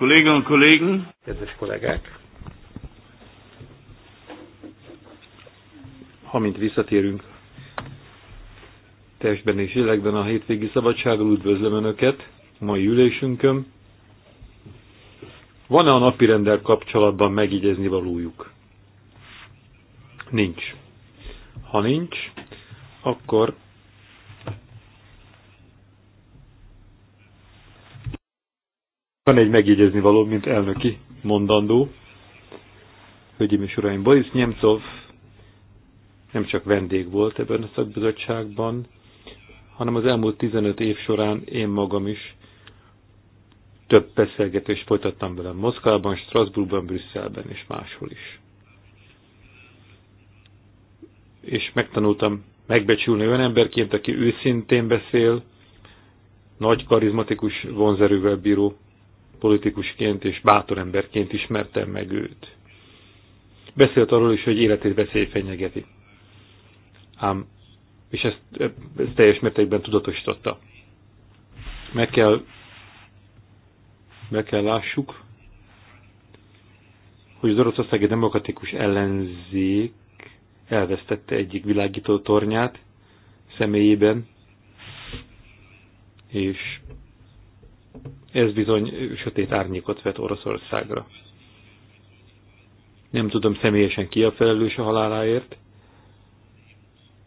Kolleginnen und Kollegen! Kedves kollégák! Ha mint visszatérünk testben és lélekben a hétvégi szabadságról, üdvözlöm Önöket mai ülésünkön. Van-e a rendel kapcsolatban megígézni valójuk? Nincs. Ha nincs, akkor Van egy megjegyezni való, mint elnöki mondandó. Hölgyeim és uraim, Boris Nemcov nem csak vendég volt ebben a szakbizottságban, hanem az elmúlt 15 év során én magam is több beszélgetést folytattam velem Moszkvában, Strasbourgban, Brüsszelben és máshol is. És megtanultam megbecsülni olyan emberként, aki őszintén beszél, nagy karizmatikus vonzerővel bíró politikusként és bátor emberként ismertem meg őt. Beszélt arról is, hogy életét veszély fenyegeti. Ám, és ezt, ezt teljes mértékben tudatosította. Meg kell, meg kell lássuk, hogy az oroszországi demokratikus ellenzék elvesztette egyik világító tornyát személyében, és ez bizony sötét árnyékot vet Oroszországra. Nem tudom személyesen ki a felelős a haláláért,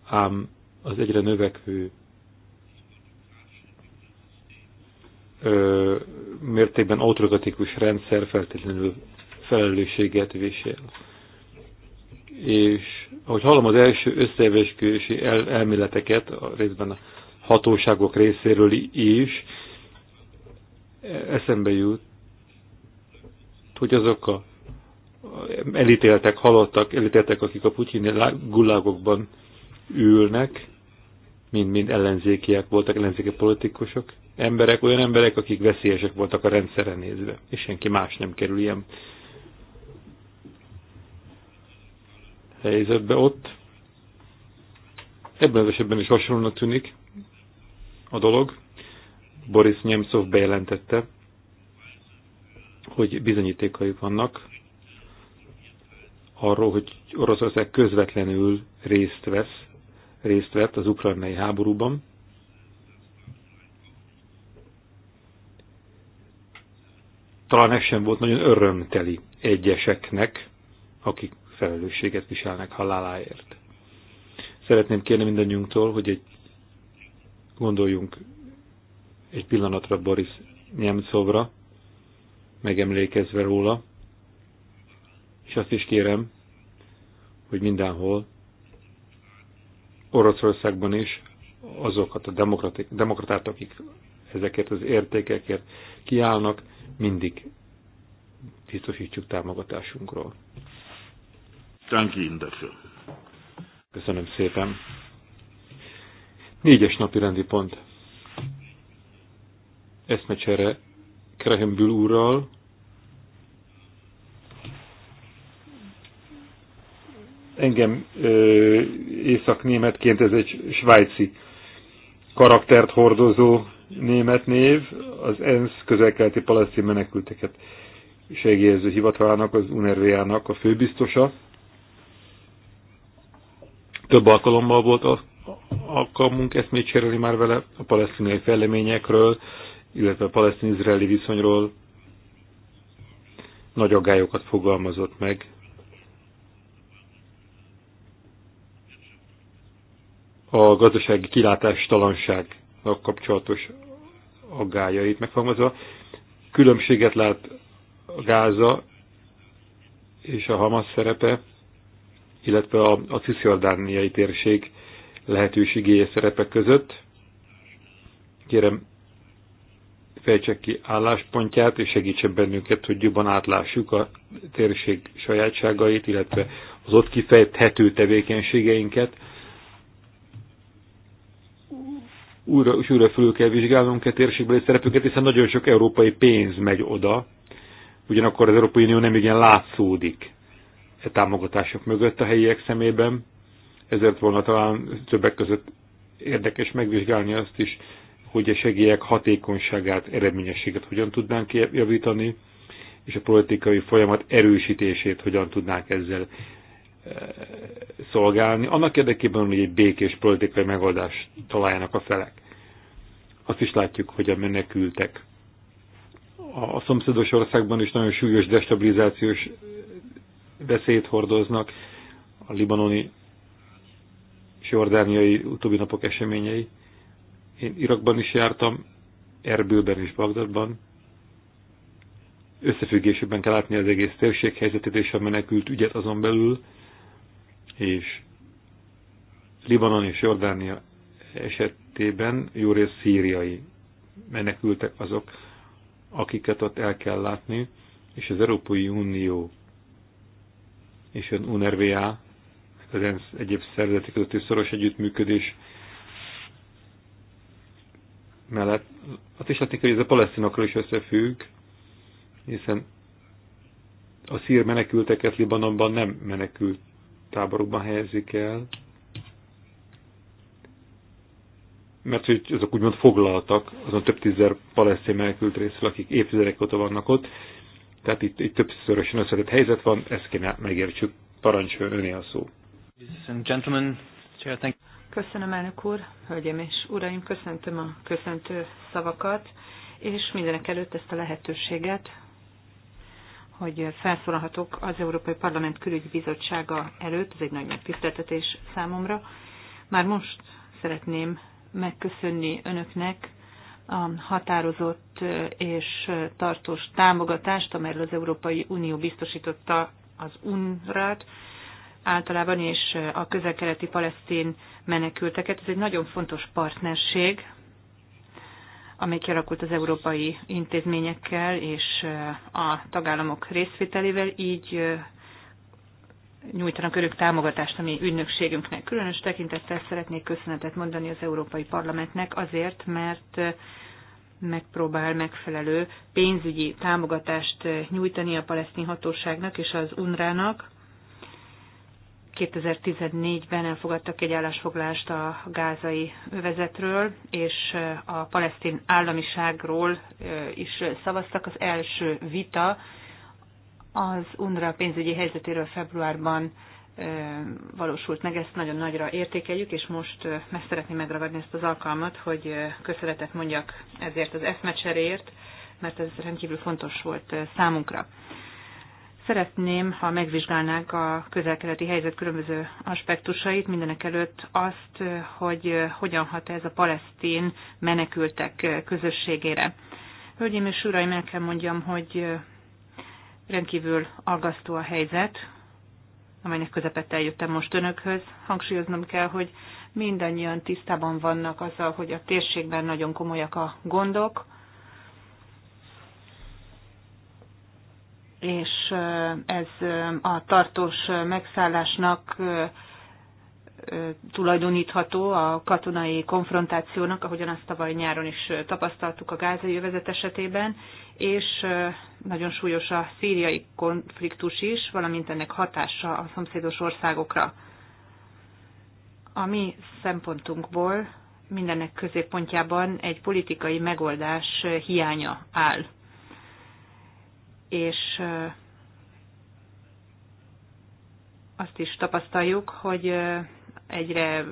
ám az egyre növekvő ö, mértékben autokratikus rendszer feltétlenül felelősséget visel. És ahogy hallom az első összeevesküvési el, elméleteket, a részben a hatóságok részéről is, eszembe jut, hogy azok a elítéltek, halottak, elítéltek, akik a putyini gulágokban ülnek, mind-mind ellenzékiek voltak, ellenzéki politikusok, emberek, olyan emberek, akik veszélyesek voltak a rendszeren nézve, és senki más nem kerül ilyen helyzetbe ott. Ebben az esetben is hasonlónak tűnik a dolog. Boris Nemtsov bejelentette, hogy bizonyítékai vannak arról, hogy Oroszország közvetlenül részt vesz, részt vett az ukrajnai háborúban. Talán ez sem volt nagyon örömteli egyeseknek, akik felelősséget viselnek haláláért. Szeretném kérni mindannyiunktól, hogy egy gondoljunk egy pillanatra Boris Nemcovra, megemlékezve róla, és azt is kérem, hogy mindenhol, Oroszországban is azokat a demokratát, akik ezeket az értékekért kiállnak, mindig biztosítsuk támogatásunkról. Köszönöm szépen. Négyes napi rendi pont eszmecsere Krehem úrral, engem észak-németként ez egy svájci karaktert hordozó német név, az ENSZ közelkelti palesztin menekülteket segélyező hivatalának, az unrva nak a főbiztosa. Több alkalommal volt a alkalmunk eszmét cserélni már vele a palesztinai fejleményekről, illetve a palesztin-izraeli viszonyról nagy aggályokat fogalmazott meg. A gazdasági a kapcsolatos aggájait megfogalmazva. Különbséget lát a Gáza és a Hamas szerepe, illetve a, a cisziordániai térség lehetőségéje szerepe között. Kérem, fejtse ki álláspontját, és segítse bennünket, hogy jobban átlássuk a térség sajátságait, illetve az ott kifejthető tevékenységeinket. Újra, és újra fölül kell vizsgálnunk a térségbeli szerepüket, hiszen nagyon sok európai pénz megy oda, ugyanakkor az Európai Unió nem igen látszódik e támogatások mögött a helyiek szemében, ezért volna talán többek között érdekes megvizsgálni azt is, hogy a segélyek hatékonyságát, eredményességet hogyan tudnánk javítani, és a politikai folyamat erősítését hogyan tudnánk ezzel eh, szolgálni, annak érdekében, hogy egy békés politikai megoldást találjanak a felek. Azt is látjuk, hogy a menekültek a szomszédos országban is nagyon súlyos destabilizációs veszélyt hordoznak. A libanoni és jordániai utóbbi napok eseményei én Irakban is jártam, Erbőben és Bagdadban. Összefüggésében kell látni az egész térség helyzetét és a menekült ügyet azon belül, és Libanon és Jordánia esetében jó rész szíriai menekültek azok, akiket ott el kell látni, és az Európai Unió és az UNRWA, az ENSZ egyéb szervezetek közötti szoros együttműködés mellett azt is látni kell, hogy ez a palesztinokról is összefügg, hiszen a szír menekülteket Libanonban nem menekült táborokban helyezik el, mert hogy azok úgymond foglaltak, azon több tízzer palesztin menekült részről, akik évtizedek óta vannak ott, tehát itt, itt többszörösen összetett helyzet van, ezt kéne megértsük, parancsoljon öné a szó. Köszönöm, elnök úr, hölgyeim és uraim, köszöntöm a köszöntő szavakat, és mindenek előtt ezt a lehetőséget, hogy felszólalhatok az Európai Parlament Külügyi Bizottsága előtt, ez egy nagy megtiszteltetés számomra. Már most szeretném megköszönni önöknek a határozott és tartós támogatást, amelyről az Európai Unió biztosította az UNRÁT, általában és a közelkeleti palesztin menekülteket. Ez egy nagyon fontos partnerség, amely kialakult az európai intézményekkel és eh, a tagállamok részvételével, így eh, nyújtanak örök támogatást a mi ügynökségünknek. Különös tekintettel szeretnék köszönetet mondani az Európai Parlamentnek azért, mert eh, megpróbál megfelelő pénzügyi támogatást nyújtani a palesztin hatóságnak és az UNRWA-nak, 2014-ben elfogadtak egy állásfoglalást a gázai övezetről, és a palesztin államiságról is szavaztak. Az első vita az UNRWA pénzügyi helyzetéről februárban valósult meg, ezt nagyon nagyra értékeljük, és most meg szeretném megragadni ezt az alkalmat, hogy köszönetet mondjak ezért az eszmecseréért, mert ez rendkívül fontos volt számunkra. Szeretném, ha megvizsgálnák a közelkeleti helyzet különböző aspektusait, mindenek előtt azt, hogy hogyan hat ez a palesztin menekültek közösségére. Hölgyeim és uraim, el kell mondjam, hogy rendkívül aggasztó a helyzet, amelynek közepette eljöttem most önökhöz. Hangsúlyoznom kell, hogy mindannyian tisztában vannak azzal, hogy a térségben nagyon komolyak a gondok, és ez a tartós megszállásnak tulajdonítható a katonai konfrontációnak, ahogyan azt tavaly nyáron is tapasztaltuk a gázai övezet esetében, és nagyon súlyos a szíriai konfliktus is, valamint ennek hatása a szomszédos országokra. A mi szempontunkból mindennek középpontjában egy politikai megoldás hiánya áll és azt is tapasztaljuk, hogy egyre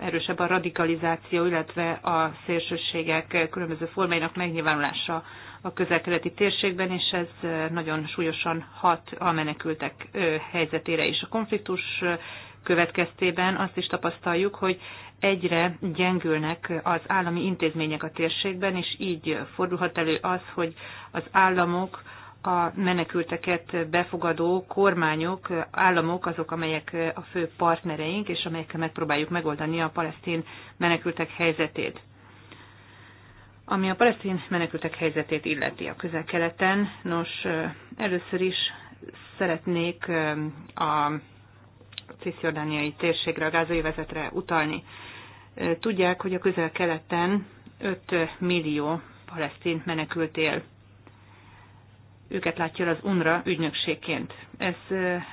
erősebb a radikalizáció, illetve a szélsőségek különböző formáinak megnyilvánulása a közelkeleti térségben, és ez nagyon súlyosan hat a menekültek helyzetére is. A konfliktus következtében azt is tapasztaljuk, hogy egyre gyengülnek az állami intézmények a térségben, és így fordulhat elő az, hogy az államok a menekülteket befogadó kormányok, államok azok, amelyek a fő partnereink, és amelyekkel megpróbáljuk megoldani a palesztin menekültek helyzetét. Ami a palesztin menekültek helyzetét illeti a közel-keleten, nos, először is szeretnék a cisziordániai térségre, a gázai vezetre utalni. Tudják, hogy a közel-keleten 5 millió palesztin menekült él őket látja az UNRA ügynökségként. Ez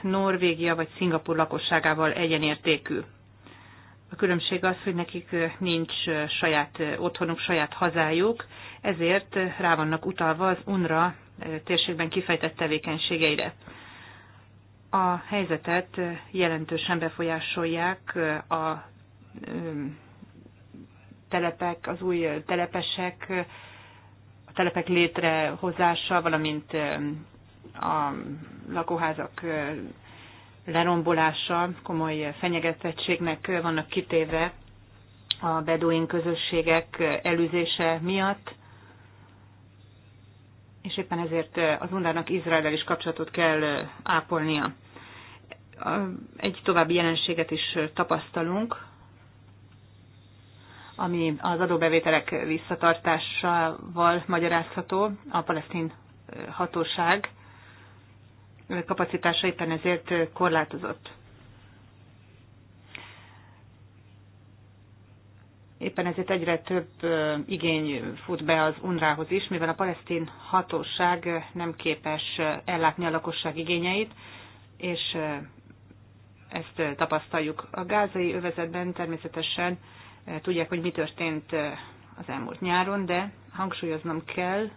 Norvégia vagy Szingapur lakosságával egyenértékű. A különbség az, hogy nekik nincs saját otthonuk, saját hazájuk, ezért rá vannak utalva az UNRA térségben kifejtett tevékenységeire. A helyzetet jelentősen befolyásolják a telepek, az új telepesek, a telepek létrehozása, valamint um, a lakóházak uh, lerombolása komoly fenyegetettségnek vannak kitéve a beduin közösségek uh, elűzése miatt, és éppen ezért uh, az undának Izraellel is kapcsolatot kell ápolnia. Egy további jelenséget is tapasztalunk, ami az adóbevételek visszatartásával magyarázható. A palesztin hatóság kapacitása éppen ezért korlátozott. Éppen ezért egyre több igény fut be az UNRWA-hoz is, mivel a palesztin hatóság nem képes ellátni a lakosság igényeit, és ezt tapasztaljuk. A gázai övezetben természetesen Eh, tudják, hogy mi történt eh, az elmúlt nyáron, de hangsúlyoznom kell,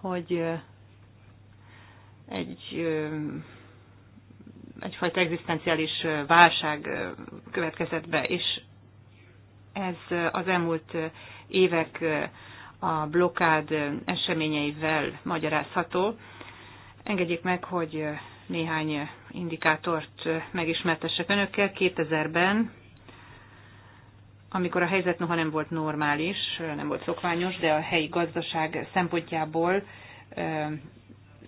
hogy eh, egy egyfajta egzisztenciális válság következett be, és ez az elmúlt évek a blokád eseményeivel magyarázható. Engedjék meg, hogy néhány indikátort megismertessek önökkel. 2000-ben amikor a helyzet noha nem volt normális, nem volt szokványos, de a helyi gazdaság szempontjából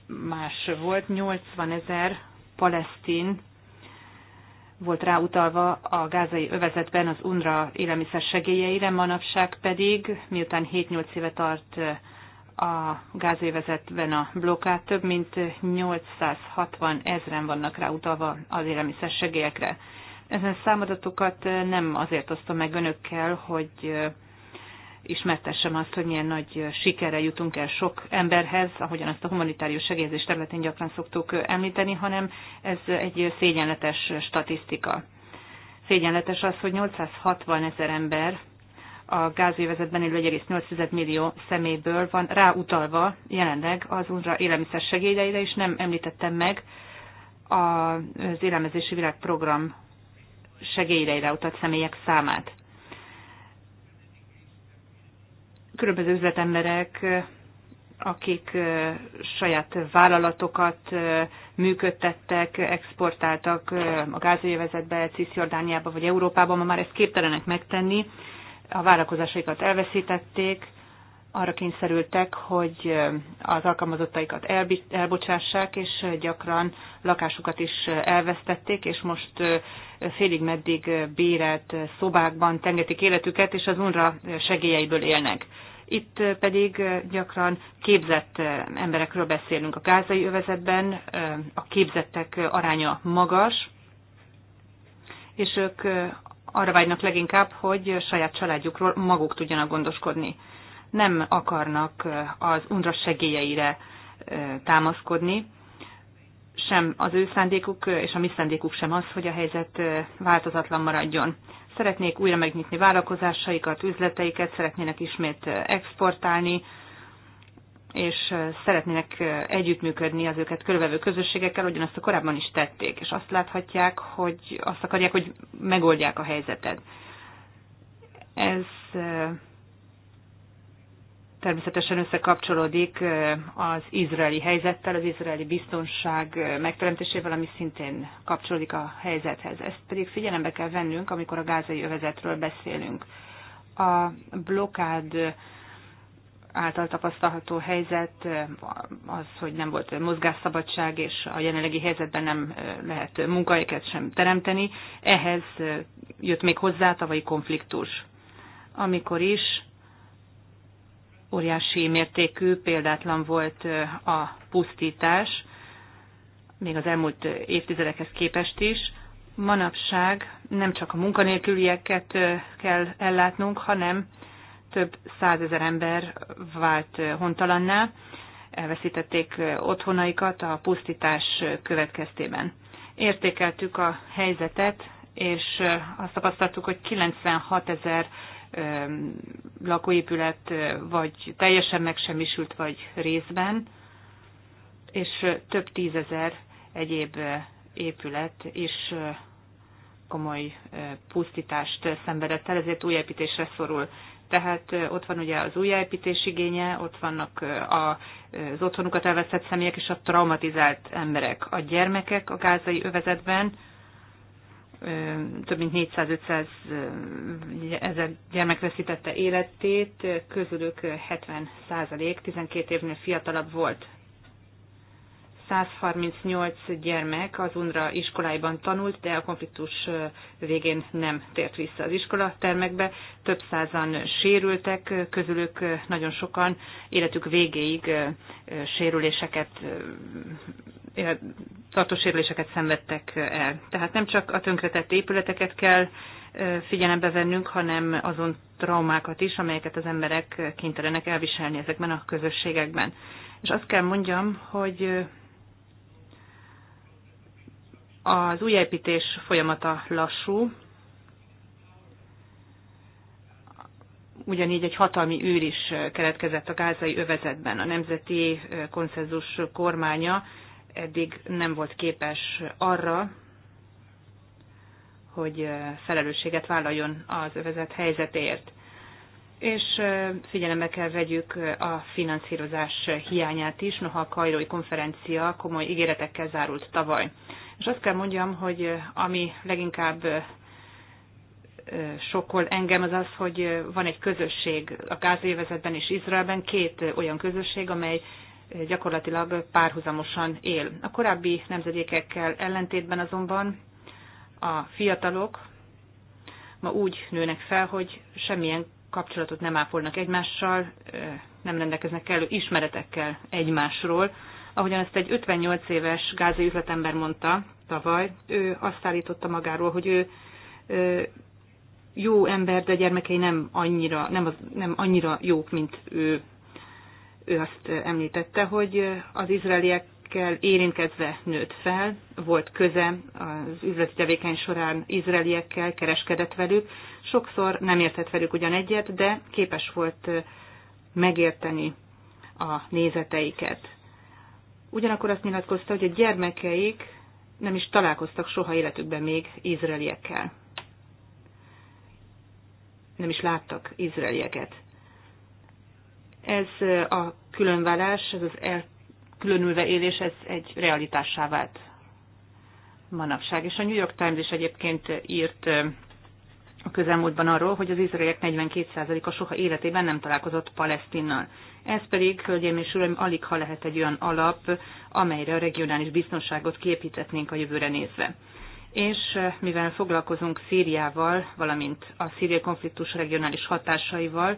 más volt. 80 ezer palesztin volt ráutalva a gázai övezetben az UNRWA élelmiszer segélyeire, manapság pedig, miután 7-8 éve tart a övezetben a blokkát, több mint 860 ezren vannak ráutalva az élelmiszer segélyekre. Ezen számadatokat eh, nem azért osztom meg önökkel, hogy eh, ismertessem azt, hogy milyen nagy eh, sikerrel jutunk el sok emberhez, ahogyan azt a humanitárius segélyezés területén gyakran szoktuk említeni, hanem ez egy szégyenletes statisztika. Szégyenletes az, hogy 860 ezer ember a gázövezetben élő 1,8 millió szeméből van ráutalva jelenleg az UNRWA élelmiszer segélyeire, és nem említettem meg az élelmezési világprogram segélyre utat személyek számát. Különböző üzletemberek, akik saját vállalatokat működtettek, exportáltak a gázajövezetbe, Cisziordániába vagy Európába, ma már ezt képtelenek megtenni, a vállalkozásaikat elveszítették, arra kényszerültek, hogy az alkalmazottaikat elbocsássák, és gyakran lakásukat is elvesztették, és most félig meddig bérelt szobákban tengetik életüket, és az unra segélyeiből élnek. Itt pedig gyakran képzett emberekről beszélünk. A gázai övezetben a képzettek aránya magas, és ők arra vágynak leginkább, hogy saját családjukról maguk tudjanak gondoskodni nem akarnak az UNRWA segélyeire támaszkodni, sem az ő szándékuk és a mi szándékuk sem az, hogy a helyzet változatlan maradjon. Szeretnék újra megnyitni vállalkozásaikat, üzleteiket, szeretnének ismét exportálni, és szeretnének együttműködni az őket körülvevő közösségekkel, ugyanazt a korábban is tették, és azt láthatják, hogy azt akarják, hogy megoldják a helyzetet. Ez természetesen összekapcsolódik az izraeli helyzettel, az izraeli biztonság megteremtésével, ami szintén kapcsolódik a helyzethez. Ezt pedig figyelembe kell vennünk, amikor a gázai övezetről beszélünk. A blokád által tapasztalható helyzet az, hogy nem volt mozgásszabadság, és a jelenlegi helyzetben nem lehet munkahelyeket sem teremteni. Ehhez jött még hozzá tavalyi konfliktus, amikor is óriási mértékű, példátlan volt a pusztítás, még az elmúlt évtizedekhez képest is. Manapság nem csak a munkanélkülieket kell ellátnunk, hanem több százezer ember vált hontalanná, elveszítették otthonaikat a pusztítás következtében. Értékeltük a helyzetet, és azt tapasztaltuk, hogy 96 ezer lakóépület vagy teljesen megsemmisült, vagy részben, és több tízezer egyéb épület is komoly pusztítást szenvedett el, ezért újépítésre szorul. Tehát ott van ugye az újjáépítés igénye, ott vannak az otthonukat elveszett személyek és a traumatizált emberek. A gyermekek a gázai övezetben több mint 400-500 ezer gyermek veszítette életét, közülük 70 százalék 12 évnél fiatalabb volt. 138 gyermek az UNRA iskoláiban tanult, de a konfliktus végén nem tért vissza az iskola termekbe. Több százan sérültek, közülük nagyon sokan életük végéig sérüléseket, tartós sérüléseket szenvedtek el. Tehát nem csak a tönkretett épületeket kell figyelembe vennünk, hanem azon traumákat is, amelyeket az emberek kénytelenek elviselni ezekben a közösségekben. És azt kell mondjam, hogy az újjáépítés folyamata lassú, ugyanígy egy hatalmi űr is keletkezett a gázai övezetben. A nemzeti konszenzus kormánya eddig nem volt képes arra, hogy felelősséget vállaljon az övezet helyzetért. És figyelembe kell vegyük a finanszírozás hiányát is, noha a kajrói konferencia komoly ígéretekkel zárult tavaly. És azt kell mondjam, hogy ami leginkább sokkol engem az az, hogy van egy közösség a gázévezetben és Izraelben, két olyan közösség, amely gyakorlatilag párhuzamosan él. A korábbi nemzedékekkel ellentétben azonban a fiatalok ma úgy nőnek fel, hogy semmilyen kapcsolatot nem ápolnak egymással, nem rendelkeznek kellő ismeretekkel egymásról. Ahogyan ezt egy 58 éves gázai üzletember mondta, tavaly. Ő azt állította magáról, hogy ő jó ember, de gyermekei nem annyira, nem, az, nem annyira jók, mint ő. Ő azt említette, hogy az izraeliekkel érintkezve nőtt fel, volt köze az üzleti tevékeny során izraeliekkel, kereskedett velük, sokszor nem értett velük ugyan egyet, de képes volt megérteni a nézeteiket. Ugyanakkor azt nyilatkozta, hogy a gyermekeik nem is találkoztak soha életükben még izraeliekkel. Nem is láttak izraelieket. Ez a különválás, ez az elkülönülve élés, ez egy realitássá vált manapság. És a New York Times is egyébként írt a közelmúltban arról, hogy az izraeliek 42%-a soha életében nem találkozott Palesztinnal. Ez pedig, hölgyeim és uraim, alig ha lehet egy olyan alap, amelyre a regionális biztonságot kiépítetnénk a jövőre nézve. És eh, mivel foglalkozunk Szíriával, valamint a szíriai konfliktus regionális hatásaival,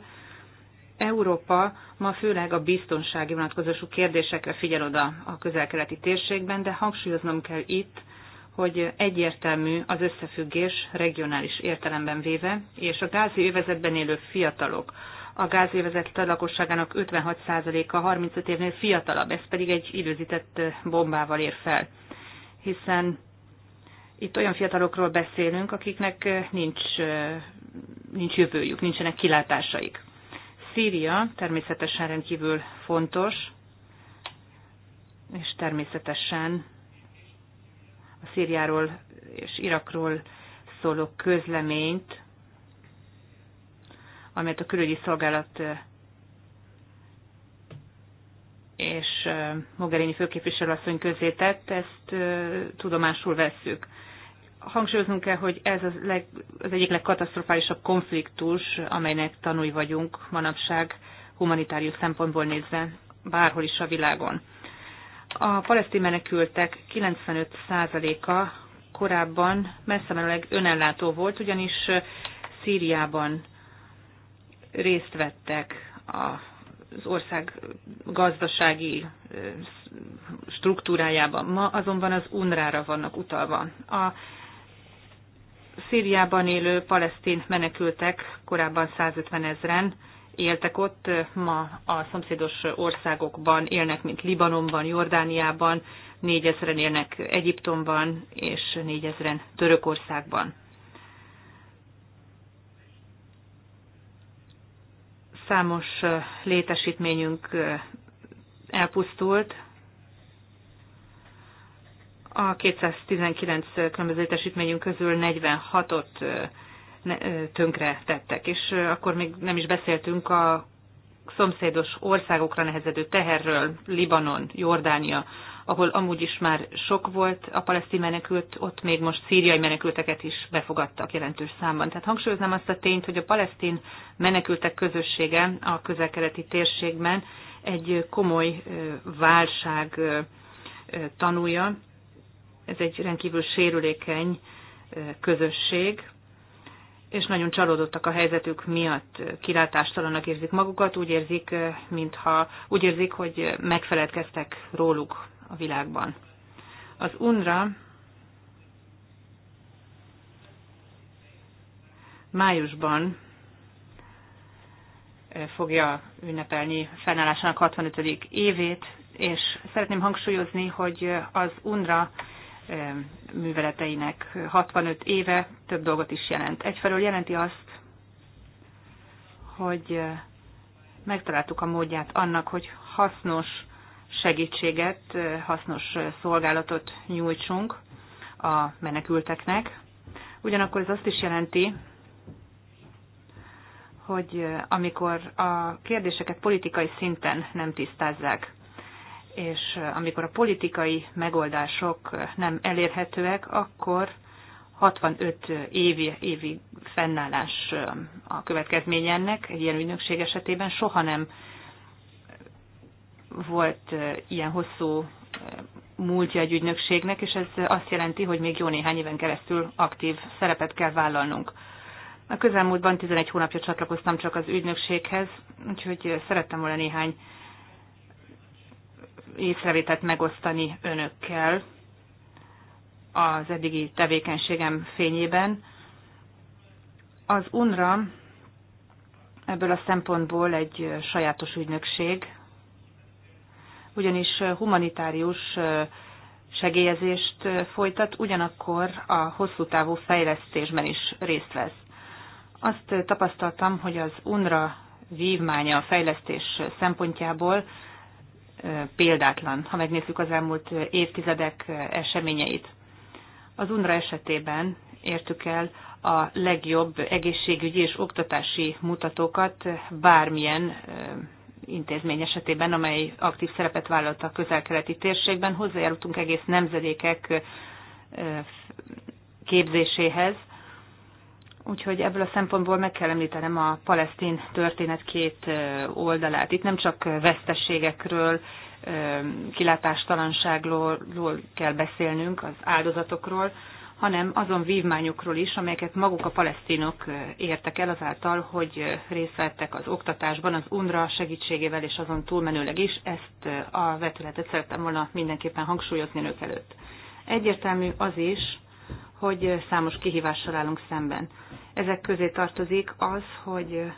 Európa ma főleg a biztonsági vonatkozású kérdésekre figyel oda a közel térségben, de hangsúlyoznom kell itt, hogy egyértelmű az összefüggés regionális értelemben véve, és a gázi övezetben élő fiatalok, a gázévezet lakosságának 56%-a 35 évnél fiatalabb, ez pedig egy időzített bombával ér fel. Hiszen itt olyan fiatalokról beszélünk, akiknek nincs, nincs jövőjük, nincsenek kilátásaik. Szíria természetesen rendkívül fontos, és természetesen Szíriáról és Irakról szóló közleményt, amelyet a külügyi szolgálat és Mogherini asszony közé tett, ezt tudomásul vesszük. Hangsúlyoznunk kell, hogy ez az, leg, az egyik legkatasztrofálisabb konfliktus, amelynek tanúi vagyunk manapság humanitárius szempontból nézve bárhol is a világon. A palesztin menekültek 95%-a korábban messze menőleg önellátó volt, ugyanis Szíriában részt vettek az ország gazdasági struktúrájában. Ma azonban az UNRÁ-ra vannak utalva. A Szíriában élő palesztin menekültek korábban 150 ezeren éltek ott, ma a szomszédos országokban élnek, mint Libanonban, Jordániában, négyezeren élnek Egyiptomban, és négyezeren Törökországban. Számos létesítményünk elpusztult, a 219 különböző létesítményünk közül 46-ot tönkre tettek. És akkor még nem is beszéltünk a szomszédos országokra nehezedő teherről, Libanon, Jordánia, ahol amúgy is már sok volt a palesztin menekült, ott még most szíriai menekülteket is befogadtak jelentős számban. Tehát hangsúlyoznám azt a tényt, hogy a palesztin menekültek közössége a közelkeleti térségben egy komoly válság tanulja. Ez egy rendkívül sérülékeny közösség, és nagyon csalódottak a helyzetük miatt, kilátástalanak érzik magukat, úgy érzik, mintha, úgy érzik, hogy megfeledkeztek róluk a világban. Az UNRA májusban fogja ünnepelni fennállásának 65. évét, és szeretném hangsúlyozni, hogy az UNRA Eh, műveleteinek 65 éve több dolgot is jelent. Egyfelől jelenti azt, hogy eh, megtaláltuk a módját annak, hogy hasznos segítséget, eh, hasznos szolgálatot nyújtsunk a menekülteknek. Ugyanakkor ez azt is jelenti, hogy amikor a kérdéseket politikai szinten nem tisztázzák, és amikor a politikai megoldások nem elérhetőek, akkor 65 évi, évi fennállás a következménye ennek. Egy ilyen ügynökség esetében soha nem volt ilyen hosszú múltja egy ügynökségnek, és ez azt jelenti, hogy még jó néhány éven keresztül aktív szerepet kell vállalnunk. A közelmúltban 11 hónapja csatlakoztam csak az ügynökséghez, úgyhogy szerettem volna néhány észrevételt megosztani önökkel az eddigi tevékenységem fényében. Az UNRA ebből a szempontból egy sajátos ügynökség, ugyanis humanitárius segélyezést folytat, ugyanakkor a hosszú távú fejlesztésben is részt vesz. Azt tapasztaltam, hogy az UNRA vívmánya a fejlesztés szempontjából példátlan, ha megnézzük az elmúlt évtizedek eseményeit. Az UNRWA esetében értük el a legjobb egészségügyi és oktatási mutatókat bármilyen intézmény esetében, amely aktív szerepet vállalt a közel-keleti térségben. Hozzájárultunk egész nemzedékek képzéséhez, úgyhogy ebből a szempontból meg kell említenem a palesztin történet két oldalát. Itt nem csak vesztességekről, kilátástalanságról kell beszélnünk, az áldozatokról, hanem azon vívmányokról is, amelyeket maguk a palesztinok értek el azáltal, hogy részt vettek az oktatásban, az UNRWA segítségével és azon túlmenőleg is. Ezt a vetületet szerettem volna mindenképpen hangsúlyozni önök előtt. Egyértelmű az is, hogy számos kihívással állunk szemben. Ezek közé tartozik az, hogy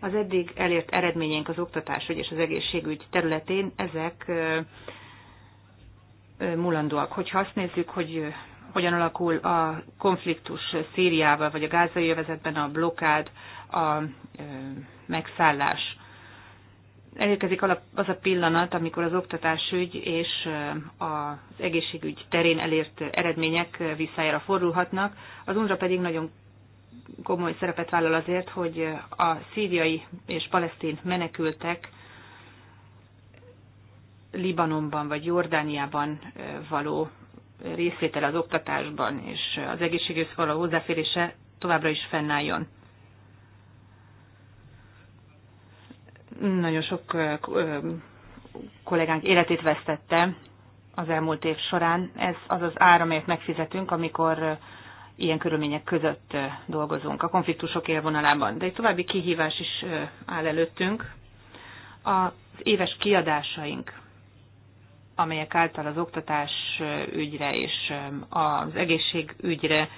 az eddig elért eredményénk az oktatás és az egészségügy területén ezek mulandóak. Hogyha azt nézzük, hogy hogyan alakul a konfliktus Szíriával, vagy a gázai övezetben a blokád, a megszállás, elérkezik az a pillanat, amikor az oktatásügy és az egészségügy terén elért eredmények visszájára fordulhatnak, az UNRWA pedig nagyon komoly szerepet vállal azért, hogy a szíriai és palesztin menekültek Libanonban vagy Jordániában való részvétele az oktatásban és az egészségügyhöz való hozzáférése továbbra is fennálljon. nagyon sok kollégánk életét vesztette az elmúlt év során. Ez az az ár, amelyet megfizetünk, amikor ilyen körülmények között dolgozunk, a konfliktusok élvonalában. De egy további kihívás is áll előttünk. Az éves kiadásaink, amelyek által az oktatás ügyre és az egészségügyre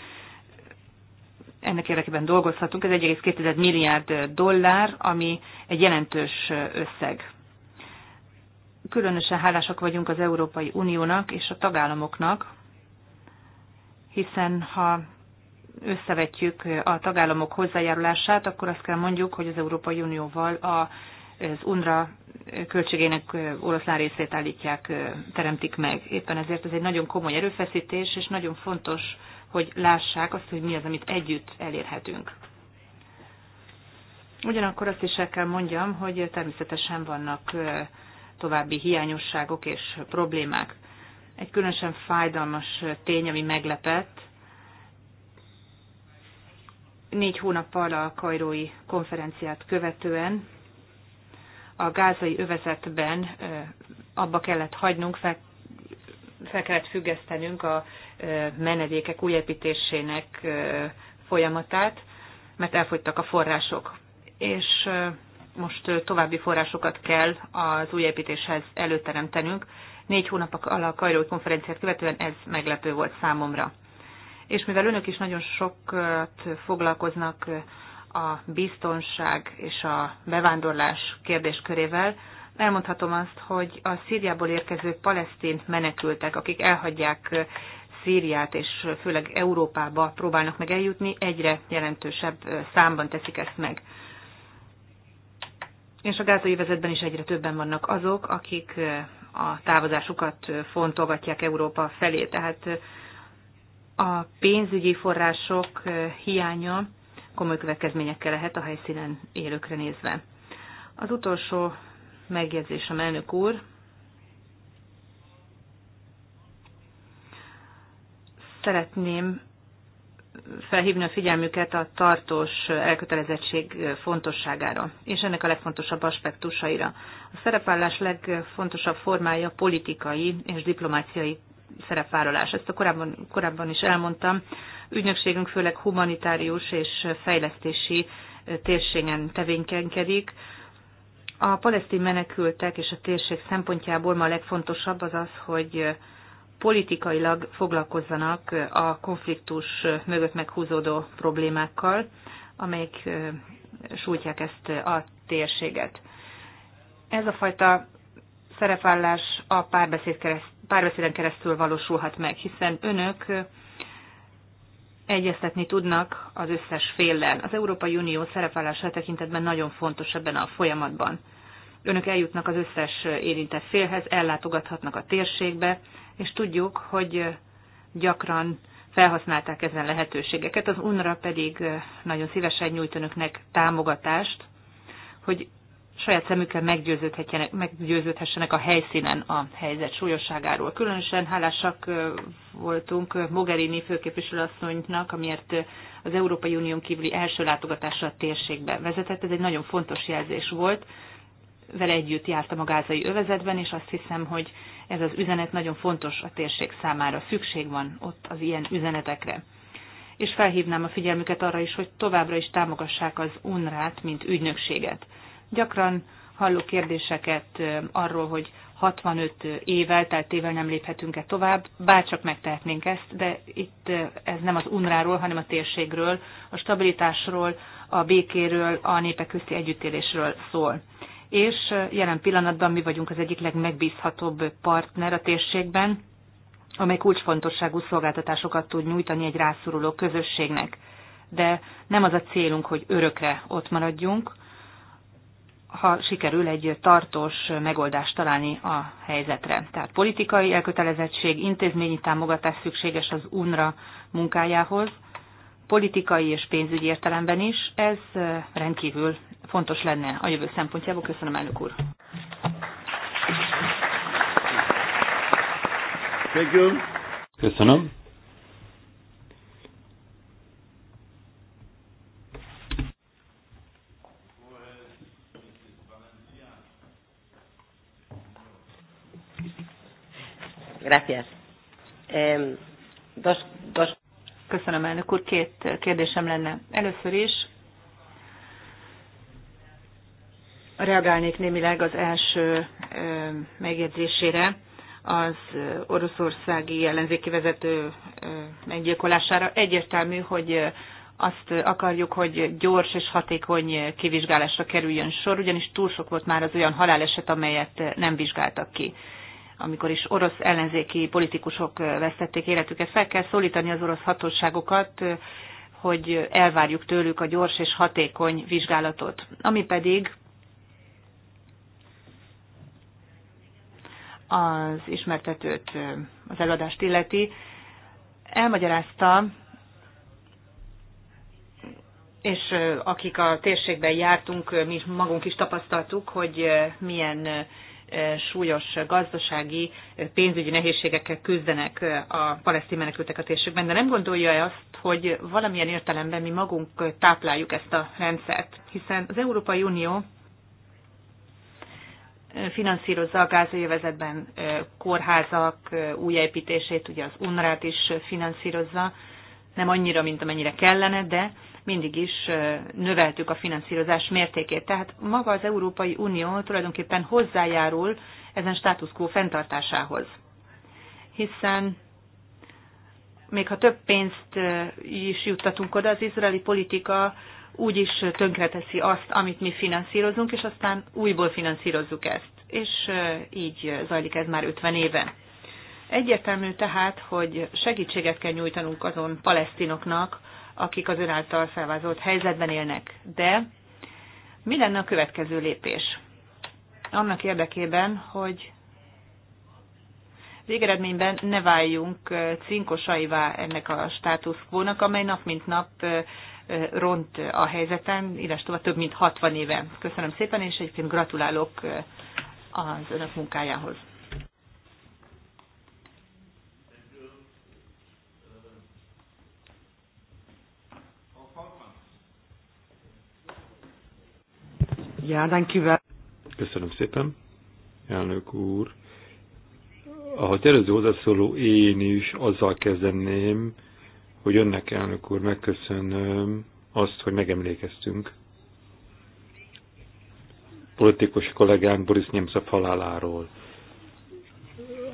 ennek érdekében dolgozhatunk. Ez 1,2 milliárd dollár, ami egy jelentős összeg. Különösen hálásak vagyunk az Európai Uniónak és a tagállamoknak, hiszen ha összevetjük a tagállamok hozzájárulását, akkor azt kell mondjuk, hogy az Európai Unióval a az UNRWA költségének oroszlán részét állítják, teremtik meg. Éppen ezért ez egy nagyon komoly erőfeszítés, és nagyon fontos hogy lássák azt, hogy mi az, amit együtt elérhetünk. Ugyanakkor azt is el kell mondjam, hogy természetesen vannak további hiányosságok és problémák. Egy különösen fájdalmas tény, ami meglepett, négy hónappal a kairói konferenciát követően a gázai övezetben abba kellett hagynunk, fel, fel kellett függesztenünk a menedékek újépítésének folyamatát, mert elfogytak a források. És most további forrásokat kell az újépítéshez előteremtenünk. Négy hónap a Kajrói konferenciát követően ez meglepő volt számomra. És mivel önök is nagyon sokat foglalkoznak a biztonság és a bevándorlás kérdéskörével, elmondhatom azt, hogy a Szíriából érkező palesztint menekültek, akik elhagyják Szíriát és főleg Európába próbálnak meg eljutni, egyre jelentősebb számban teszik ezt meg. És a gázai vezetben is egyre többen vannak azok, akik a távozásukat fontolgatják Európa felé. Tehát a pénzügyi források hiánya komoly következményekkel lehet a helyszínen élőkre nézve. Az utolsó megjegyzésem, elnök úr, Szeretném felhívni a figyelmüket a tartós elkötelezettség fontosságára, és ennek a legfontosabb aspektusaira. A szerepvállás legfontosabb formája politikai és diplomáciai szerepvállalás. Ezt a korábban, korábban is elmondtam. Ügynökségünk főleg humanitárius és fejlesztési térségen tevékenykedik. A palesztin menekültek és a térség szempontjából ma a legfontosabb az az, hogy politikailag foglalkozzanak a konfliktus mögött meghúzódó problémákkal, amelyek sújtják ezt a térséget. Ez a fajta szerepvállás a párbeszéd kereszt, párbeszéden keresztül valósulhat meg, hiszen önök egyeztetni tudnak az összes féllel. Az Európai Unió szerepvállása tekintetben nagyon fontos ebben a folyamatban önök eljutnak az összes érintett félhez, ellátogathatnak a térségbe, és tudjuk, hogy gyakran felhasználták ezen lehetőségeket, az UNRA pedig nagyon szívesen nyújt önöknek támogatást, hogy saját szemükkel meggyőződhessenek a helyszínen a helyzet súlyosságáról. Különösen hálásak voltunk Mogherini főképviselőasszonynak, amiért az Európai Unión kívüli első látogatása a térségbe vezetett. Ez egy nagyon fontos jelzés volt, vele együtt jártam a gázai övezetben, és azt hiszem, hogy ez az üzenet nagyon fontos a térség számára. Szükség van ott az ilyen üzenetekre. És felhívnám a figyelmüket arra is, hogy továbbra is támogassák az UNRÁT, mint ügynökséget. Gyakran hallok kérdéseket arról, hogy 65 tehát elteltével nem léphetünk-e tovább, bárcsak megtehetnénk ezt, de itt ez nem az unráról, hanem a térségről, a stabilitásról, a békéről, a népek közti együttélésről szól és jelen pillanatban mi vagyunk az egyik legmegbízhatóbb partner a térségben, amely kulcsfontosságú szolgáltatásokat tud nyújtani egy rászoruló közösségnek. De nem az a célunk, hogy örökre ott maradjunk, ha sikerül egy tartós megoldást találni a helyzetre. Tehát politikai elkötelezettség, intézményi támogatás szükséges az UNRA munkájához, politikai és pénzügyi értelemben is, ez rendkívül fontos lenne a jövő szempontjából. Köszönöm, elnök úr. Köszönöm. Gracias. Eh, dos, Köszönöm, elnök úr. Két kérdésem lenne. Először is reagálnék némileg az első megjegyzésére, az oroszországi ellenzéki vezető meggyilkolására. Egyértelmű, hogy azt akarjuk, hogy gyors és hatékony kivizsgálásra kerüljön sor, ugyanis túl sok volt már az olyan haláleset, amelyet nem vizsgáltak ki amikor is orosz ellenzéki politikusok vesztették életüket. Fel kell szólítani az orosz hatóságokat, hogy elvárjuk tőlük a gyors és hatékony vizsgálatot. Ami pedig az ismertetőt, az eladást illeti, elmagyarázta, és akik a térségben jártunk, mi magunk is tapasztaltuk, hogy milyen súlyos gazdasági, pénzügyi nehézségekkel küzdenek a palesztin menekültek a térségben, de nem gondolja-e azt, hogy valamilyen értelemben mi magunk tápláljuk ezt a rendszert? Hiszen az Európai Unió finanszírozza a gázajövezetben kórházak újjáépítését, ugye az unrát is finanszírozza, nem annyira, mint amennyire kellene, de mindig is növeltük a finanszírozás mértékét. Tehát maga az Európai Unió tulajdonképpen hozzájárul ezen státuszkó fenntartásához. Hiszen még ha több pénzt is juttatunk oda, az izraeli politika úgy is tönkreteszi azt, amit mi finanszírozunk, és aztán újból finanszírozzuk ezt. És így zajlik ez már 50 éve. Egyértelmű tehát, hogy segítséget kell nyújtanunk azon palesztinoknak, akik az ön által felvázolt helyzetben élnek. De mi lenne a következő lépés? Annak érdekében, hogy végeredményben ne váljunk cinkosaivá ennek a státuszkvónak, amely nap mint nap ront a helyzeten, illetve tovább több mint 60 éve. Köszönöm szépen, és egyébként gratulálok az önök munkájához. Ja, dankjewel. Köszönöm szépen, elnök úr. Ahogy előző hozzászóló, én is azzal kezdeném, hogy önnek, elnök úr, megköszönöm azt, hogy megemlékeztünk politikus kollégánk Boris Nemtsov haláláról,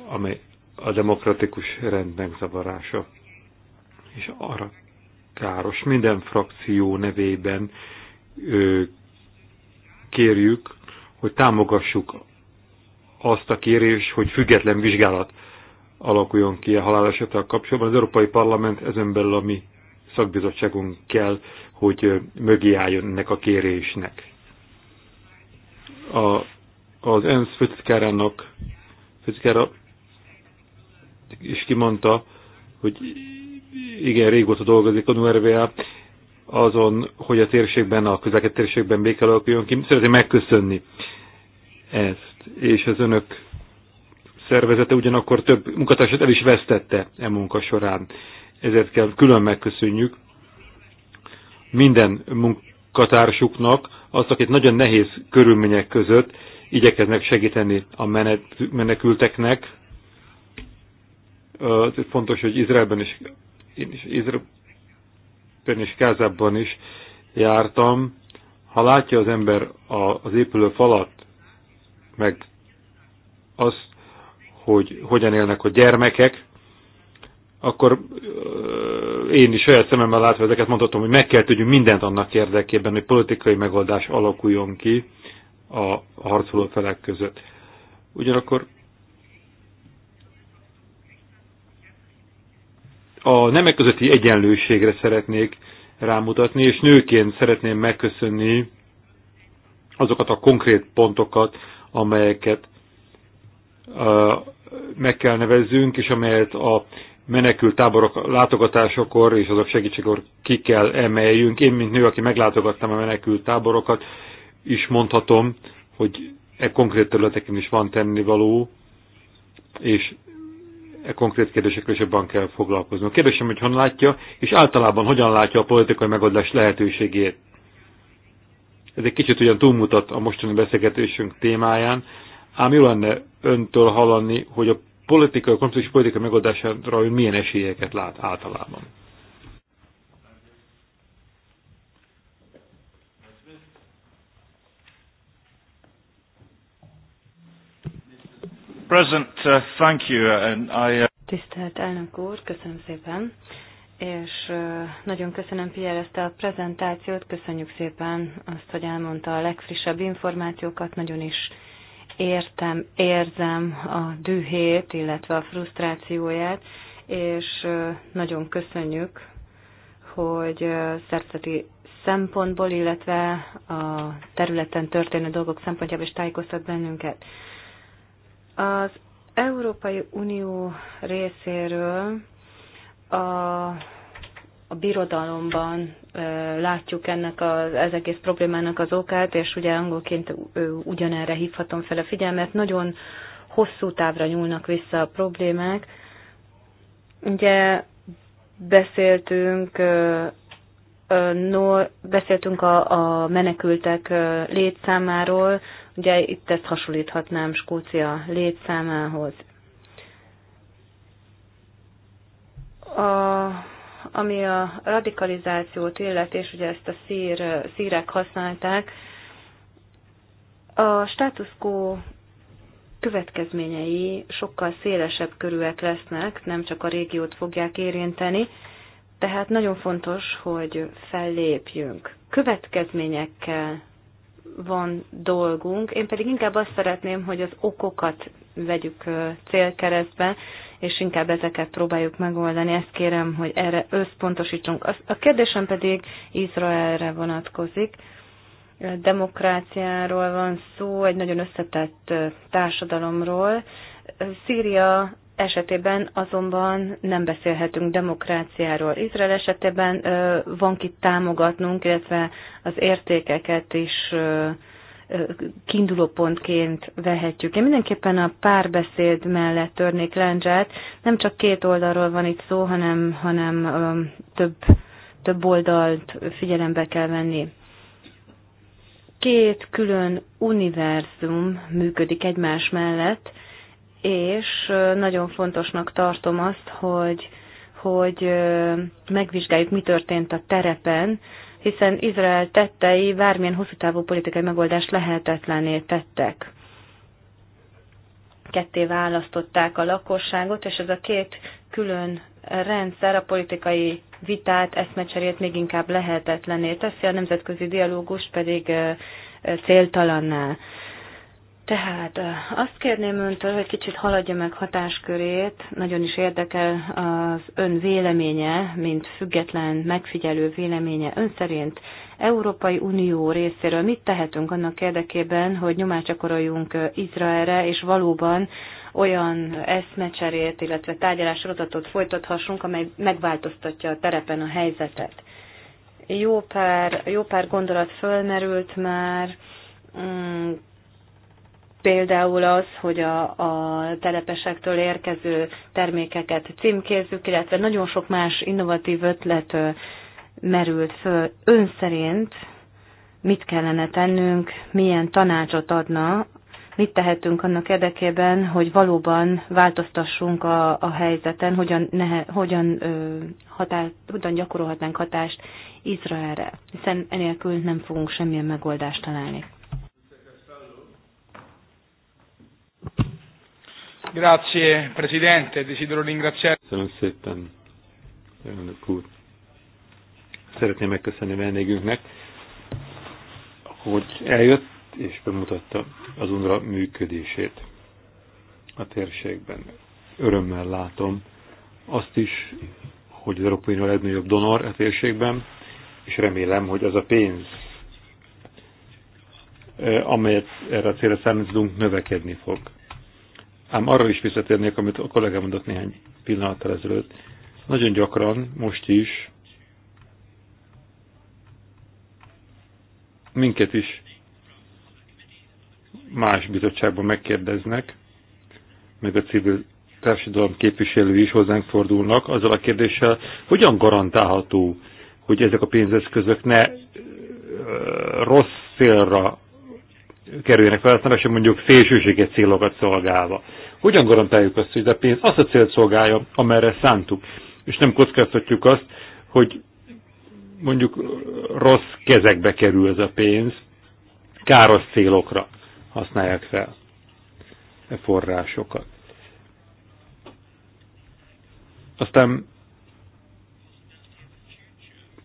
amely a demokratikus rend megzavarása, és arra káros minden frakció nevében kérjük, hogy támogassuk azt a kérés, hogy független vizsgálat alakuljon ki a halálesetek kapcsolatban. Az Európai Parlament ezen belül a mi szakbizottságunk kell, hogy mögé álljon ennek a kérésnek. A, az ENSZ főtitkárának főtitkára is kimondta, hogy igen, régóta dolgozik a NURVA, azon, hogy a térségben, a közleked térségben béke alakuljon ki. Szeretném megköszönni ezt, és az önök szervezete ugyanakkor több munkatársat el is vesztette e munka során. Ezért kell külön megköszönjük minden munkatársuknak, azt, akit nagyon nehéz körülmények között igyekeznek segíteni a menekülteknek. Azért fontos, hogy Izraelben is, én is Izrael Genfben és Kázában is jártam. Ha látja az ember az épülő falat, meg azt, hogy hogyan élnek a gyermekek, akkor én is saját szememmel látva ezeket mondhatom, hogy meg kell tudjunk mindent annak érdekében, hogy politikai megoldás alakuljon ki a harcoló felek között. Ugyanakkor a nemek közötti egyenlőségre szeretnék rámutatni, és nőként szeretném megköszönni azokat a konkrét pontokat, amelyeket meg kell nevezzünk, és amelyet a menekült táborok látogatásakor és azok segítségkor ki kell emeljünk. Én, mint nő, aki meglátogattam a menekült táborokat, is mondhatom, hogy e konkrét területeken is van tennivaló, és e konkrét kérdésekkel is jobban kell foglalkozni. Kérdésem, hogy honnan látja, és általában hogyan látja a politikai megoldás lehetőségét. Ez egy kicsit ugyan túlmutat a mostani beszélgetésünk témáján, ám jó lenne öntől hallani, hogy a politikai, a konfliktus politikai megoldására milyen esélyeket lát általában. President, uh, thank you, uh, and I, uh... Tisztelt elnök úr, köszönöm szépen, és uh, nagyon köszönöm Pierre ezt a prezentációt, köszönjük szépen azt, hogy elmondta a legfrissebb információkat, nagyon is értem, érzem a dühét, illetve a frusztrációját, és uh, nagyon köszönjük, hogy uh, szerzeti szempontból, illetve a területen történő dolgok szempontjából is tájékoztat bennünket. Az Európai Unió részéről a, a birodalomban e, látjuk ennek az, az egész problémának az okát, és ugye angolként ugyanerre hívhatom fel a figyelmet. Nagyon hosszú távra nyúlnak vissza a problémák. Ugye beszéltünk no, beszéltünk a, a menekültek létszámáról, Ugye itt ezt hasonlíthatnám Skócia létszámához. A, ami a radikalizációt illet, és ugye ezt a szír, szírek használták, a status quo következményei sokkal szélesebb körűek lesznek, nem csak a régiót fogják érinteni, tehát nagyon fontos, hogy fellépjünk. Következményekkel van dolgunk. Én pedig inkább azt szeretném, hogy az okokat vegyük célkeresztbe, és inkább ezeket próbáljuk megoldani. Ezt kérem, hogy erre összpontosítsunk. A kérdésem pedig Izraelre vonatkozik. Demokráciáról van szó, egy nagyon összetett társadalomról. Szíria esetében azonban nem beszélhetünk demokráciáról. Izrael esetében van kit támogatnunk, illetve az értékeket is kiindulópontként vehetjük. Én mindenképpen a párbeszéd mellett törnék lencsát. Nem csak két oldalról van itt szó, hanem, hanem több, több oldalt figyelembe kell venni. Két külön univerzum működik egymás mellett, és nagyon fontosnak tartom azt, hogy, hogy megvizsgáljuk, mi történt a terepen, hiszen Izrael tettei bármilyen hosszú távú politikai megoldást lehetetlené tettek. Ketté választották a lakosságot, és ez a két külön rendszer a politikai vitát, eszmecserét még inkább lehetetlené teszi, a nemzetközi dialógust pedig céltalanná. Tehát azt kérném öntől, hogy kicsit haladja meg hatáskörét, nagyon is érdekel az ön véleménye, mint független megfigyelő véleménye. Ön szerint Európai Unió részéről mit tehetünk annak érdekében, hogy nyomást gyakoroljunk Izraelre, és valóban olyan eszmecserét, illetve tárgyalássorozatot folytathassunk, amely megváltoztatja a terepen a helyzetet. Jó pár, jó pár gondolat fölmerült már, mm, például az, hogy a, a telepesektől érkező termékeket címkézzük, illetve nagyon sok más innovatív ötlet merült föl. Ön szerint mit kellene tennünk, milyen tanácsot adna, mit tehetünk annak érdekében, hogy valóban változtassunk a, a helyzeten, hogyan, ne, hogyan, ö, hatás, hogyan gyakorolhatnánk hatást Izraelre, hiszen enélkül nem fogunk semmilyen megoldást találni. Grazie Presidente, desidero ringraziare. Köszönöm szépen, elnök úr. Szeretném megköszönni vendégünknek, hogy eljött és bemutatta az UNRWA működését a térségben. Örömmel látom azt is, hogy az Európai Unió legnagyobb donor a térségben, és remélem, hogy az a pénz, eh, amelyet erre a célra számítunk, növekedni fog. Ám arra is visszatérnék, amit a kollégám mondott néhány pillanattal ezelőtt. Nagyon gyakran, most is, minket is más bizottságban megkérdeznek, meg a civil társadalom képviselői is hozzánk fordulnak azzal a kérdéssel, hogyan garantálható, hogy ezek a pénzeszközök ne rossz célra kerüljenek fel, sem mondjuk szélsőséget célokat szolgálva. Hogyan garantáljuk azt, hogy a pénz azt a célt szolgálja, amerre szántuk, és nem kockáztatjuk azt, hogy mondjuk rossz kezekbe kerül ez a pénz, káros célokra használják fel e forrásokat. Aztán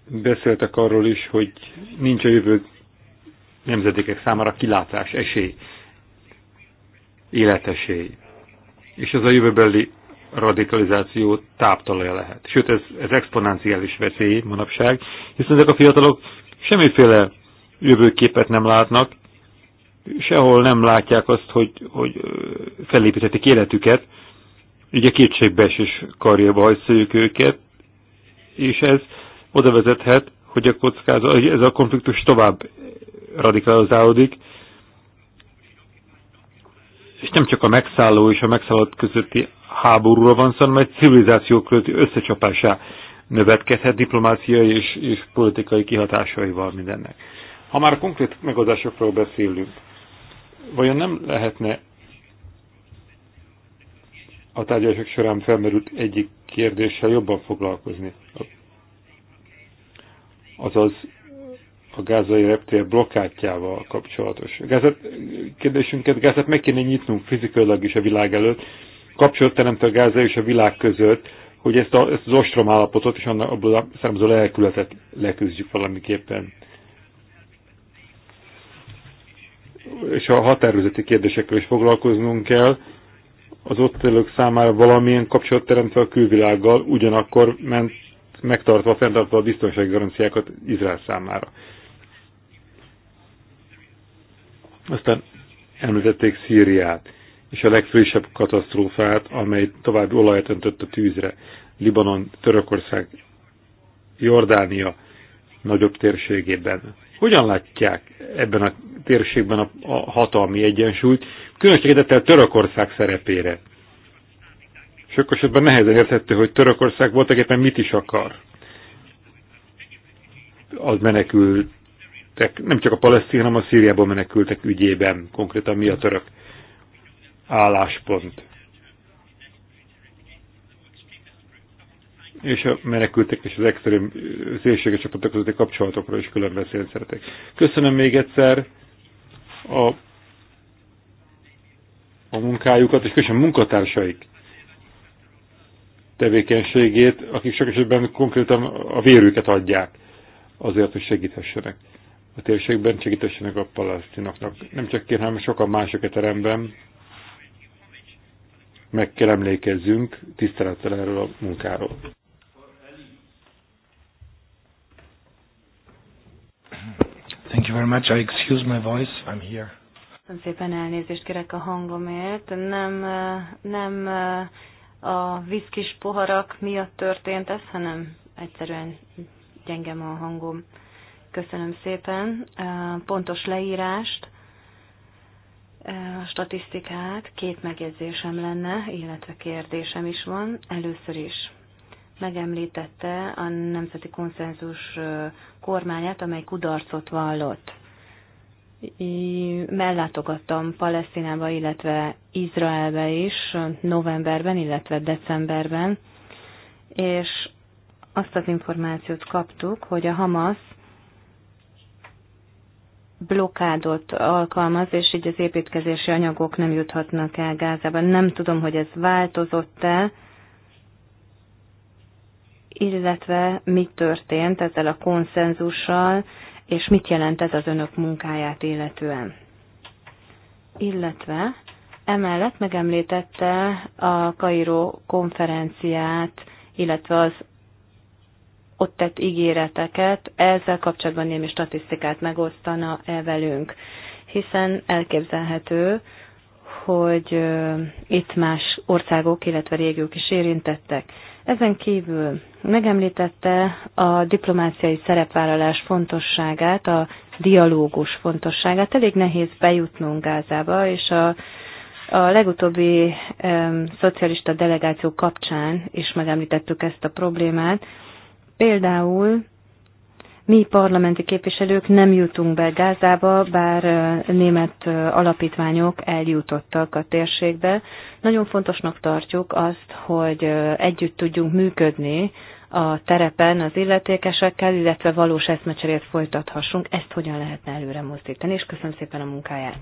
beszéltek arról is, hogy nincs a jövő nemzedékek számára kilátás, esély, életesély és ez a jövőbeli radikalizáció táptalaja lehet. Sőt, ez, ez exponenciális veszély manapság, hiszen ezek a fiatalok semmiféle jövőképet nem látnak, sehol nem látják azt, hogy, hogy felépíthetik életüket, ugye és karjába hajszoljuk őket, és ez oda vezethet, hogy a kockázat, ez a konfliktus tovább radikalizálódik, és nem csak a megszálló és a megszállott közötti háborúra van szó, hanem egy civilizáció közötti összecsapásá növetkedhet diplomáciai és, és politikai kihatásaival mindennek. Ha már konkrét megoldásokról beszélünk, vajon nem lehetne a tárgyalások során felmerült egyik kérdéssel jobban foglalkozni? Azaz a gázai reptér blokkátjával kapcsolatos. A gázet, kérdésünket, gázat meg kéne nyitnunk fizikailag is a világ előtt, kapcsolat teremt a gázai és a világ között, hogy ezt, a, ezt az ostrom állapotot és annak abból származó lelkületet leküzdjük valamiképpen. És a határozati kérdésekkel is foglalkoznunk kell, az ott élők számára valamilyen kapcsolat teremtve a külvilággal, ugyanakkor ment megtartva, fenntartva a biztonsági garanciákat Izrael számára. Aztán említették Szíriát, és a legfrissebb katasztrófát, amely további olajat öntött a tűzre. Libanon, Törökország, Jordánia nagyobb térségében. Hogyan látják ebben a térségben a, a hatalmi egyensúlyt, különös a Törökország szerepére? Sok esetben nehezen érthető, hogy Törökország voltak éppen mit is akar. Az menekült menekültek, nem csak a palesztin, hanem a Szíriából menekültek ügyében, konkrétan mi a török álláspont. És a menekültek és az extrém szélséges csapatok közötti kapcsolatokra is külön beszélni szeretek. Köszönöm még egyszer a, a munkájukat, és köszönöm munkatársaik tevékenységét, akik sok esetben konkrétan a vérüket adják azért, hogy segíthessenek a térségben segítessenek a palasztinoknak. Nem csak kér, hanem sokan mások a teremben meg kell emlékezzünk tisztelettel erről a munkáról. Thank you very much. I excuse my voice. I'm here. Nem szépen elnézést kérek a hangomért. Nem, nem a viszkis poharak miatt történt ez, hanem egyszerűen gyengem a hangom. Köszönöm szépen eh, pontos leírást, eh, statisztikát. Két megjegyzésem lenne, illetve kérdésem is van. Először is megemlítette a nemzeti konszenzus eh, kormányát, amely kudarcot vallott. Mellátogattam Palesztinába, illetve Izraelbe is novemberben, illetve decemberben, és azt az információt kaptuk, hogy a Hamas blokádot alkalmaz, és így az építkezési anyagok nem juthatnak el Gázában. Nem tudom, hogy ez változott-e, illetve mi történt ezzel a konszenzussal, és mit jelent ez az önök munkáját illetően. Illetve emellett megemlítette a Kairó konferenciát, illetve az ott tett ígéreteket, ezzel kapcsolatban némi statisztikát megosztana -e velünk, hiszen elképzelhető, hogy itt más országok, illetve régiók is érintettek. Ezen kívül megemlítette a diplomáciai szerepvállalás fontosságát, a dialógus fontosságát. Elég nehéz bejutnunk Gázába, és a, a legutóbbi em, szocialista delegáció kapcsán is megemlítettük ezt a problémát. Például mi parlamenti képviselők nem jutunk be Gázába, bár német alapítványok eljutottak a térségbe. Nagyon fontosnak tartjuk azt, hogy együtt tudjunk működni a terepen az illetékesekkel, illetve valós eszmecserét folytathassunk. Ezt hogyan lehetne előre mozdítani, és köszönöm szépen a munkáját.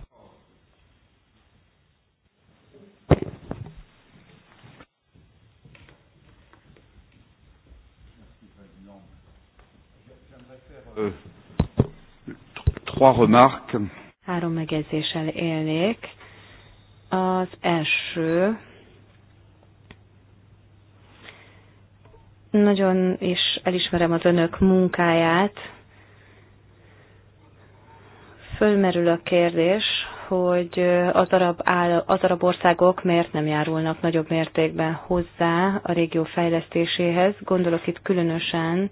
trois remarques. Három megjegyzéssel élnék. Az első, nagyon is elismerem az önök munkáját. Fölmerül a kérdés, hogy az arab, áll, az arab országok miért nem járulnak nagyobb mértékben hozzá a régió fejlesztéséhez. Gondolok itt különösen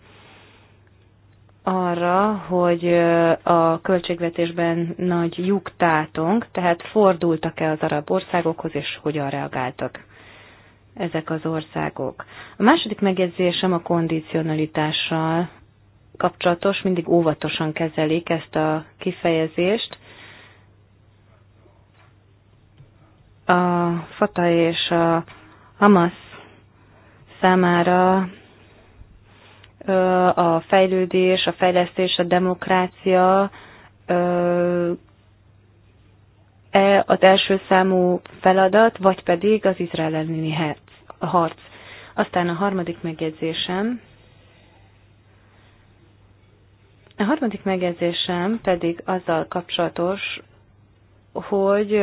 arra, hogy a költségvetésben nagy lyuk tátunk, tehát fordultak-e az arab országokhoz, és hogyan reagáltak ezek az országok. A második megjegyzésem a kondicionalitással kapcsolatos, mindig óvatosan kezelik ezt a kifejezést. A Fata és a Hamas számára a fejlődés, a fejlesztés, a demokrácia e az első számú feladat, vagy pedig az Izrael elleni harc. Aztán a harmadik megjegyzésem. A harmadik megjegyzésem pedig azzal kapcsolatos, hogy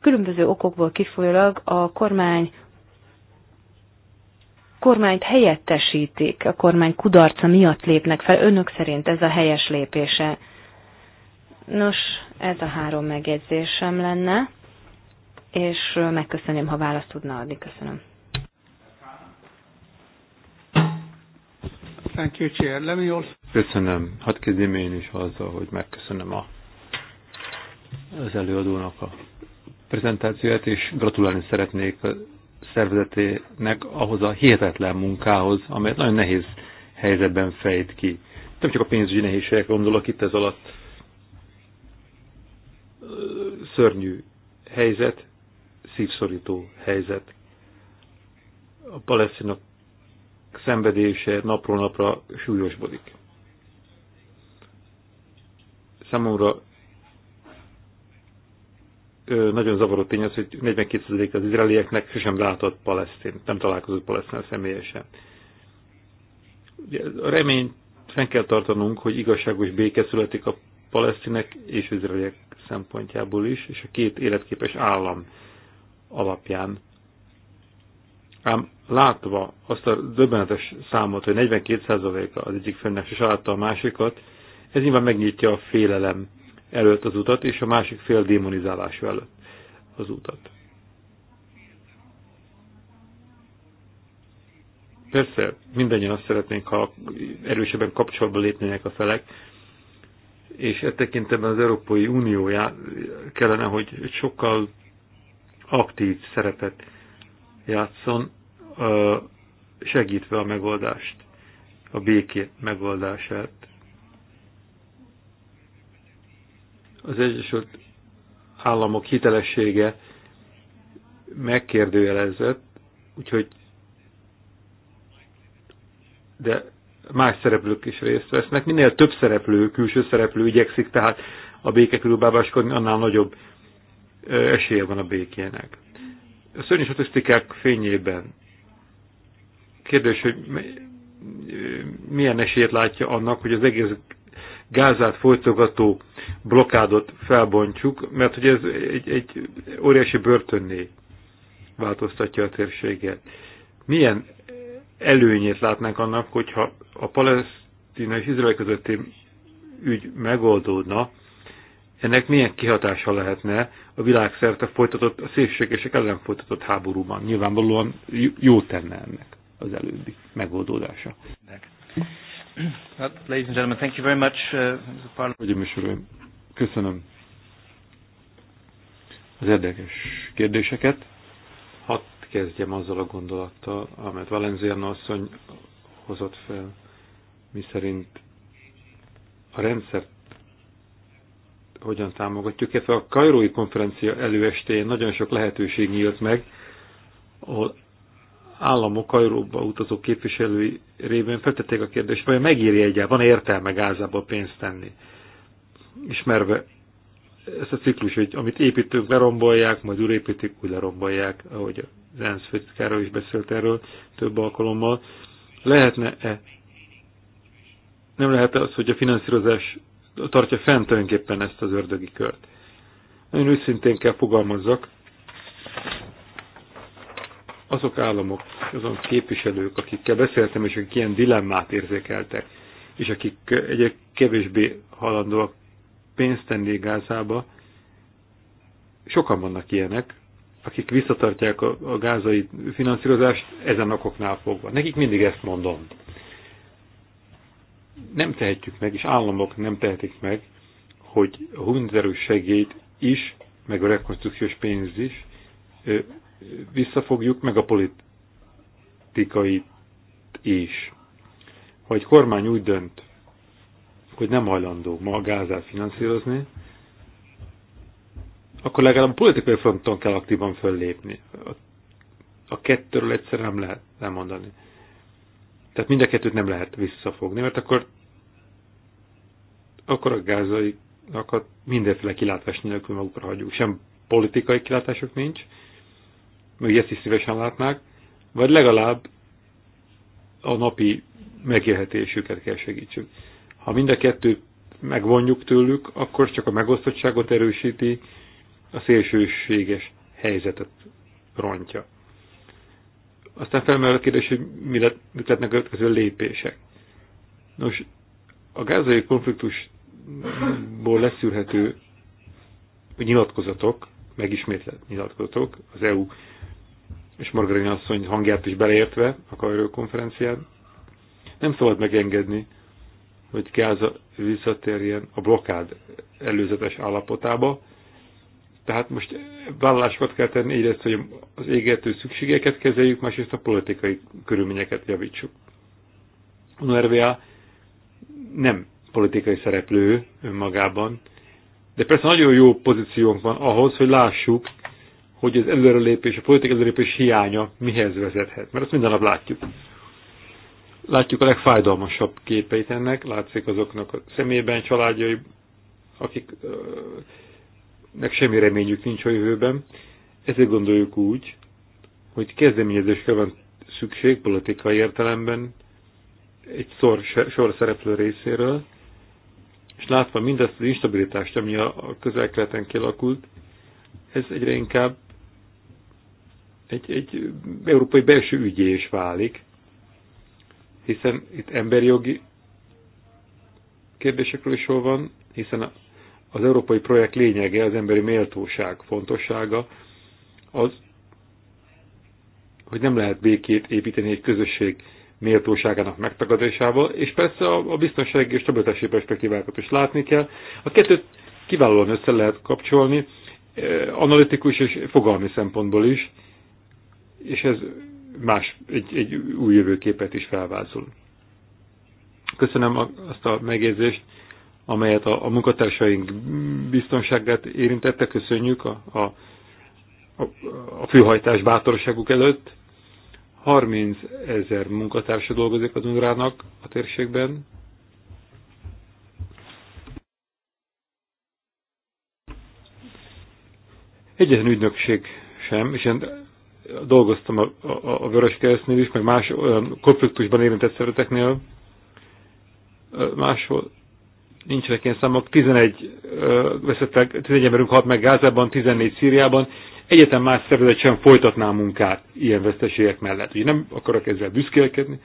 különböző okokból kifolyólag a kormány kormányt helyettesítik, a kormány kudarca miatt lépnek fel. Önök szerint ez a helyes lépése? Nos, ez a három megjegyzésem lenne, és megköszönöm, ha választ tudna adni. Köszönöm. Thank you, Chair. Let me also... Köszönöm. Hadd kezdjem én is azzal, hogy megköszönöm a, az előadónak a prezentációját, és gratulálni szeretnék szervezetének ahhoz a hihetetlen munkához, amelyet nagyon nehéz helyzetben fejt ki. Nem csak a pénzügyi nehézségek, gondolok itt ez alatt szörnyű helyzet, szívszorító helyzet. A palesztinok szenvedése napról napra súlyosbodik. Számomra nagyon zavaró tény az, hogy 42% az izraelieknek sosem látott palesztin, nem találkozott palesztin személyesen. A reményt fenn kell tartanunk, hogy igazságos béke születik a palesztinek és izraeliek szempontjából is, és a két életképes állam alapján. Ám látva azt a döbbenetes számot, hogy 42%-a az egyik fennek se a másikat, ez nyilván megnyitja a félelem előtt az utat, és a másik fél démonizálás előtt az utat. Persze, mindannyian azt szeretnénk, ha erősebben kapcsolatba lépnének a felek, és e tekintetben az Európai Unió kellene, hogy sokkal aktív szerepet játszon, segítve a megoldást, a békét megoldását. az Egyesült Államok hitelessége megkérdőjelezett, úgyhogy de más szereplők is részt vesznek. Minél több szereplő, külső szereplő igyekszik, tehát a béke körülbábáskodni, annál nagyobb esélye van a békének. A szörnyű statisztikák fényében kérdés, hogy milyen esélyt látja annak, hogy az egész Gázát folytogató blokádot felbontjuk, mert hogy ez egy, egy óriási börtönné változtatja a térséget. Milyen előnyét látnánk annak, hogyha a palesztina és izrael közötti ügy megoldódna, ennek milyen kihatása lehetne a világszerte folytatott, a szélségesek ellen folytatott háborúban? Nyilvánvalóan jó tenne ennek az előbbi megoldódása. Hogy and uh, uraim, köszönöm az érdekes kérdéseket. Hadd kezdjem azzal a gondolattal, amelyet Valenciano asszony hozott fel, miszerint a rendszert hogyan támogatjuk, Ezt a Kajrói konferencia előestén nagyon sok lehetőség nyílt meg, ahol államok Kairóba utazó képviselői révén feltették a kérdést, vajon megéri egyáltalán, van -e értelme Gázába pénzt tenni? Ismerve ezt a ciklus, hogy amit építők lerombolják, majd újraépítik, úgy lerombolják, ahogy az ENSZ főtitkáról is beszélt erről több alkalommal. Lehetne-e, nem lehet -e az, hogy a finanszírozás tartja fent önképpen ezt az ördögi kört? Nagyon őszintén kell fogalmazzak, azok államok, azon képviselők, akikkel beszéltem, és akik ilyen dilemmát érzékeltek, és akik eh, egyre kevésbé halandóak pénzt tenni Gázába, sokan vannak ilyenek, akik visszatartják a, a gázai finanszírozást ezen okoknál fogva. Nekik mindig ezt mondom. Nem tehetjük meg, és államok nem tehetik meg, hogy a hunzerős segélyt is, meg a rekonstrukciós pénz is eh, visszafogjuk, meg a politikait is. Ha egy kormány úgy dönt, hogy nem hajlandó ma a gázát finanszírozni, akkor legalább a politikai fronton kell aktívan föllépni. A kettőről egyszer nem lehet lemondani. Tehát mind a kettőt nem lehet visszafogni, mert akkor, akkor a gázaiakat mindenféle kilátás nélkül magukra hagyjuk. Sem politikai kilátások nincs, még ezt is szívesen látnák, vagy legalább a napi megélhetésüket kell segítsük. Ha mind a kettőt megvonjuk tőlük, akkor csak a megosztottságot erősíti, a szélsőséges helyzetet rontja. Aztán felmerül a kérdés, hogy mi lett, mit lettnek a következő lépések. Nos, a gázai konfliktusból leszűrhető nyilatkozatok, megismételt nyilatkozatok, az EU és Margarina asszony hangját is beleértve a Kajró konferencián, nem szabad megengedni, hogy Gáza visszatérjen a blokád előzetes állapotába. Tehát most vállalásokat kell tenni, egyrészt, hogy az égető szükségeket kezeljük, másrészt a politikai körülményeket javítsuk. A NRVA nem politikai szereplő önmagában, de persze nagyon jó pozíciónk van ahhoz, hogy lássuk, hogy az előrelépés, a politikai előrelépés hiánya mihez vezethet. Mert azt minden nap látjuk. Látjuk a legfájdalmasabb képeit ennek, látszik azoknak a szemében, családjai, akiknek semmi reményük nincs a jövőben. Ezért gondoljuk úgy, hogy kezdeményezésre van szükség politikai értelemben egy sor, sor szereplő részéről, és látva mindezt az instabilitást, ami a közel kialakult, ez egyre inkább egy, egy európai belső ügyé is válik, hiszen itt emberi jogi kérdésekről is hol van, hiszen az európai projekt lényege, az emberi méltóság fontossága az, hogy nem lehet békét építeni egy közösség méltóságának megtagadásával, és persze a, a biztonsági és stabilitási perspektívákat is látni kell. A kettőt kiválóan össze lehet kapcsolni, eh, analitikus és fogalmi szempontból is, és ez más, egy, egy új jövőképet is felvázol. Köszönöm azt a megérzést, amelyet a, a munkatársaink biztonságát érintette, köszönjük a, a, a, a főhajtás bátorságuk előtt. 30 ezer munkatársa dolgozik az Ungrának a térségben. Egyetlen ügynökség sem, és dolgoztam a, a, a Keresztnél is, meg más olyan konfliktusban érintett szereteknél, máshol nincsenek ilyen számok, 11 veszettek, 11 emberünk halt meg Gázában, 14 Szíriában, egyetem más szervezet sem folytatná a munkát ilyen veszteségek mellett. Ugye nem akarok ezzel büszkélkedni,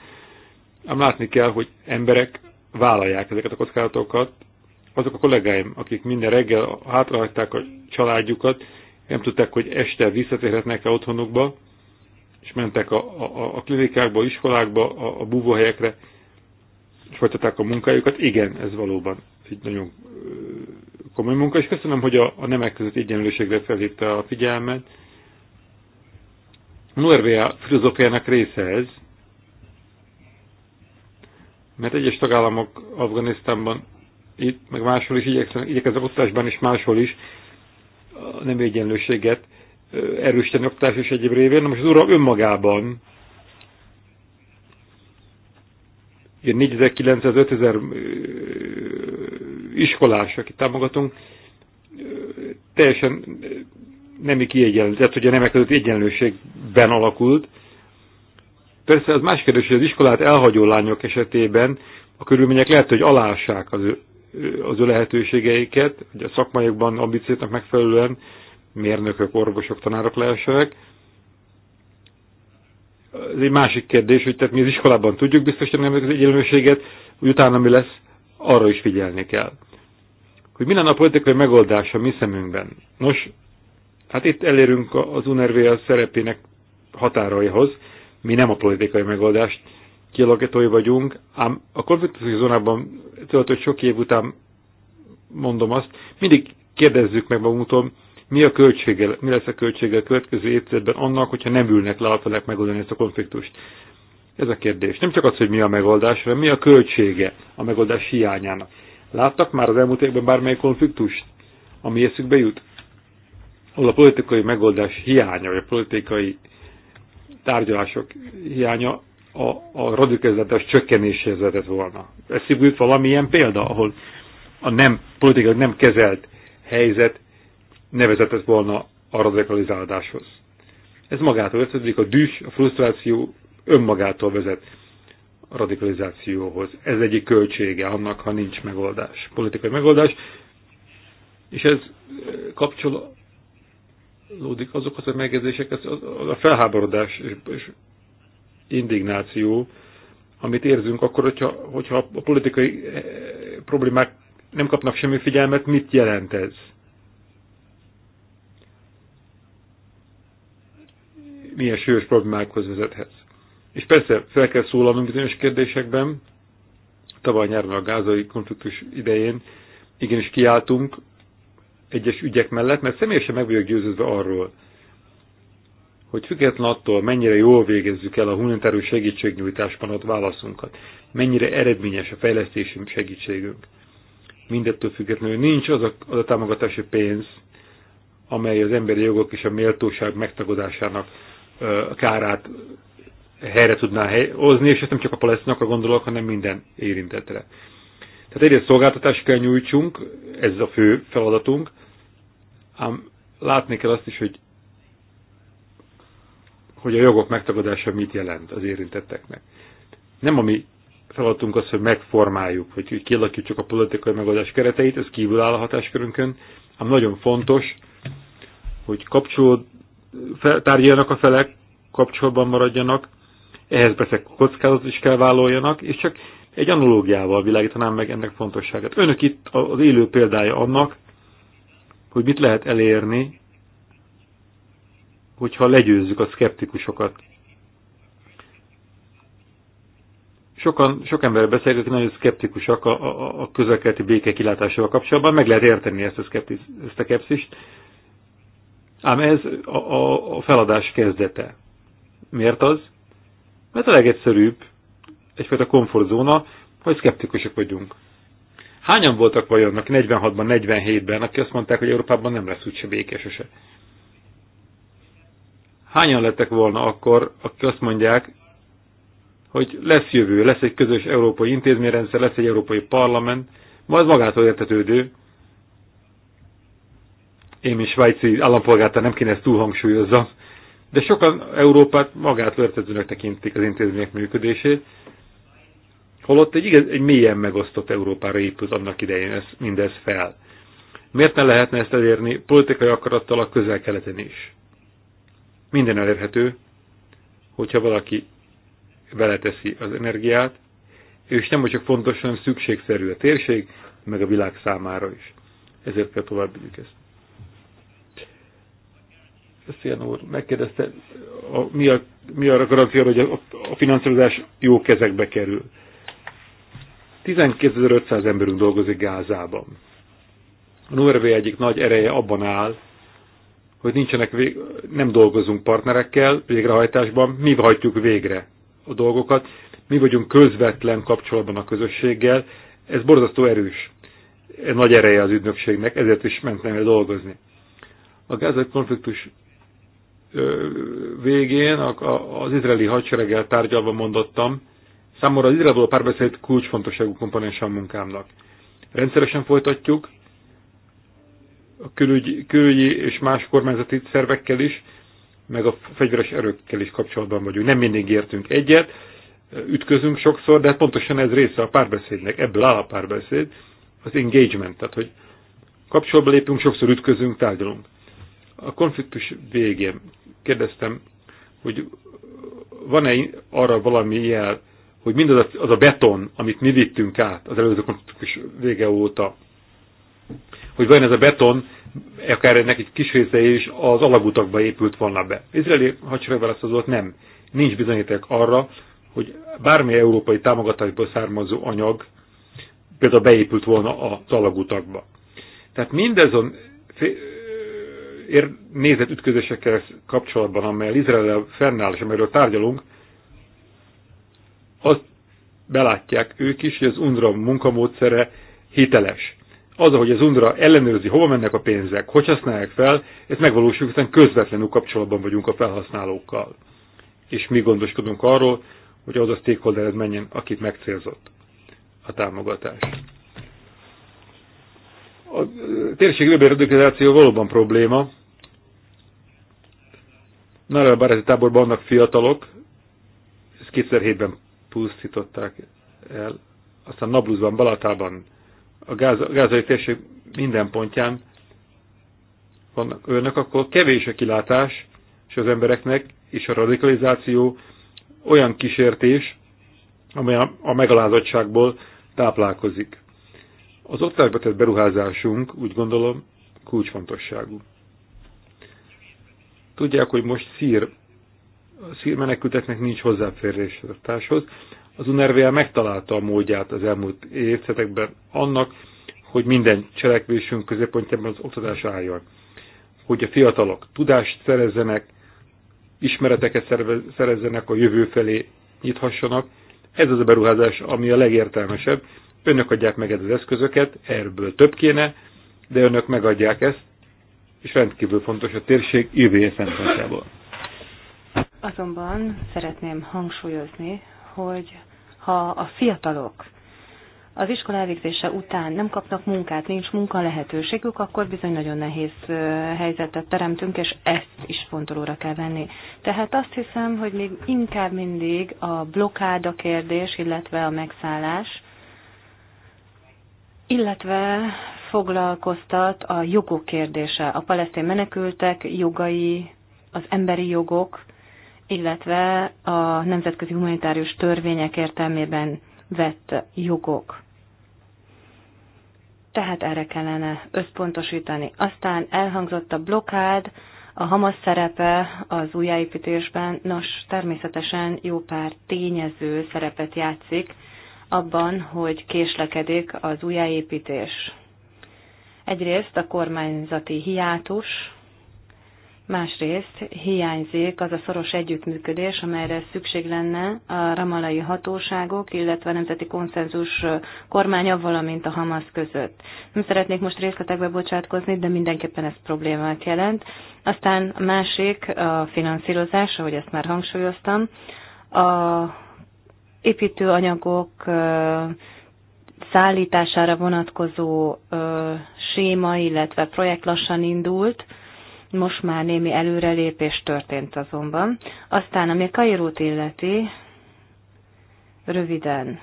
ám látni kell, hogy emberek vállalják ezeket a kockázatokat. Azok a kollégáim, akik minden reggel hátrahagyták a családjukat, nem tudták, hogy este visszatérhetnek-e otthonukba, és mentek a, a, a klinikákba, iskolákba, a, a búvóhelyekre, és folytatták a munkájukat. Igen, ez valóban egy nagyon komoly munka, és köszönöm, hogy a, a nemek között egyenlőségre felhívta a figyelmet. A Norvégia filozófiának része ez, mert egyes tagállamok Afganisztánban, itt, meg máshol is igyekeznek, igyekeznek osztásban is máshol is a nem egyenlőséget erősíteni oktatás és egyéb révén, most az ura önmagában ilyen 4900-5000 iskolás, akit támogatunk, teljesen nemi kiegyenlőség, hogy a nemek között egyenlőségben alakult. Persze az más kérdés, hogy az iskolát elhagyó lányok esetében a körülmények lehet, hogy alássák az ő az ő lehetőségeiket, hogy a szakmájukban ambícióknak megfelelően mérnökök, orvosok, tanárok lehessenek. Ez egy másik kérdés, hogy tehát mi az iskolában tudjuk biztosítani az egyenlőséget, hogy utána mi lesz, arra is figyelni kell. Hogy mi a politikai megoldás a mi szemünkben? Nos, hát itt elérünk az UNRV szerepének határaihoz, mi nem a politikai megoldást kialakítói vagyunk, ám a konfliktusi zónában töltött sok év után mondom azt, mindig kérdezzük meg magunktól, mi a költsége, mi lesz a költsége a következő évtizedben annak, hogyha nem ülnek le a felek megoldani ezt a konfliktust. Ez a kérdés. Nem csak az, hogy mi a megoldás, hanem mi a költsége a megoldás hiányának. Láttak már az elmúlt években bármely konfliktust, ami eszükbe jut? Ahol a politikai megoldás hiánya, vagy a politikai tárgyalások hiánya a, a radikalizáltás csökkenéséhez vezetett volna. Eszébe jut valamilyen példa, ahol a nem politikai nem kezelt helyzet ne vezetett volna a radikalizáltáshoz. Ez magától vezetődik, a düh, a frusztráció önmagától vezet a radikalizációhoz. Ez egyik költsége annak, ha nincs megoldás, politikai megoldás, és ez kapcsolódik azokhoz a megjegyzésekhez, a felháborodás és indignáció, amit érzünk, akkor, hogyha, hogyha a politikai eh, problémák nem kapnak semmi figyelmet, mit jelent ez? Milyen súlyos problémákhoz vezethet? És persze fel kell szólalnunk bizonyos kérdésekben. Tavaly nyáron a gázai konfliktus idején igenis kiálltunk egyes ügyek mellett, mert személyesen meg vagyok győződve arról, hogy független attól, mennyire jól végezzük el a humanitárius segítségnyújtásban ott válaszunkat, mennyire eredményes a fejlesztési segítségünk. Mindettől függetlenül nincs az a, az a támogatási pénz, amely az emberi jogok és a méltóság megtagadásának a kárát helyre tudná hozni, és ezt nem csak a palesztinokra gondolok, hanem minden érintetre. Tehát egyrészt szolgáltatást kell nyújtsunk, ez a fő feladatunk, ám látni kell azt is, hogy hogy a jogok megtagadása mit jelent az érintetteknek. Nem a mi feladatunk az, hogy megformáljuk, hogy kialakítsuk a politikai megoldás kereteit, ez kívül áll a hatáskörünkön, ám nagyon fontos, hogy kapcsolód, tárgyaljanak a felek, kapcsolatban maradjanak, ehhez persze kockázatot is kell vállaljanak, és csak egy analógiával világítanám meg ennek fontosságát. Önök itt az élő példája annak, hogy mit lehet elérni hogyha legyőzzük a szkeptikusokat. Sokan, sok ember beszélek, akik nagyon szkeptikusak a, a, a közelkeleti béke kilátásával kapcsolatban, meg lehet érteni ezt a, szkeptis, ezt a kepszist, ám ez a, a, a feladás kezdete. Miért az? Mert a legegyszerűbb, egyfajta komfortzóna, hogy szkeptikusok vagyunk. Hányan voltak vajon 46-ban, 47-ben, akik azt mondták, hogy Európában nem lesz úgyse békés, sose? Hányan lettek volna akkor, akik azt mondják, hogy lesz jövő, lesz egy közös európai intézményrendszer, lesz egy európai parlament, majd magától értetődő. Én is svájci állampolgártán nem kéne ezt túlhangsúlyozzam, de sokan Európát magától értetődőnek tekintik az intézmények működését, holott egy, igaz, egy mélyen megosztott Európára épült annak idején ez, mindez fel. Miért ne lehetne ezt elérni politikai akarattal a közel-keleten is? Minden elérhető, hogyha valaki beleteszi az energiát, és nem csak fontos, hanem szükségszerű a térség, meg a világ számára is. Ezért kell tovább ezt. Szélen úr megkérdezte, a, mi, a, mi arra garancia, hogy a, a finanszírozás jó kezekbe kerül. 12.500 emberünk dolgozik Gázában. A Norvég egyik nagy ereje abban áll, hogy nincsenek vég... nem dolgozunk partnerekkel végrehajtásban, mi hajtjuk végre a dolgokat, mi vagyunk közvetlen kapcsolatban a közösséggel, ez borzasztó erős, e nagy ereje az ügynökségnek, ezért is mentem el dolgozni. A gázai konfliktus végén az izraeli hadsereggel tárgyalva mondottam, számomra az izraeli párbeszéd kulcsfontosságú komponens a munkámnak. Rendszeresen folytatjuk, a külügy, külügyi és más kormányzati szervekkel is, meg a fegyveres erőkkel is kapcsolatban vagyunk. Nem mindig értünk egyet, ütközünk sokszor, de pontosan ez része a párbeszédnek, ebből áll a párbeszéd, az engagement, tehát hogy kapcsolatba lépünk, sokszor ütközünk, tárgyalunk. A konfliktus végén kérdeztem, hogy van-e arra valami jel, hogy mindaz az a beton, amit mi vittünk át az előző konfliktus vége óta, hogy vajon ez a beton, akár ennek egy kis része is az alagutakba épült volna be. Izraeli az volt, nem. Nincs bizonyíték arra, hogy bármely európai támogatásból származó anyag például beépült volna az alagutakba. Tehát mindezon ütközésekkel kapcsolatban, amelyel Izrael fennáll, és amelyről tárgyalunk, azt belátják ők is, hogy az UNRWA munkamódszere hiteles az, hogy az UNDRA ellenőrzi, hova mennek a pénzek, hogy használják fel, ez megvalósul, hiszen közvetlenül kapcsolatban vagyunk a felhasználókkal. És mi gondoskodunk arról, hogy az a stakeholderhez menjen, akit megcélzott a támogatás. A térség liberalizáció valóban probléma. Narel baráti táborban vannak fiatalok, ezt 2007-ben pusztították el, aztán Nabluzban, Balatában a gáz, gázai térség minden pontján vannak önök, akkor kevés a kilátás, és az embereknek, és a radikalizáció olyan kísértés, amely a megalázottságból táplálkozik. Az ott tett beruházásunk, úgy gondolom, kulcsfontosságú. Tudják, hogy most szír, a szír menekülteknek nincs hozzáférés a társhoz az UNRVA megtalálta a módját az elmúlt évtizedekben annak, hogy minden cselekvésünk középpontjában az oktatás álljon. Hogy a fiatalok tudást szerezzenek, ismereteket szerezzenek a jövő felé, nyithassanak. Ez az a beruházás, ami a legértelmesebb. Önök adják meg ezt az eszközöket, erből több kéne, de önök megadják ezt, és rendkívül fontos a térség jövője szempontjából. Azonban szeretném hangsúlyozni, hogy ha a fiatalok az iskola elvégzése után nem kapnak munkát, nincs munka lehetőségük, akkor bizony nagyon nehéz helyzetet teremtünk, és ezt is fontolóra kell venni. Tehát azt hiszem, hogy még inkább mindig a blokáda kérdés, illetve a megszállás, illetve foglalkoztat a jogok kérdése, a palesztén menekültek jogai, az emberi jogok, illetve a nemzetközi humanitárius törvények értelmében vett jogok. Tehát erre kellene összpontosítani. Aztán elhangzott a blokád, a Hamas szerepe az újjáépítésben, nos, természetesen jó pár tényező szerepet játszik abban, hogy késlekedik az újjáépítés. Egyrészt a kormányzati hiátus, Másrészt hiányzik az a szoros együttműködés, amelyre szükség lenne a ramalai hatóságok, illetve a nemzeti konszenzus kormánya, valamint a Hamas között. Nem szeretnék most részletekbe bocsátkozni, de mindenképpen ez problémát jelent. Aztán a másik a finanszírozás, ahogy ezt már hangsúlyoztam. A építőanyagok szállítására vonatkozó séma, illetve projekt lassan indult, most már némi előrelépés történt azonban. Aztán, ami Kairót illeti, röviden.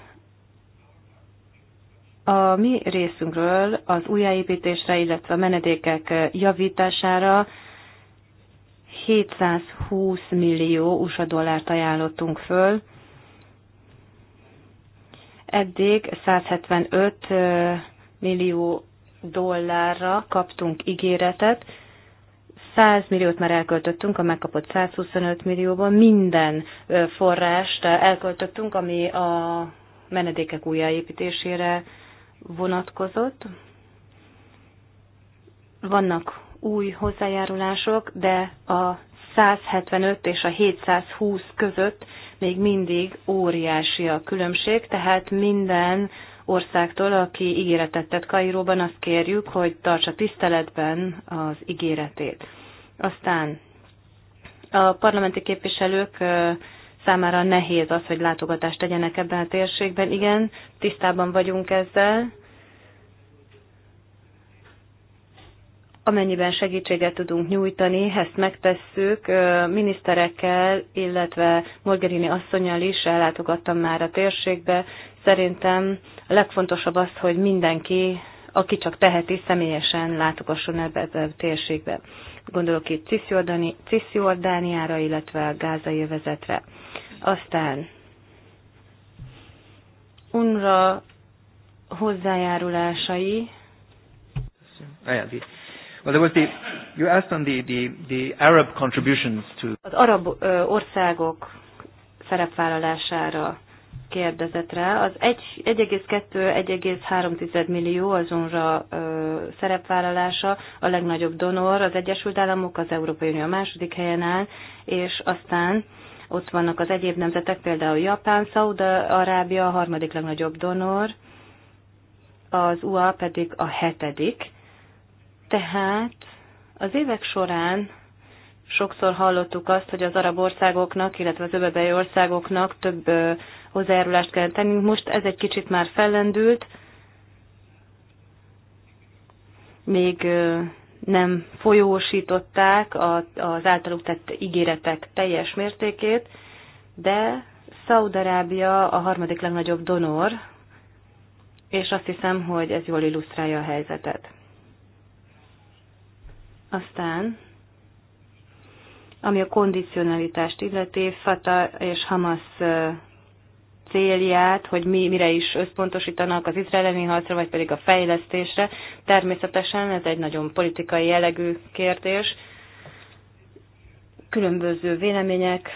A mi részünkről az újjáépítésre, illetve a menedékek javítására 720 millió USA dollárt ajánlottunk föl. Eddig 175 millió dollárra kaptunk ígéretet, 100 milliót már elköltöttünk, a megkapott 125 millióban minden forrást elköltöttünk, ami a menedékek újjáépítésére vonatkozott. Vannak új hozzájárulások, de a 175 és a 720 között még mindig óriási a különbség, tehát minden országtól, aki ígéretet tett Kairóban, azt kérjük, hogy tartsa tiszteletben az ígéretét. Aztán a parlamenti képviselők számára nehéz az, hogy látogatást tegyenek ebben a térségben. Igen, tisztában vagyunk ezzel. Amennyiben segítséget tudunk nyújtani, ezt megtesszük. Miniszterekkel, illetve Morgerini asszonyjal is ellátogattam már a térségbe. Szerintem a legfontosabb az, hogy mindenki, aki csak teheti, személyesen látogasson ebbe a térségbe gondolok itt Cisziordániára, illetve a gázai övezetre. Aztán UNRA hozzájárulásai. Well, there was the, you asked on the, the, the Arab contributions to... Az arab országok szerepvállalására kérdezett rá. Az 1,2-1,3 millió az UNRWA szerepvállalása a legnagyobb donor, az Egyesült Államok, az Európai Unió a második helyen áll, és aztán ott vannak az egyéb nemzetek, például Japán, Szaúd-Arábia a harmadik legnagyobb donor, az UA pedig a hetedik. Tehát az évek során sokszor hallottuk azt, hogy az arab országoknak, illetve az öbebei országoknak több hozzájárulást kell tennünk. Most ez egy kicsit már fellendült, még nem folyósították az általuk tett ígéretek teljes mértékét, de Szaudarábia a harmadik legnagyobb donor, és azt hiszem, hogy ez jól illusztrálja a helyzetet. Aztán, ami a kondicionalitást illeti, Fata és Hamas célját, hogy mi, mire is összpontosítanak az izraeleni harcra, vagy pedig a fejlesztésre. Természetesen ez egy nagyon politikai jellegű kérdés. Különböző vélemények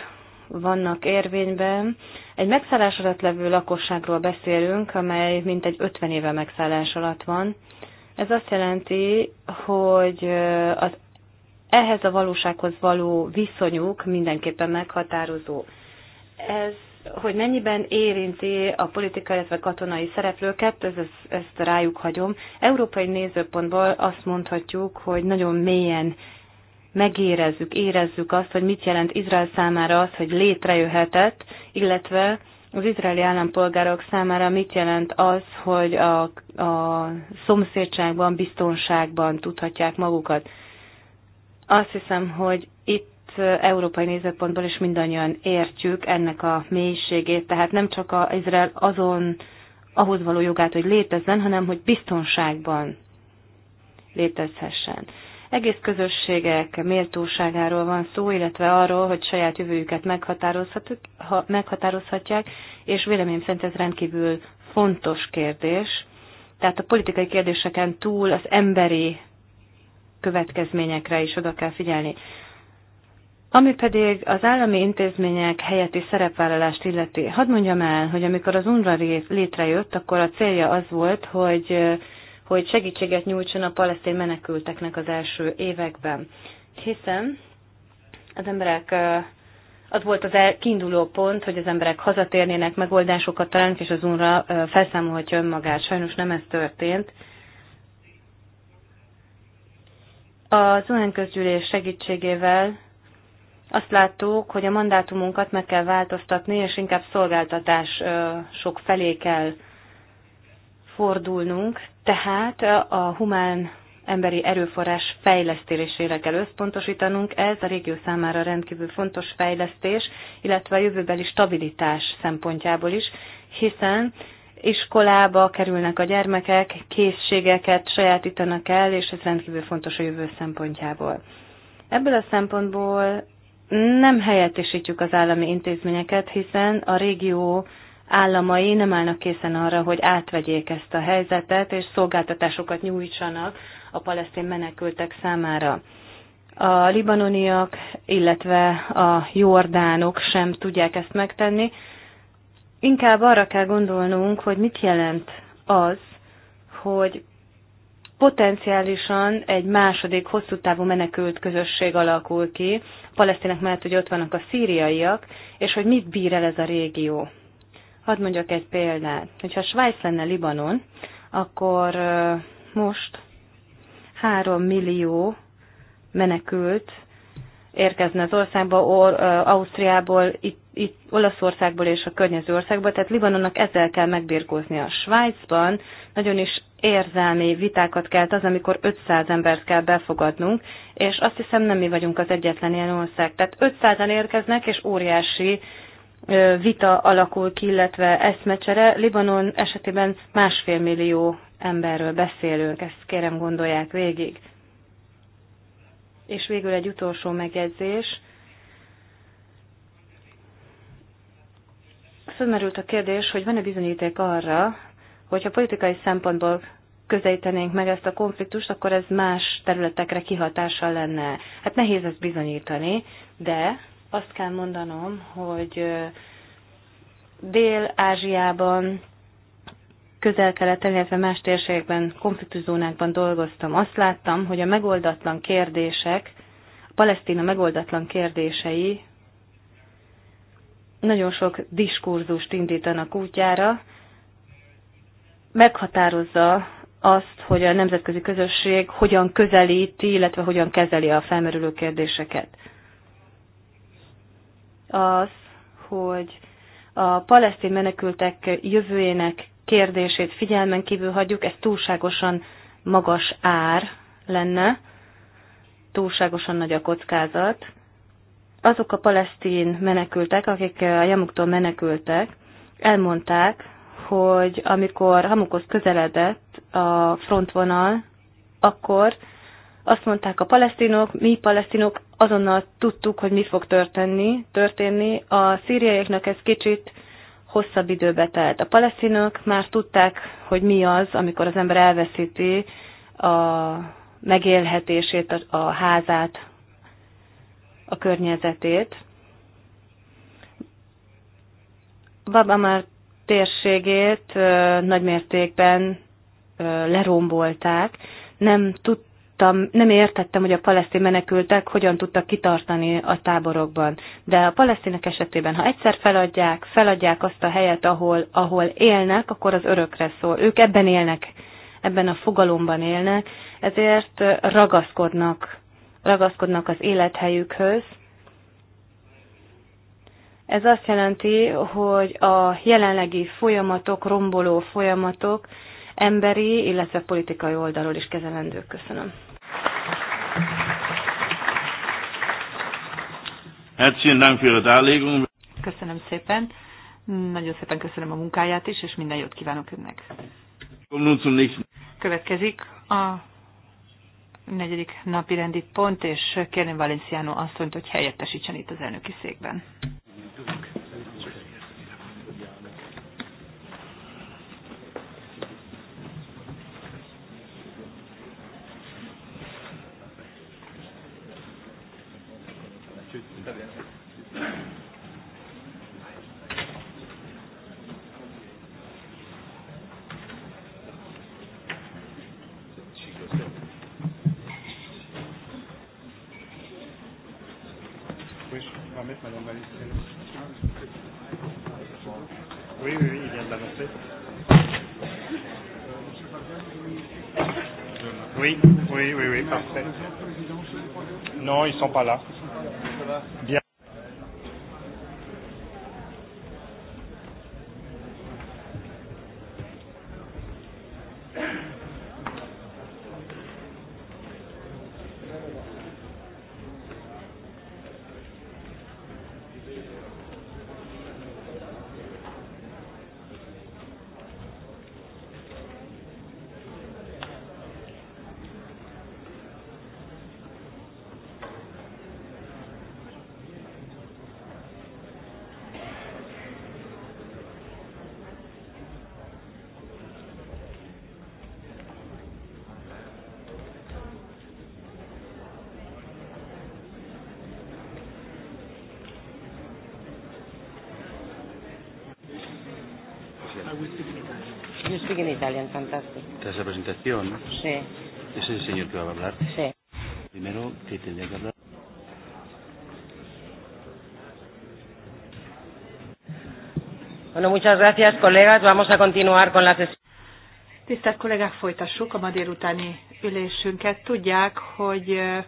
vannak érvényben. Egy megszállás alatt levő lakosságról beszélünk, amely mintegy 50 éve megszállás alatt van. Ez azt jelenti, hogy az ehhez a valósághoz való viszonyuk mindenképpen meghatározó ez hogy mennyiben érinti a politikai, illetve katonai szereplőket, ez, ez, ezt rájuk hagyom. Európai nézőpontból azt mondhatjuk, hogy nagyon mélyen megérezzük, érezzük azt, hogy mit jelent Izrael számára az, hogy létrejöhetett, illetve az izraeli állampolgárok számára mit jelent az, hogy a, a szomszédságban, biztonságban tudhatják magukat. Azt hiszem, hogy itt európai nézőpontból is mindannyian értjük ennek a mélységét, tehát nem csak az Izrael azon ahhoz való jogát, hogy létezzen, hanem hogy biztonságban létezhessen. Egész közösségek méltóságáról van szó, illetve arról, hogy saját jövőjüket meghatározhatják, és véleményem szerint ez rendkívül fontos kérdés. Tehát a politikai kérdéseken túl az emberi következményekre is oda kell figyelni. Ami pedig az állami intézmények helyetti szerepvállalást illeti, hadd mondjam el, hogy amikor az UNRWA létrejött, akkor a célja az volt, hogy, hogy segítséget nyújtson a palesztin menekülteknek az első években. Hiszen az emberek az volt az el, kiinduló pont, hogy az emberek hazatérnének, megoldásokat találnak, és az UNRWA felszámolhatja önmagát. Sajnos nem ez történt. Az UN közgyűlés segítségével azt láttuk, hogy a mandátumunkat meg kell változtatni, és inkább szolgáltatás sok felé kell fordulnunk, tehát a humán emberi erőforrás fejlesztésére kell összpontosítanunk. Ez a régió számára rendkívül fontos fejlesztés, illetve a jövőbeli stabilitás szempontjából is, hiszen iskolába kerülnek a gyermekek, készségeket sajátítanak el, és ez rendkívül fontos a jövő szempontjából. Ebből a szempontból nem helyettesítjük az állami intézményeket, hiszen a régió államai nem állnak készen arra, hogy átvegyék ezt a helyzetet, és szolgáltatásokat nyújtsanak a palesztin menekültek számára. A libanoniak, illetve a jordánok sem tudják ezt megtenni. Inkább arra kell gondolnunk, hogy mit jelent az, hogy potenciálisan egy második hosszú távú menekült közösség alakul ki. A palesztinek mellett, hogy ott vannak a szíriaiak, és hogy mit bír el ez a régió. Hadd mondjak egy példát. Hogyha Svájc lenne Libanon, akkor most 3 millió menekült érkezne az országba, or, Ausztriából, itt, itt, Olaszországból és a környező országba, tehát Libanonnak ezzel kell megbirkóznia. A Svájcban nagyon is érzelmi vitákat kelt az, amikor 500 embert kell befogadnunk, és azt hiszem nem mi vagyunk az egyetlen ilyen ország. Tehát 500-an érkeznek, és óriási vita alakul ki, illetve eszmecsere. Libanon esetében másfél millió emberről beszélünk, ezt kérem gondolják végig. És végül egy utolsó megjegyzés. Fölmerült a kérdés, hogy van-e bizonyíték arra, Hogyha politikai szempontból közelítenénk meg ezt a konfliktust, akkor ez más területekre kihatással lenne. Hát nehéz ezt bizonyítani, de azt kell mondanom, hogy Dél-Ázsiában, közel-keleten, illetve más térségekben, konfliktuszónákban dolgoztam. Azt láttam, hogy a megoldatlan kérdések, a Palesztina megoldatlan kérdései nagyon sok diskurzust indítanak útjára, meghatározza azt, hogy a nemzetközi közösség hogyan közelíti, illetve hogyan kezeli a felmerülő kérdéseket. Az, hogy a palesztin menekültek jövőjének kérdését figyelmen kívül hagyjuk, ez túlságosan magas ár lenne, túlságosan nagy a kockázat. Azok a palesztin menekültek, akik a jamuktól menekültek, elmondták, hogy amikor Hamukhoz közeledett a frontvonal, akkor azt mondták a palesztinok, mi palesztinok azonnal tudtuk, hogy mi fog történni. történni. A szíriaiaknak ez kicsit hosszabb időbe telt. A palesztinok már tudták, hogy mi az, amikor az ember elveszíti a megélhetését, a házát, a környezetét. Baba már térségét nagymértékben lerombolták. Nem tudtam, nem értettem, hogy a palesztin menekültek hogyan tudtak kitartani a táborokban. De a palesztinek esetében, ha egyszer feladják, feladják azt a helyet, ahol, ahol élnek, akkor az örökre szól. Ők ebben élnek, ebben a fogalomban élnek, ezért ragaszkodnak, ragaszkodnak az élethelyükhöz, ez azt jelenti, hogy a jelenlegi folyamatok, romboló folyamatok emberi, illetve politikai oldalról is kezelendők. Köszönöm. Köszönöm szépen. Nagyon szépen köszönöm a munkáját is, és minden jót kívánok önnek. Következik a negyedik napi rendi pont, és kérném Valenciano asszonyt, hogy helyettesítsen itt az elnöki székben. Köszönöm. sont pas là. speak in Italian, fantastic. Tras la presentación, sí. es el señor que va a hablar. Sí. Primero, ¿qué tendría que hablar. Bueno, muchas gracias, colegas. Vamos a continuar con la sesión. Tisztelt kollégák, folytassuk a ma délutáni ülésünket. Tudják, hogy eh,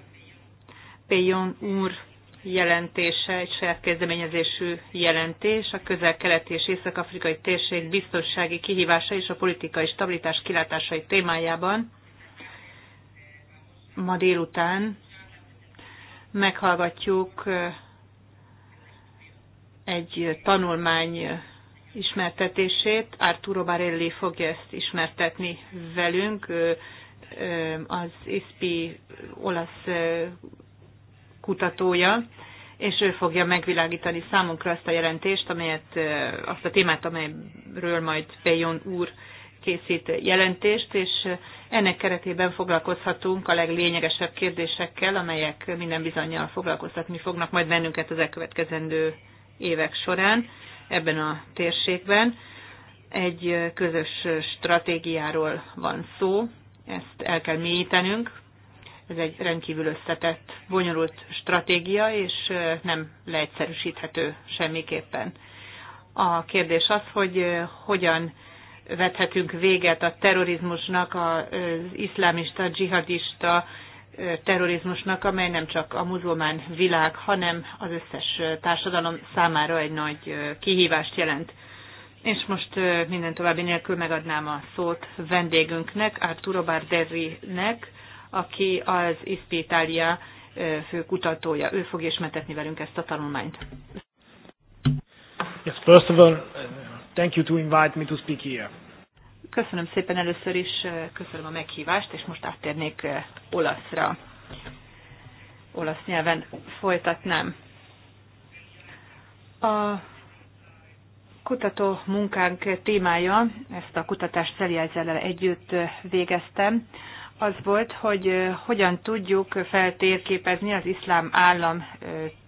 Péjon úr jelentése, egy saját kezdeményezésű jelentés, a közel-keleti és észak-afrikai térség biztonsági kihívása és a politikai stabilitás kilátásai témájában. Ma délután meghallgatjuk egy tanulmány ismertetését. Arturo Barelli fogja ezt ismertetni velünk. Az ISPI olasz kutatója, és ő fogja megvilágítani számunkra azt a jelentést, amelyet, azt a témát, amelyről majd Bejon úr készít jelentést, és ennek keretében foglalkozhatunk a leglényegesebb kérdésekkel, amelyek minden bizonyal foglalkoztatni fognak majd bennünket az elkövetkezendő évek során ebben a térségben. Egy közös stratégiáról van szó, ezt el kell mélyítenünk, ez egy rendkívül összetett, bonyolult stratégia, és nem leegyszerűsíthető semmiképpen. A kérdés az, hogy hogyan vethetünk véget a terrorizmusnak, az iszlámista, dzsihadista terrorizmusnak, amely nem csak a muzulmán világ, hanem az összes társadalom számára egy nagy kihívást jelent. És most minden további nélkül megadnám a szót vendégünknek, Arturo Barderinek, aki az ISP Itália fő kutatója. Ő fog ismertetni velünk ezt a tanulmányt. Yes, first of all, thank you to invite me to speak here. Köszönöm szépen először is, köszönöm a meghívást, és most áttérnék olaszra. Olasz nyelven folytatnám. A kutató munkánk témája, ezt a kutatást Szeliázelel együtt végeztem, az volt, hogy hogyan tudjuk feltérképezni az iszlám állam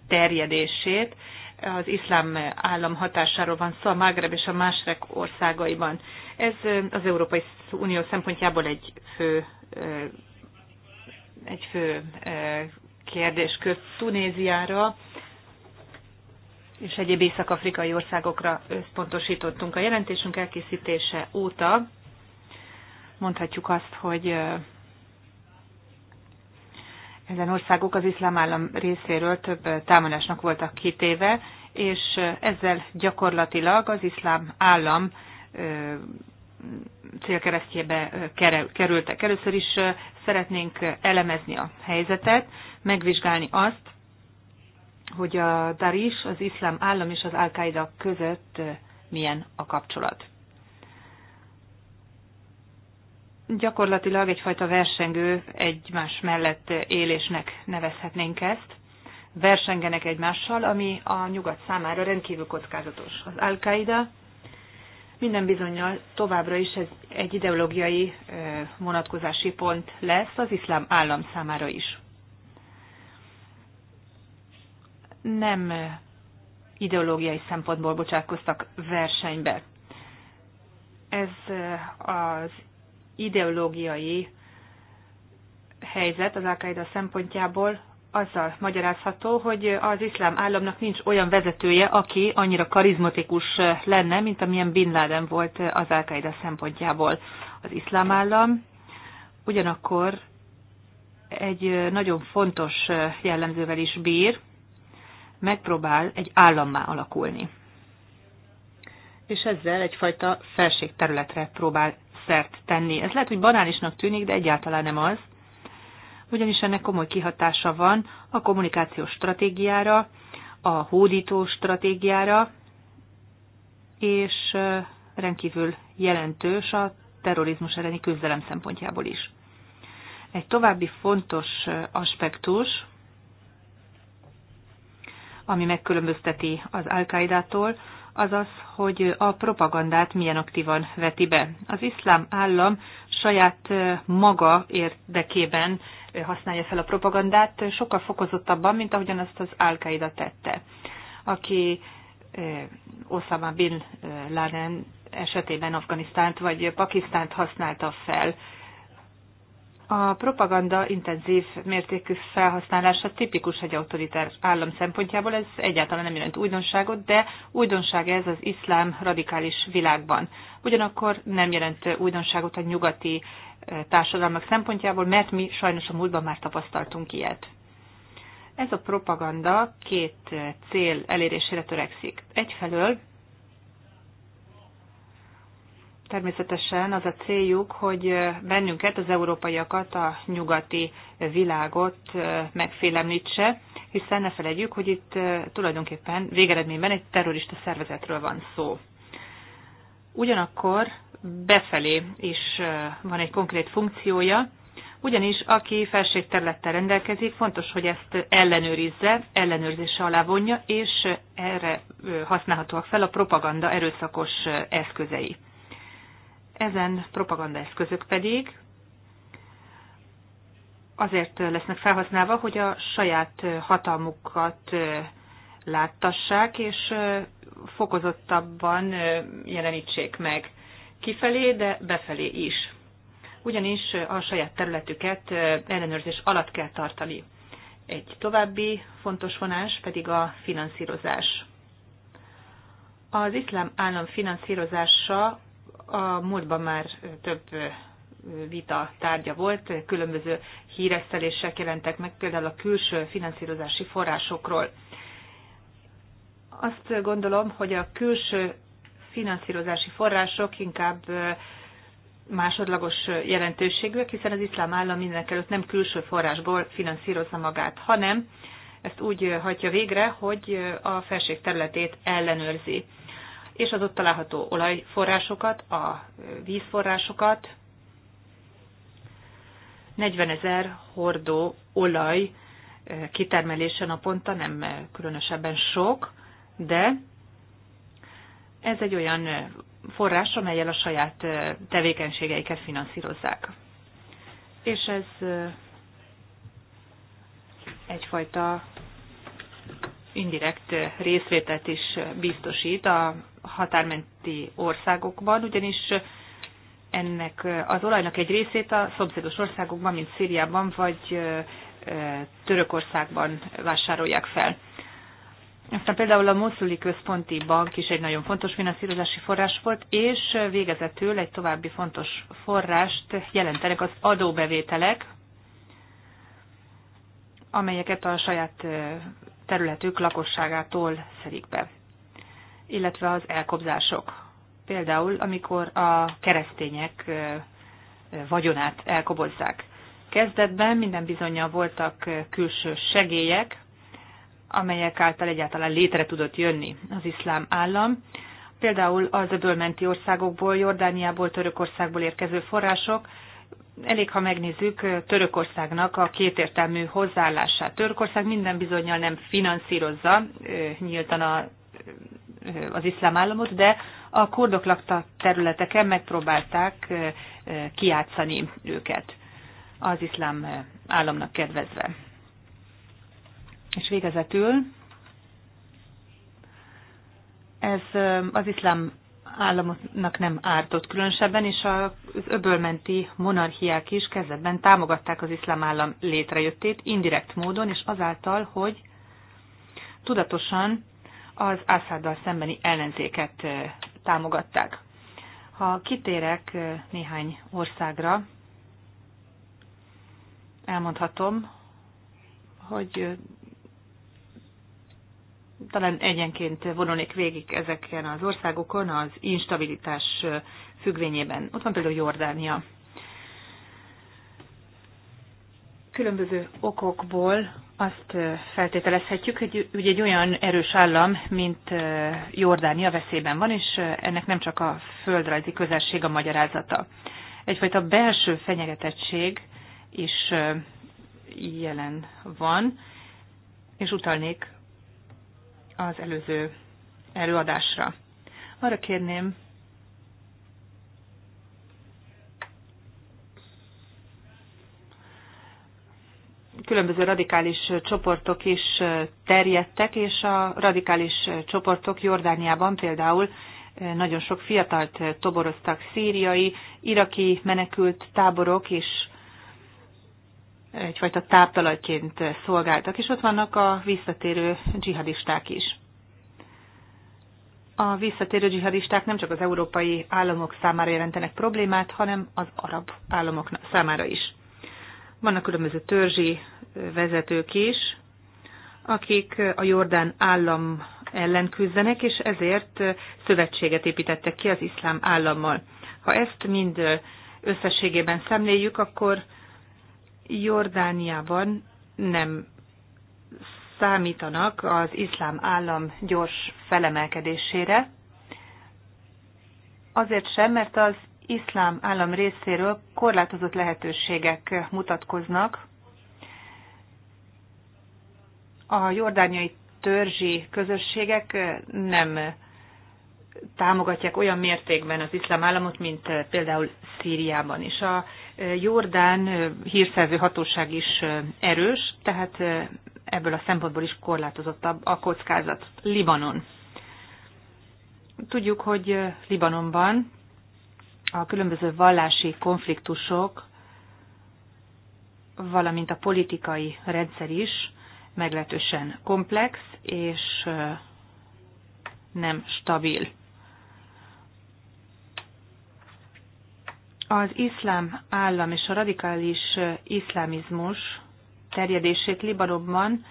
terjedését. Az iszlám állam hatásáról van szó a Mágreb és a Másrek országaiban. Ez az Európai Unió szempontjából egy fő, egy fő kérdés köz Tunéziára és egyéb észak-afrikai országokra összpontosítottunk. A jelentésünk elkészítése óta mondhatjuk azt, hogy ezen országok az iszlám állam részéről több támadásnak voltak kitéve, és ezzel gyakorlatilag az iszlám állam célkeresztjébe kerültek. Először is szeretnénk elemezni a helyzetet, megvizsgálni azt, hogy a Daris, az iszlám állam és az Al-Qaeda között milyen a kapcsolat. gyakorlatilag egyfajta versengő egymás mellett élésnek nevezhetnénk ezt. Versengenek egymással, ami a nyugat számára rendkívül kockázatos. Az al qaeda minden bizonyal továbbra is ez egy ideológiai vonatkozási pont lesz az iszlám állam számára is. Nem ideológiai szempontból bocsátkoztak versenybe. Ez az ideológiai helyzet az al szempontjából azzal magyarázható, hogy az iszlám államnak nincs olyan vezetője, aki annyira karizmatikus lenne, mint amilyen Bin Laden volt az al szempontjából. Az iszlám állam ugyanakkor egy nagyon fontos jellemzővel is bír, megpróbál egy állammá alakulni. És ezzel egyfajta felségterületre próbál szert tenni. Ez lehet, hogy banálisnak tűnik, de egyáltalán nem az, ugyanis ennek komoly kihatása van a kommunikációs stratégiára, a hódító stratégiára, és rendkívül jelentős a terrorizmus elleni küzdelem szempontjából is. Egy további fontos aspektus, ami megkülönbözteti az al azaz hogy a propagandát milyen aktívan veti be. Az iszlám állam saját maga érdekében használja fel a propagandát, sokkal fokozottabban, mint ahogyan azt az al tette, aki Osama Bin Laden esetében Afganisztánt vagy Pakisztánt használta fel a propaganda intenzív mértékű felhasználása tipikus egy autoritár állam szempontjából, ez egyáltalán nem jelent újdonságot, de újdonság ez az iszlám radikális világban. Ugyanakkor nem jelent újdonságot a nyugati eh, társadalmak szempontjából, mert mi sajnos a múltban már tapasztaltunk ilyet. Ez a propaganda két eh, cél elérésére törekszik. Egyfelől Természetesen az a céljuk, hogy bennünket, az európaiakat, a nyugati világot megfélemlítse, hiszen ne felejtjük, hogy itt eh, tulajdonképpen végeredményben egy terrorista szervezetről van szó. Ugyanakkor befelé is eh, van egy konkrét funkciója, ugyanis aki felségterülettel rendelkezik, fontos, hogy ezt ellenőrizze, ellenőrzése alá vonja, és erre eh, használhatóak fel a propaganda erőszakos eszközei. Ezen eszközök pedig azért lesznek felhasználva, hogy a saját hatalmukat láttassák, és fokozottabban jelenítsék meg kifelé, de befelé is. Ugyanis a saját területüket ellenőrzés alatt kell tartani. Egy további fontos vonás pedig a finanszírozás. Az iszlám állam finanszírozása a múltban már több vita tárgya volt, különböző híresztelések jelentek meg, például a külső finanszírozási forrásokról. Azt gondolom, hogy a külső finanszírozási források inkább másodlagos jelentőségűek, hiszen az iszlám állam mindenek előtt nem külső forrásból finanszírozza magát, hanem ezt úgy hagyja végre, hogy a felség területét ellenőrzi és az ott található olajforrásokat, a vízforrásokat, 40 ezer hordó olaj eh, kitermelése naponta nem eh, különösebben sok, de ez egy olyan eh, forrás, amelyel a saját tevékenységeiket finanszírozzák. És ez egyfajta indirekt részvételt is biztosít a határmenti országokban, ugyanis ennek az olajnak egy részét a szomszédos országokban, mint Szíriában vagy Törökországban vásárolják fel. Aztán például a Moszuli Központi Bank is egy nagyon fontos finanszírozási forrás volt, és végezetül egy további fontos forrást jelentenek az adóbevételek, amelyeket a saját területük lakosságától szedik be. Illetve az elkobzások. Például, amikor a keresztények vagyonát elkobozzák. Kezdetben minden bizonyal voltak külső segélyek, amelyek által egyáltalán létre tudott jönni az iszlám állam. Például az öbölmenti országokból, Jordániából, Törökországból érkező források elég, ha megnézzük Törökországnak a kétértelmű hozzáállását. Törökország minden bizonyal nem finanszírozza nyíltan a, az iszlám államot, de a kurdok lakta területeken megpróbálták kiátszani őket az iszlám államnak kedvezve. És végezetül ez az iszlám államoknak nem ártott különösebben, és az öbölmenti monarchiák is kezdetben támogatták az iszlám állam létrejöttét indirekt módon, és azáltal, hogy tudatosan az Assaddal szembeni ellenzéket támogatták. Ha kitérek néhány országra, elmondhatom, hogy talán egyenként vonulnék végig ezeken az országokon az instabilitás függvényében. Ott van például Jordánia. Különböző okokból azt feltételezhetjük, hogy ugye egy olyan erős állam, mint Jordánia veszélyben van, és ennek nem csak a földrajzi közelség a magyarázata. Egyfajta belső fenyegetettség is jelen van, és utalnék az előző előadásra. Arra kérném különböző radikális csoportok is terjedtek, és a radikális csoportok Jordániában például nagyon sok fiatalt toboroztak szíriai, iraki menekült táborok és egyfajta táptalajként szolgáltak, és ott vannak a visszatérő dzsihadisták is. A visszatérő dzsihadisták nem csak az európai államok számára jelentenek problémát, hanem az arab államok számára is. Vannak különböző törzsi vezetők is, akik a Jordán állam ellen küzdenek, és ezért szövetséget építettek ki az iszlám állammal. Ha ezt mind összességében szemléljük, akkor Jordániában nem számítanak az iszlám állam gyors felemelkedésére, azért sem, mert az iszlám állam részéről korlátozott lehetőségek mutatkoznak a jordániai törzsi közösségek nem támogatják olyan mértékben az iszlám államot, mint eh, például Szíriában is. A eh, Jordán eh, hírszerző hatóság is erős, tehát ebből a szempontból is korlátozottabb a kockázat. Libanon. Tudjuk, hogy Libanonban a különböző vallási konfliktusok, valamint a politikai rendszer is meglehetősen komplex és nem stabil. Az iszlám állam és a radikális iszlámizmus terjedését Libanonban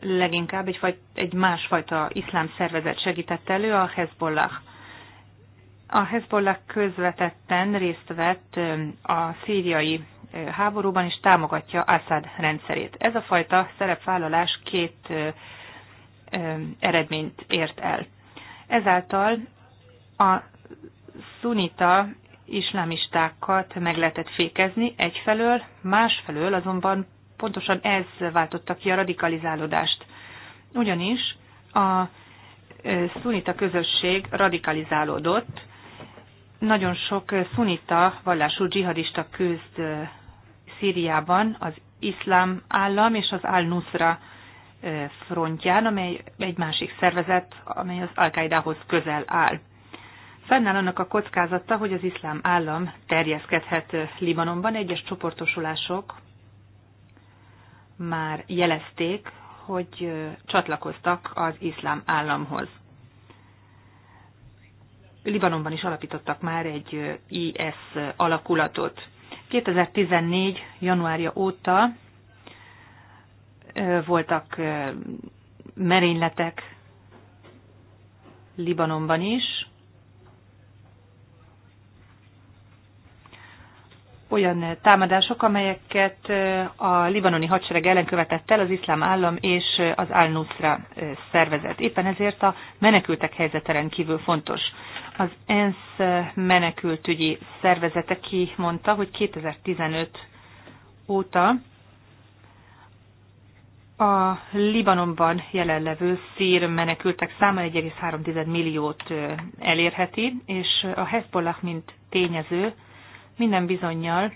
leginkább egy, egy másfajta iszlám szervezet segített elő, a Hezbollah. A Hezbollah közvetetten részt vett a szíriai háborúban, és támogatja Assad rendszerét. Ez a fajta szerepvállalás két eredményt ért el. Ezáltal a szunita iszlámistákat meg lehetett fékezni egyfelől, másfelől azonban pontosan ez váltotta ki a radikalizálódást. Ugyanis a szunita közösség radikalizálódott, nagyon sok szunita vallású dzsihadista küzd Szíriában az iszlám állam és az al-Nusra frontján, amely egy másik szervezet, amely az al közel áll. Fennáll annak a kockázata, hogy az iszlám állam terjeszkedhet Libanonban. Egyes csoportosulások már jelezték, hogy csatlakoztak az iszlám államhoz. Libanonban is alapítottak már egy IS alakulatot. 2014. januárja óta voltak merényletek Libanonban is, olyan támadások, amelyeket a libanoni hadsereg ellen követett el az iszlám állam és az Al-Nusra szervezet. Éppen ezért a menekültek helyzete kívül fontos. Az ENSZ menekültügyi szervezete kimondta, hogy 2015 óta a Libanonban jelenlevő szír menekültek száma 1,3 milliót elérheti, és a Hezbollah, mint tényező, minden bizonyjal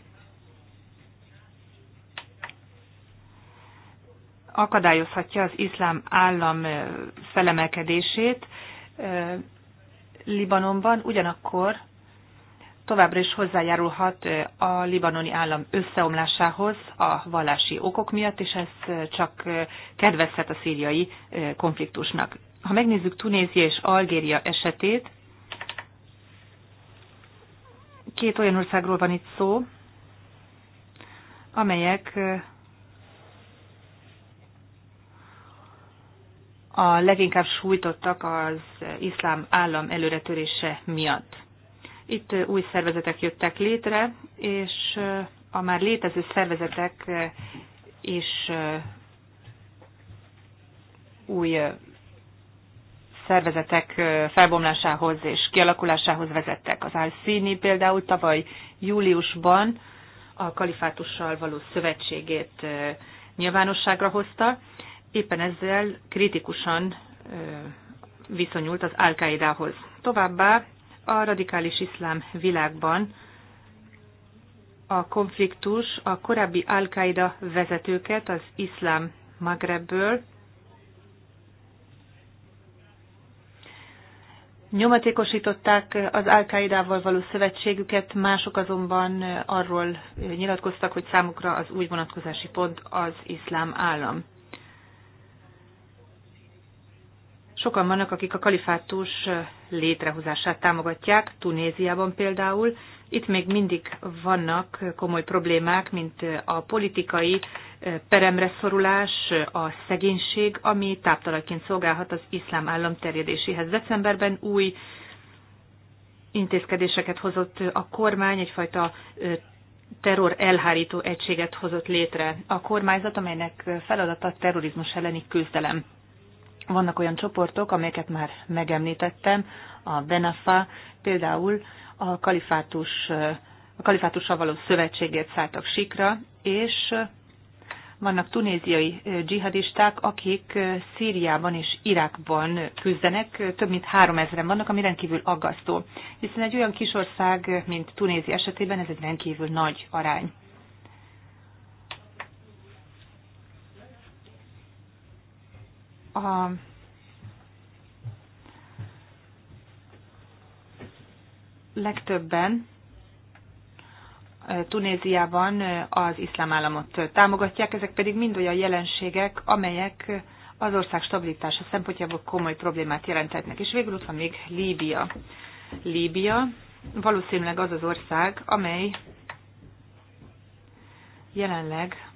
akadályozhatja az iszlám állam felemelkedését Libanonban, ugyanakkor továbbra is hozzájárulhat a libanoni állam összeomlásához a vallási okok miatt, és ez csak kedvezhet a szíriai konfliktusnak. Ha megnézzük Tunézia és Algéria esetét, Két olyan országról van itt szó, amelyek a leginkább sújtottak az iszlám állam előretörése miatt. Itt új szervezetek jöttek létre, és a már létező szervezetek és új szervezetek felbomlásához és kialakulásához vezettek. Az al például tavaly júliusban a kalifátussal való szövetségét nyilvánosságra hozta, éppen ezzel kritikusan viszonyult az Al-Qaidához. Továbbá a radikális iszlám világban a konfliktus a korábbi al vezetőket az iszlám Magrebből Nyomatékosították az Al-Qaidával való szövetségüket, mások azonban arról nyilatkoztak, hogy számukra az új vonatkozási pont az iszlám állam. Sokan vannak, akik a kalifátus létrehozását támogatják, Tunéziában például. Itt még mindig vannak komoly problémák, mint a politikai peremre szorulás, a szegénység, ami táptalajként szolgálhat az iszlám állam terjedéséhez. Decemberben új intézkedéseket hozott a kormány, egyfajta terror elhárító egységet hozott létre a kormányzat, amelynek feladata a terrorizmus elleni küzdelem. Vannak olyan csoportok, amelyeket már megemlítettem, a Benafa például a kalifátus a kalifátussal való szövetségért szálltak sikra, és vannak tunéziai dzsihadisták, akik Szíriában és Irakban küzdenek, több mint három ezeren vannak, ami rendkívül aggasztó. Hiszen egy olyan kis ország, mint Tunézia esetében ez egy rendkívül nagy arány. A legtöbben Tunéziában az iszlám államot támogatják, ezek pedig mind olyan jelenségek, amelyek az ország stabilitása szempontjából komoly problémát jelentetnek. És végül ott van még Líbia. Líbia valószínűleg az az ország, amely jelenleg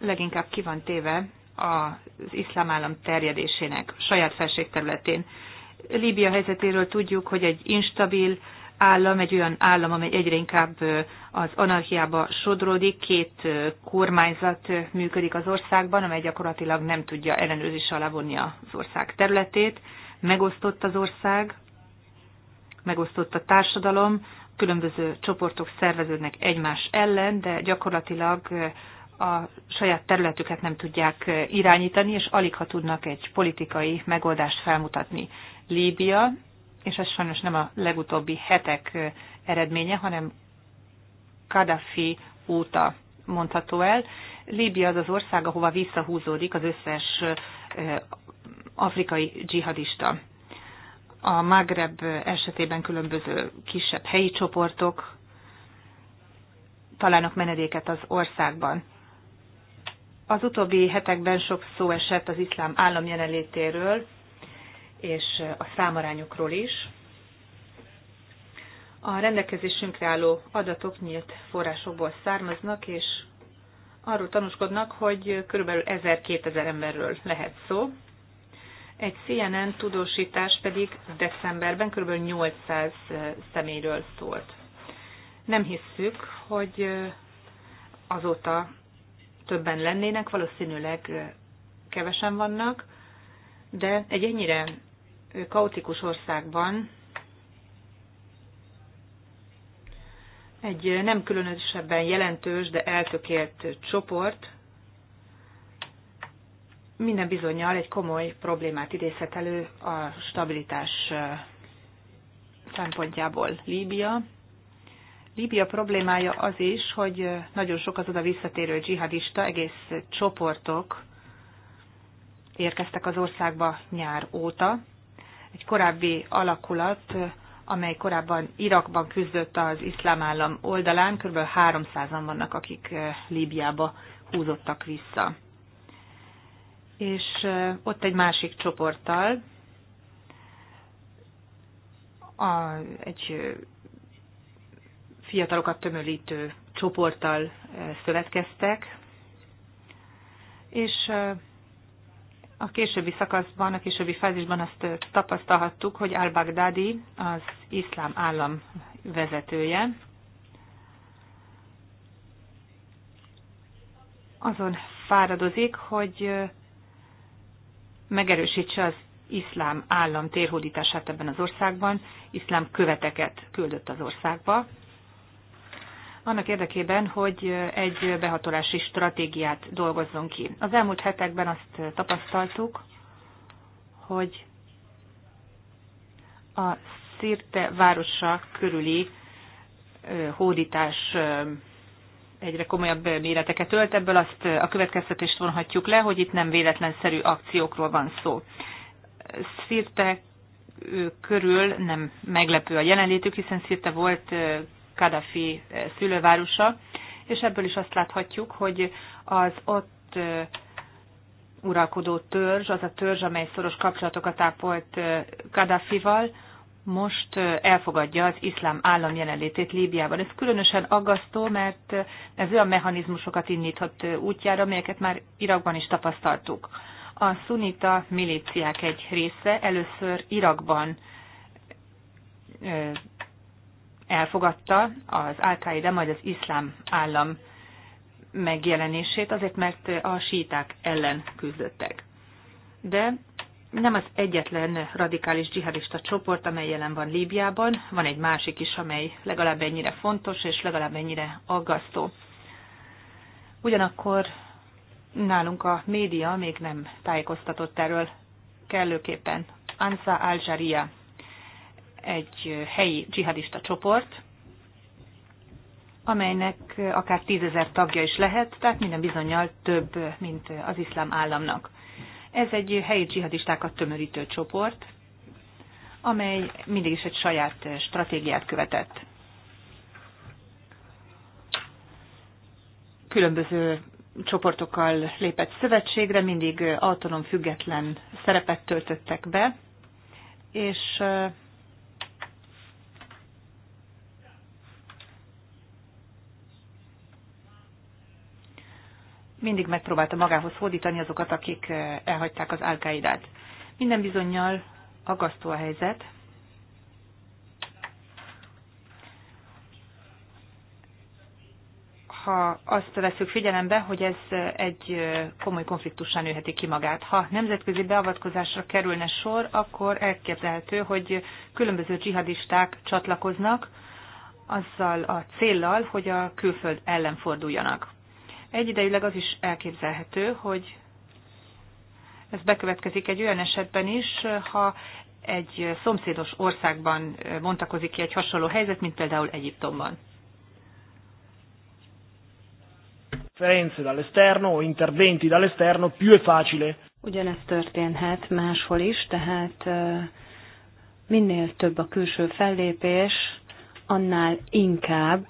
leginkább ki van téve az iszlám állam terjedésének saját felségterületén. Líbia helyzetéről tudjuk, hogy egy instabil, állam egy olyan állam, amely egyre inkább az anarchiába sodródik, két kormányzat működik az országban, amely gyakorlatilag nem tudja ellenőrzés alá vonni az ország területét, megosztott az ország, megosztott a társadalom, különböző csoportok szerveződnek egymás ellen, de gyakorlatilag a saját területüket nem tudják irányítani, és alig ha tudnak egy politikai megoldást felmutatni. Líbia és ez sajnos nem a legutóbbi hetek eredménye, hanem Kadhafi óta mondható el. Líbia az az ország, ahova visszahúzódik az összes afrikai dzsihadista. A Magreb esetében különböző kisebb helyi csoportok találnak menedéket az országban. Az utóbbi hetekben sok szó esett az iszlám állam jelenlétéről, és a számarányokról is. A rendelkezésünkre álló adatok nyílt forrásokból származnak, és arról tanúskodnak, hogy kb. 1000-2000 emberről lehet szó. Egy CNN tudósítás pedig decemberben kb. 800 személyről szólt. Nem hisszük, hogy azóta többen lennének, valószínűleg kevesen vannak, de egy ennyire kaotikus országban egy nem különösebben jelentős, de eltökélt csoport minden bizonyal egy komoly problémát idézhet elő a stabilitás szempontjából Líbia. Líbia problémája az is, hogy nagyon sok az oda visszatérő dzsihadista, egész csoportok érkeztek az országba nyár óta, egy korábbi alakulat, amely korábban Irakban küzdött az iszlám állam oldalán, kb. 300-an vannak, akik eh, Líbiába húzottak vissza. És eh, ott egy másik csoporttal, a, egy eh, fiatalokat tömölítő csoporttal szövetkeztek, és a későbbi szakaszban, a későbbi fázisban azt tapasztalhattuk, hogy al-Baghdadi az iszlám állam vezetője, azon fáradozik, hogy megerősítse az iszlám állam térhódítását ebben az országban, iszlám követeket küldött az országba, annak érdekében, hogy egy behatolási stratégiát dolgozzon ki. Az elmúlt hetekben azt tapasztaltuk, hogy a Szirte városa körüli hódítás egyre komolyabb méreteket ölt. Ebből azt a következtetést vonhatjuk le, hogy itt nem véletlenszerű akciókról van szó. Szirte körül nem meglepő a jelenlétük, hiszen Szirte volt Kadafi eh, szülővárosa, és ebből is azt láthatjuk, hogy az ott eh, uralkodó törzs, az a törzs, amely szoros kapcsolatokat ápolt eh, Kadhafival, most elfogadja az iszlám állam jelenlétét Líbiában. Ez különösen aggasztó, mert ez olyan mechanizmusokat indíthat útjára, amelyeket már Irakban is tapasztaltuk. A szunita milíciák egy része először Irakban elfogadta az al majd az iszlám állam megjelenését, azért mert a síták ellen küzdöttek. De nem az egyetlen radikális dzsihadista csoport, amely jelen van Líbiában, van egy másik is, amely legalább ennyire fontos és legalább ennyire aggasztó. Ugyanakkor nálunk a média még nem tájékoztatott erről kellőképpen. Ansa al-Jaria egy helyi dzsihadista csoport, amelynek akár tízezer tagja is lehet, tehát minden bizonyal több, mint az iszlám államnak. Ez egy helyi dzsihadistákat tömörítő csoport, amely mindig is egy saját stratégiát követett. Különböző csoportokkal lépett szövetségre, mindig autonóm független szerepet töltöttek be, és mindig megpróbálta magához hódítani azokat, akik eh, elhagyták az al Minden bizonyal aggasztó a helyzet. Ha azt veszük figyelembe, hogy ez eh, egy eh, komoly konfliktussá nőheti ki magát. Ha nemzetközi beavatkozásra kerülne sor, akkor elképzelhető, hogy különböző dzsihadisták csatlakoznak, azzal a céllal, hogy a külföld ellen forduljanak. Egyidejűleg az is elképzelhető, hogy ez bekövetkezik egy olyan esetben is, ha egy szomszédos országban bontakozik ki egy hasonló helyzet, mint például Egyiptomban. interventi più è facile. Ugyanez történhet máshol is, tehát minél több a külső fellépés, annál inkább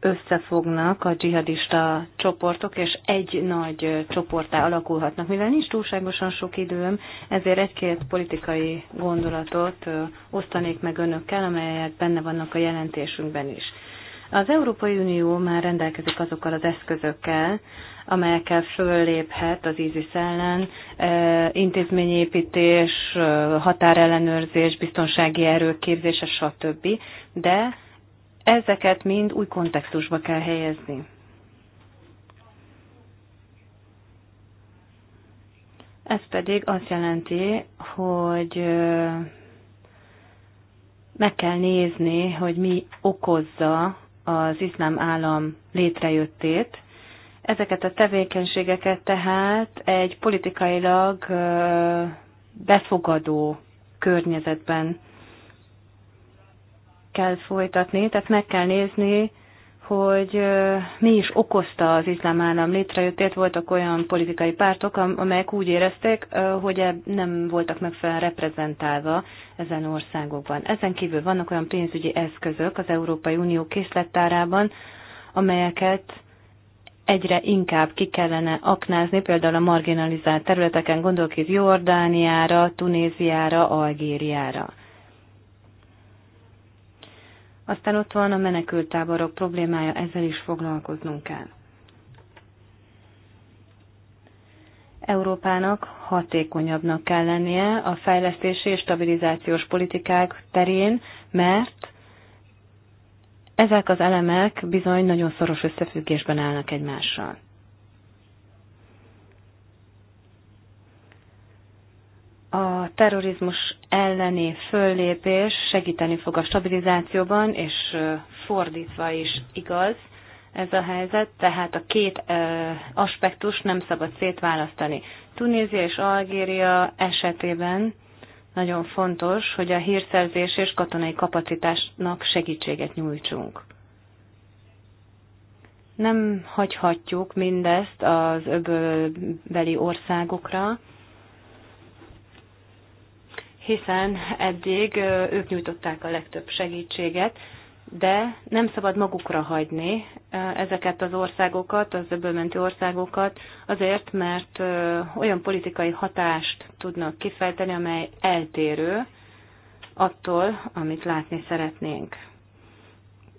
összefognak a dzsihadista csoportok, és egy nagy csoportá alakulhatnak. Mivel nincs túlságosan sok időm, ezért egy-két politikai gondolatot osztanék meg önökkel, amelyek benne vannak a jelentésünkben is. Az Európai Unió már rendelkezik azokkal az eszközökkel, amelyekkel fölléphet az ISIS ellen, intézményépítés, határellenőrzés, biztonsági erők képzése, stb. De ezeket mind új kontextusba kell helyezni. Ez pedig azt jelenti, hogy meg kell nézni, hogy mi okozza az iszlám állam létrejöttét. Ezeket a tevékenységeket tehát egy politikailag befogadó környezetben kell folytatni, tehát meg kell nézni, hogy mi is okozta az iszlám állam létrejöttét. Voltak olyan politikai pártok, amelyek úgy érezték, hogy nem voltak megfelelően reprezentálva ezen országokban. Ezen kívül vannak olyan pénzügyi eszközök az Európai Unió készlettárában, amelyeket egyre inkább ki kellene aknázni, például a marginalizált területeken gondolok itt Jordániára, Tunéziára, Algériára. Aztán ott van a menekültáborok problémája, ezzel is foglalkoznunk kell. Európának hatékonyabbnak kell lennie a fejlesztési és stabilizációs politikák terén, mert ezek az elemek bizony nagyon szoros összefüggésben állnak egymással. a terrorizmus elleni föllépés segíteni fog a stabilizációban, és fordítva is igaz ez a helyzet, tehát a két aspektus nem szabad szétválasztani. Tunézia és Algéria esetében nagyon fontos, hogy a hírszerzés és katonai kapacitásnak segítséget nyújtsunk. Nem hagyhatjuk mindezt az öbölbeli országokra, hiszen eddig ők nyújtották a legtöbb segítséget, de nem szabad magukra hagyni ezeket az országokat, az öbölmenti országokat, azért, mert olyan politikai hatást tudnak kifejteni, amely eltérő attól, amit látni szeretnénk.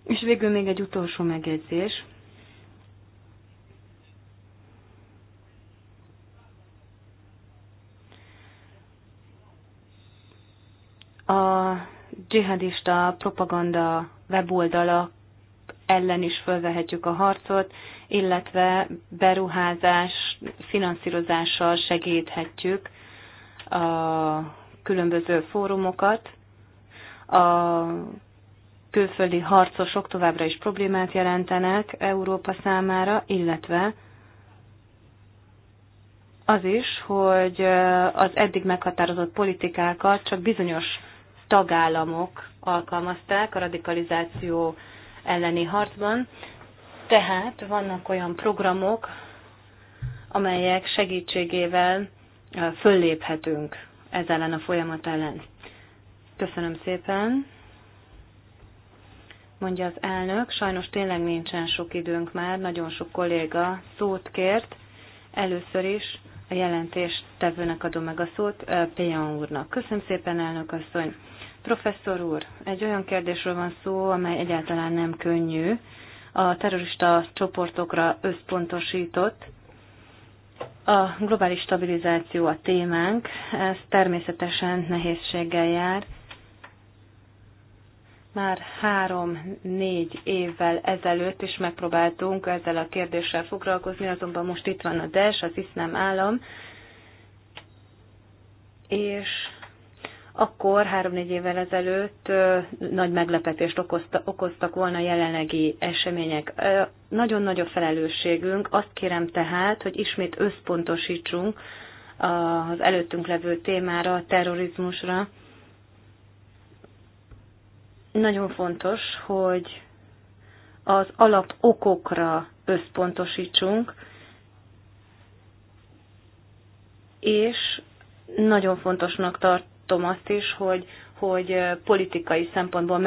És végül még egy utolsó megjegyzés. a dzsihadista propaganda weboldalak ellen is fölvehetjük a harcot, illetve beruházás finanszírozással segíthetjük a különböző fórumokat. A külföldi harcosok továbbra is problémát jelentenek Európa számára, illetve az is, hogy az eddig meghatározott politikákat csak bizonyos tagállamok alkalmazták a radikalizáció elleni harcban. Tehát vannak olyan programok, amelyek segítségével fölléphetünk ez ellen a folyamat ellen. Köszönöm szépen, mondja az elnök. Sajnos tényleg nincsen sok időnk már, nagyon sok kolléga szót kért. Először is a jelentést tevőnek adom meg a szót, Péjan úrnak. Köszönöm szépen, elnök asszony. Professzor úr, egy olyan kérdésről van szó, amely egyáltalán nem könnyű. A terrorista csoportokra összpontosított. A globális stabilizáció a témánk, ez természetesen nehézséggel jár. Már három-négy évvel ezelőtt is megpróbáltunk ezzel a kérdéssel foglalkozni, azonban most itt van a DES, az iszlám állam, és akkor három-négy évvel ezelőtt nagy meglepetést okozta, okoztak volna a jelenlegi események. Nagyon nagy a felelősségünk, azt kérem tehát, hogy ismét összpontosítsunk az előttünk levő témára, a terrorizmusra. Nagyon fontos, hogy az alap okokra összpontosítsunk, és nagyon fontosnak tart, látom azt is, hogy, hogy politikai szempontból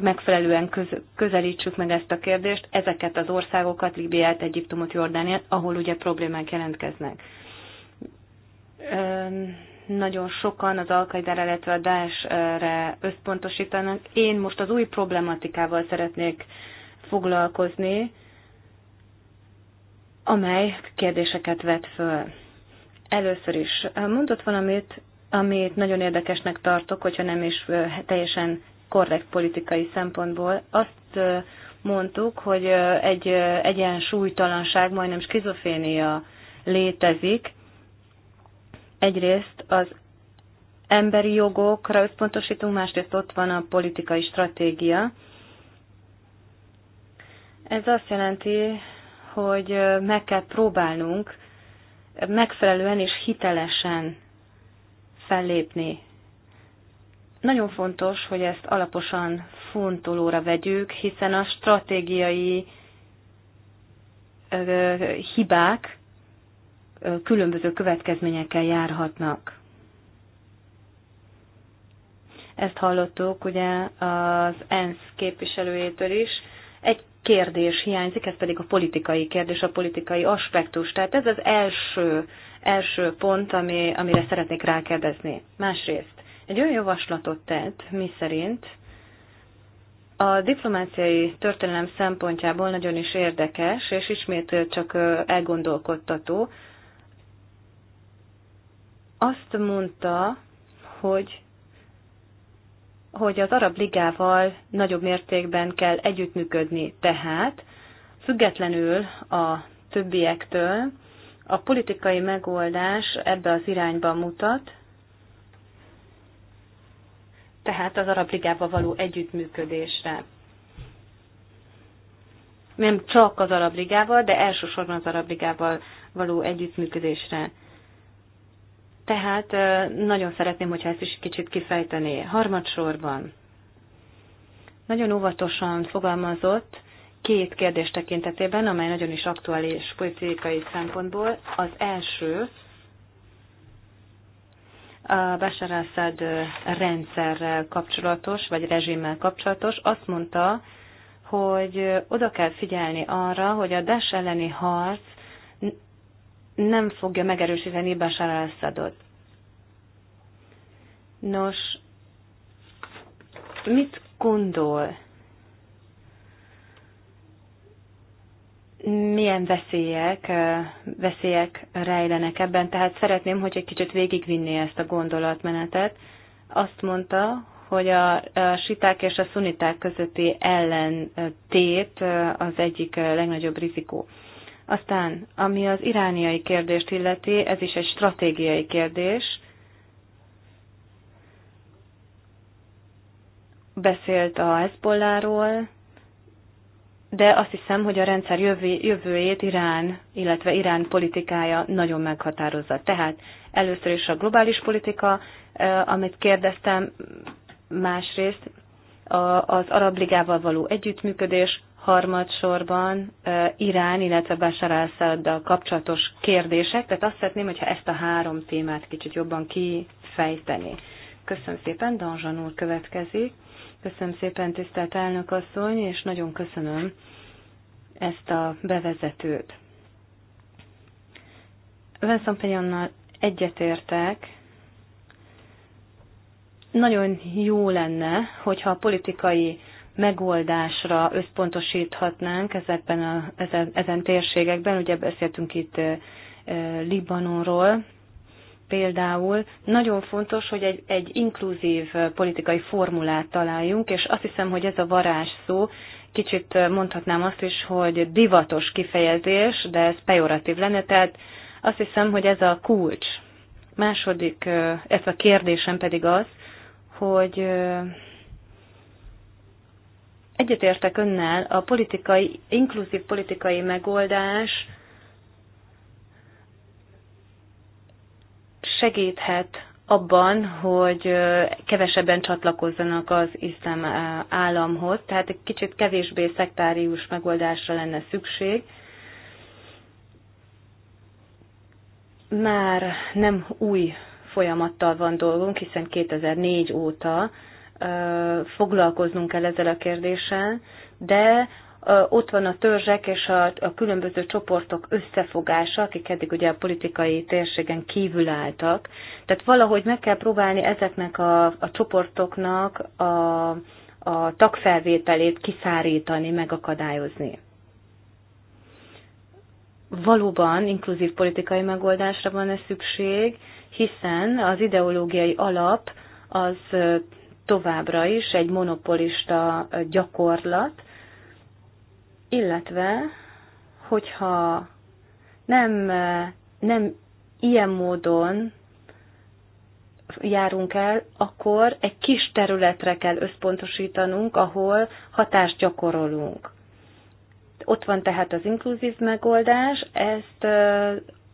megfelelően köz, közelítsük meg ezt a kérdést, ezeket az országokat, Libiát, Egyiptomot, Jordániát, ahol ugye problémák jelentkeznek. Nagyon sokan az Alkaidára, illetve a Daesh-re összpontosítanak. Én most az új problematikával szeretnék foglalkozni, amely kérdéseket vet föl. Először is mondott valamit amit nagyon érdekesnek tartok, hogyha nem is teljesen korrekt politikai szempontból. Azt mondtuk, hogy egy egyensúlytalanság, majdnem skizofénia létezik. Egyrészt az emberi jogokra összpontosítunk, másrészt ott van a politikai stratégia. Ez azt jelenti, hogy meg kell próbálnunk megfelelően és hitelesen fellépni. Nagyon fontos, hogy ezt alaposan fontolóra vegyük, hiszen a stratégiai hibák különböző következményekkel járhatnak. Ezt hallottuk ugye az ENSZ képviselőjétől is. Egy kérdés hiányzik, ez pedig a politikai kérdés, a politikai aspektus. Tehát ez az első első pont, ami, amire szeretnék rákérdezni. Másrészt, egy olyan javaslatot tett, mi szerint a diplomáciai történelem szempontjából nagyon is érdekes, és ismét csak elgondolkodtató. Azt mondta, hogy hogy az Arab Ligával nagyobb mértékben kell együttműködni, tehát függetlenül a többiektől a politikai megoldás ebbe az irányba mutat, tehát az Arab Ligába való együttműködésre. Nem csak az Arab Ligával, de elsősorban az Arab Ligával való együttműködésre. Tehát nagyon szeretném, hogyha ezt is kicsit kifejtené. Harmadsorban nagyon óvatosan fogalmazott, két kérdés tekintetében, amely nagyon is aktuális politikai szempontból. Az első a Bashar Assad rendszerrel kapcsolatos, vagy rezsimmel kapcsolatos. Azt mondta, hogy oda kell figyelni arra, hogy a DAS elleni harc nem fogja megerősíteni Bashar assadot Nos, mit gondol milyen veszélyek, veszélyek rejlenek ebben. Tehát szeretném, hogy egy kicsit végigvinné ezt a gondolatmenetet. Azt mondta, hogy a, siták és a szuniták közötti ellentét az egyik legnagyobb rizikó. Aztán, ami az irániai kérdést illeti, ez is egy stratégiai kérdés. Beszélt a Hezbolláról, de azt hiszem, hogy a rendszer jövőjét Irán, illetve Irán politikája nagyon meghatározza. Tehát először is a globális politika, amit kérdeztem, másrészt az Arab Ligával való együttműködés, harmadsorban Irán, illetve Bashar al kapcsolatos kérdések. Tehát azt szeretném, hogyha ezt a három témát kicsit jobban kifejteni. Köszönöm szépen, Danzsan úr következik. Köszönöm szépen, tisztelt elnök asszony, és nagyon köszönöm ezt a bevezetőt. Vincent Pejonnal egyetértek, nagyon jó lenne, hogyha a politikai megoldásra összpontosíthatnánk ezekben a, ezen, ezen térségekben. Ugye beszéltünk itt eh, Libanonról, például nagyon fontos, hogy egy, egy inkluzív politikai formulát találjunk, és azt hiszem, hogy ez a varázs szó, kicsit mondhatnám azt is, hogy divatos kifejezés, de ez pejoratív lenne, tehát azt hiszem, hogy ez a kulcs. Második, ez a kérdésem pedig az, hogy egyetértek önnel, a politikai, inkluzív politikai megoldás segíthet abban, hogy kevesebben csatlakozzanak az iszlám államhoz, tehát egy kicsit kevésbé szektárius megoldásra lenne szükség. Már nem új folyamattal van dolgunk, hiszen 2004 óta foglalkoznunk kell ezzel a kérdéssel, de ott van a törzsek és a, a különböző csoportok összefogása, akik eddig ugye a politikai térségen kívül álltak. Tehát valahogy meg kell próbálni ezeknek a, a csoportoknak a, a tagfelvételét kiszárítani, megakadályozni. Valóban inkluzív politikai megoldásra van ez szükség, hiszen az ideológiai alap az továbbra is egy monopolista gyakorlat, illetve hogyha nem, nem ilyen módon járunk el, akkor egy kis területre kell összpontosítanunk, ahol hatást gyakorolunk. Ott van tehát az inkluzív megoldás, ezt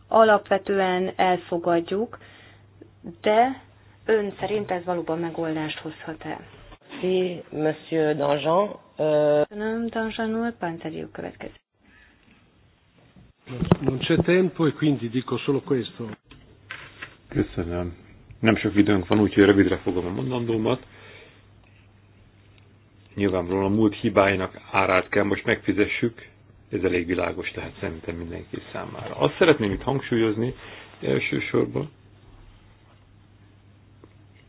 alapvetően elfogadjuk, de ön szerint ez valóban megoldást hozhat-e? Si, Monsieur Danjean. Köszönöm, Tansan úr, következő. Non c'è tempo e quindi dico solo questo. Köszönöm. Nem sok időnk van, úgyhogy rövidre fogom a mondandómat. Nyilvánvalóan a múlt hibáinak árát kell most megfizessük, ez elég világos, tehát szerintem mindenki számára. Azt szeretném itt hangsúlyozni elsősorban,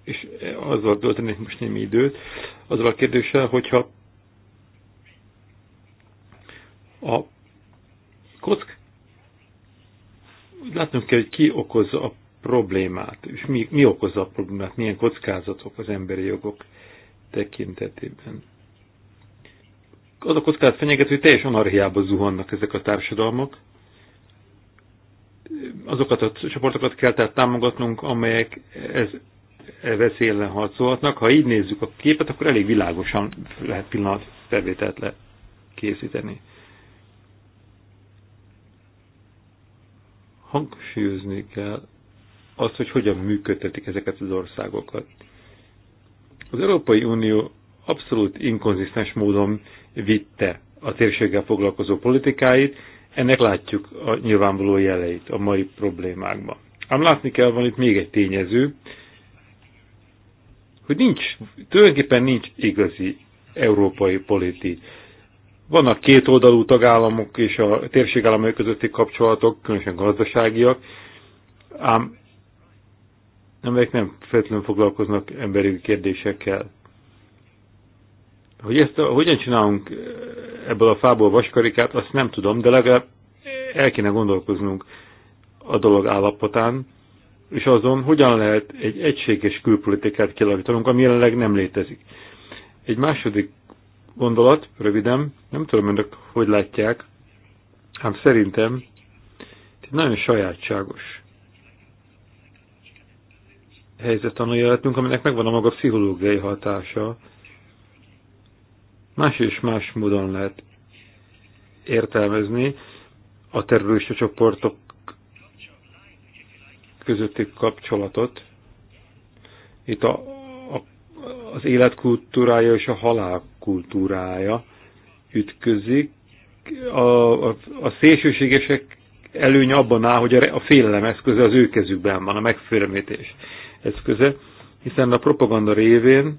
és azzal töltenék most némi időt, azzal a kérdéssel, hogyha A kock... Látnunk kell, hogy ki okozza a problémát, és mi, mi okozza a problémát, milyen kockázatok az emberi jogok tekintetében. Az a kockázat fenyeget, hogy teljes anarhiába zuhannak ezek a társadalmak. Azokat a csoportokat kell tehát támogatnunk, amelyek ez e veszélyen ellen harcolhatnak. Ha így nézzük a képet, akkor elég világosan lehet pillanat felvételt le készíteni. hangsúlyozni kell azt, hogy hogyan működtetik ezeket az országokat. Az Európai Unió abszolút inkonzisztens módon vitte a térséggel foglalkozó politikáit, ennek látjuk a nyilvánvaló jeleit a mai problémákban. Ám látni kell, van itt még egy tényező, hogy nincs, tulajdonképpen nincs igazi európai politi, vannak két oldalú tagállamok és a térségállamok közötti kapcsolatok, különösen gazdaságiak, ám amelyek nem feltétlenül foglalkoznak emberi kérdésekkel. Hogy ezt a, hogyan csinálunk ebből a fából vaskarikát, azt nem tudom, de legalább el kéne gondolkoznunk a dolog állapotán, és azon, hogyan lehet egy egységes külpolitikát kialakítanunk, ami jelenleg nem létezik. Egy második gondolat, röviden, nem tudom önök, hogy látják, ám szerintem egy nagyon sajátságos helyzet tanuljátunk, aminek megvan a maga pszichológiai hatása. Más és más módon lehet értelmezni a terrorista csoportok közötti kapcsolatot. Itt a, a, az életkultúrája és a halál kultúrája ütközik. A, a, a szélsőségesek előny abban áll, hogy a, a félelem eszköze az ő kezükben van, a megfélemlítés eszköze, hiszen a propaganda révén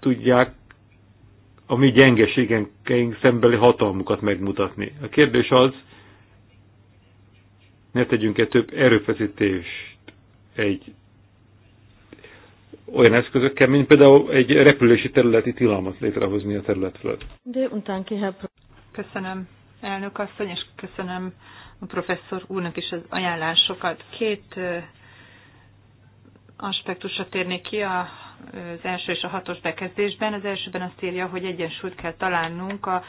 tudják a mi gyengeségenkeink szembeli hatalmukat megmutatni. A kérdés az, ne tegyünk-e több erőfeszítést egy olyan eszközökkel, mint például egy repülési területi tilalmat létrehozni a terület fölött. Hát- köszönöm, elnök asszony, és köszönöm a professzor úrnak is az ajánlásokat. Két aspektusra térnék ki, a az első és a hatos bekezdésben. Az elsőben azt írja, hogy egyensúlyt kell találnunk a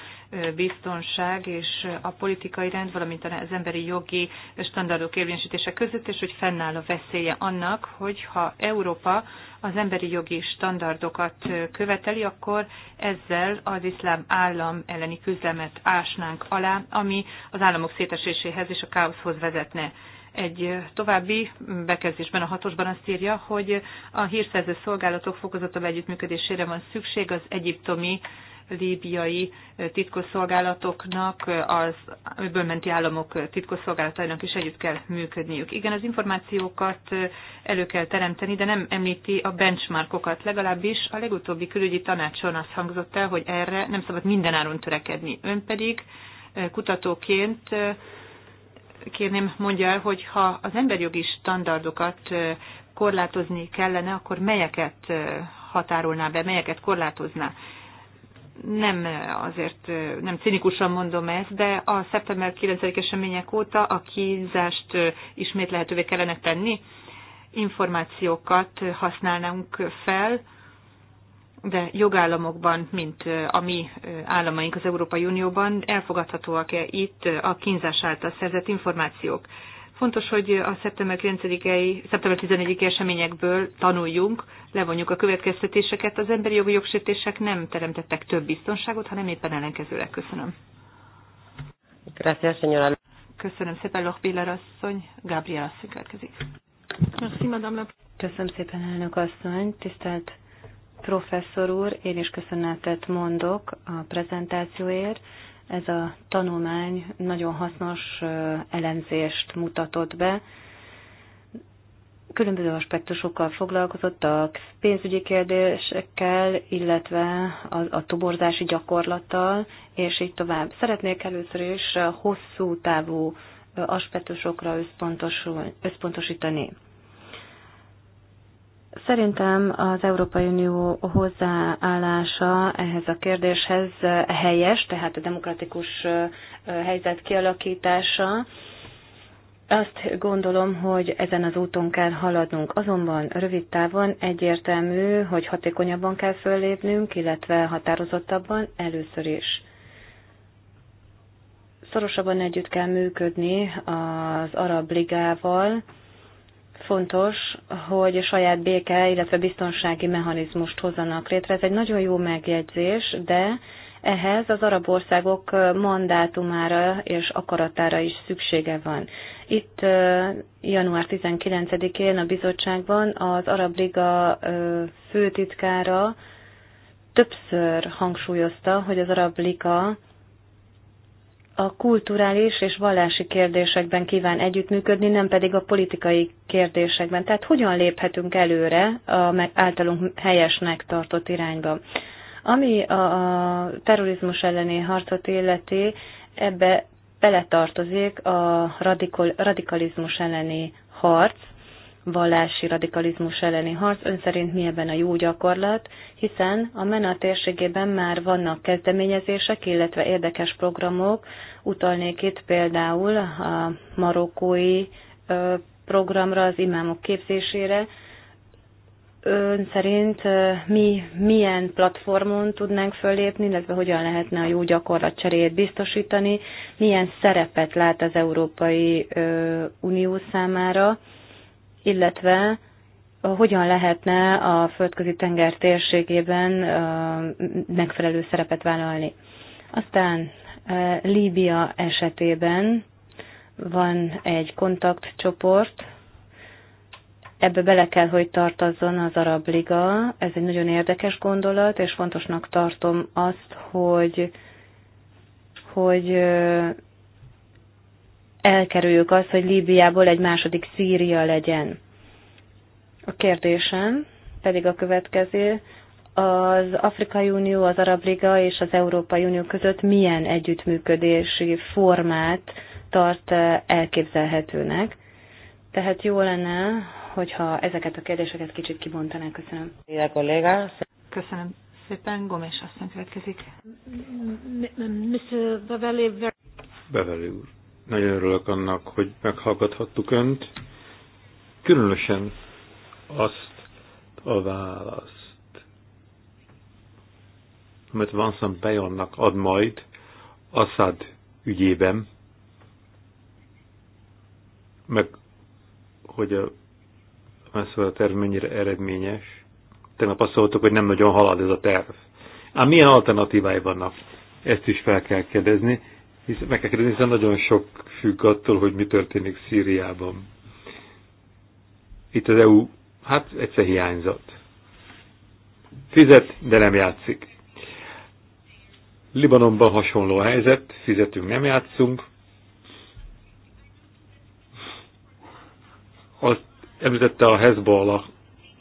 biztonság és a politikai rend, valamint az emberi jogi standardok érvényesítése között, és hogy fennáll a veszélye annak, hogy ha Európa az emberi jogi standardokat követeli, akkor ezzel az iszlám állam elleni küzdelmet ásnánk alá, ami az államok széteséséhez és a káoszhoz vezetne. Egy további bekezdésben, a hatosban azt írja, hogy a hírszerző szolgálatok fokozottabb együttműködésére van szükség az egyiptomi líbiai titkosszolgálatoknak, az öbölmenti államok titkosszolgálatainak is együtt kell működniük. Igen, az információkat elő kell teremteni, de nem említi a benchmarkokat. Legalábbis a legutóbbi külügyi tanácson azt hangzott el, hogy erre nem szabad mindenáron törekedni. Ön pedig kutatóként kérném mondja el, hogy ha az emberjogi standardokat korlátozni kellene, akkor melyeket határolná be, melyeket korlátozná? nem azért nem cinikusan mondom ezt, de a szeptember 9 események óta a kínzást ismét lehetővé kellene tenni, információkat használnánk fel, de jogállamokban, mint a mi államaink az Európai Unióban elfogadhatóak-e itt a kínzás által szerzett információk. Fontos, hogy a szeptember 9-i, szeptember 11-i eseményekből tanuljunk, levonjuk a következtetéseket. Az emberi jogi jogsértések nem teremtettek több biztonságot, hanem éppen ellenkezőleg. Köszönöm. Gracias, señora. Köszönöm szépen, Biller asszony. Gabriel asszony következik. Köszönöm szépen, elnök asszony. Tisztelt Professzor úr, én is köszönetet mondok a prezentációért. Ez a tanulmány nagyon hasznos elemzést mutatott be. Különböző aspektusokkal foglalkozott a pénzügyi kérdésekkel, illetve a, a toborzási gyakorlattal, és így tovább. Szeretnék először is hosszú távú aspektusokra összpontosítani. Szerintem az Európai Unió hozzáállása ehhez a kérdéshez helyes, tehát a demokratikus helyzet kialakítása. Azt gondolom, hogy ezen az úton kell haladnunk. Azonban rövid távon egyértelmű, hogy hatékonyabban kell föllépnünk, illetve határozottabban először is. Szorosabban együtt kell működni az Arab Ligával. Fontos, hogy a saját béke, illetve biztonsági mechanizmust hozzanak létre. Ez egy nagyon jó megjegyzés, de ehhez az arab országok mandátumára és akaratára is szüksége van. Itt január 19-én a bizottságban az Arab Liga főtitkára többször hangsúlyozta, hogy az Arab Liga a kulturális és vallási kérdésekben kíván együttműködni, nem pedig a politikai kérdésekben. Tehát hogyan léphetünk előre a általunk helyesnek tartott irányba? Ami a terrorizmus elleni harcot illeti, ebbe beletartozik a radikalizmus elleni harc, vallási radikalizmus elleni harc ön szerint mi ebben a jó gyakorlat, hiszen a MENA térségében már vannak kezdeményezések, illetve érdekes programok, utalnék itt például a marokkói programra, az imámok képzésére. Ön szerint mi milyen platformon tudnánk fölépni, illetve hogyan lehetne a jó gyakorlat cseréjét biztosítani, milyen szerepet lát az Európai Unió számára, illetve hogyan lehetne a földközi tenger térségében megfelelő szerepet vállalni. Aztán Líbia esetében van egy kontaktcsoport, ebbe bele kell, hogy tartozzon az Arab Liga. Ez egy nagyon érdekes gondolat, és fontosnak tartom azt, hogy, hogy elkerüljük azt, hogy Líbiából egy második Szíria legyen. A kérdésem pedig a következő, az Afrikai Unió, az Arab Liga és az Európai Unió között milyen együttműködési formát tart eh, elképzelhetőnek. Tehát jó lenne, hogyha ezeket a kérdéseket kicsit kibontanák. Köszönöm. Köszönöm szépen. Gomes asszony következik. Mr. Beveli úr. Nagyon örülök annak, hogy meghallgathattuk Önt. Különösen azt a választ, amit Vincent Bayonnak ad majd Assad ügyében, meg hogy a Messzora terv mennyire eredményes. Tegnap azt szóltuk, hogy nem nagyon halad ez a terv. Ám milyen alternatívái vannak? Ezt is fel kell kérdezni hisz, meg kell kérdezni, hiszen nagyon sok függ attól, hogy mi történik Szíriában. Itt az EU, hát egyszer hiányzat. Fizet, de nem játszik. Libanonban hasonló a helyzet, fizetünk, nem játszunk. Azt említette a Hezbollah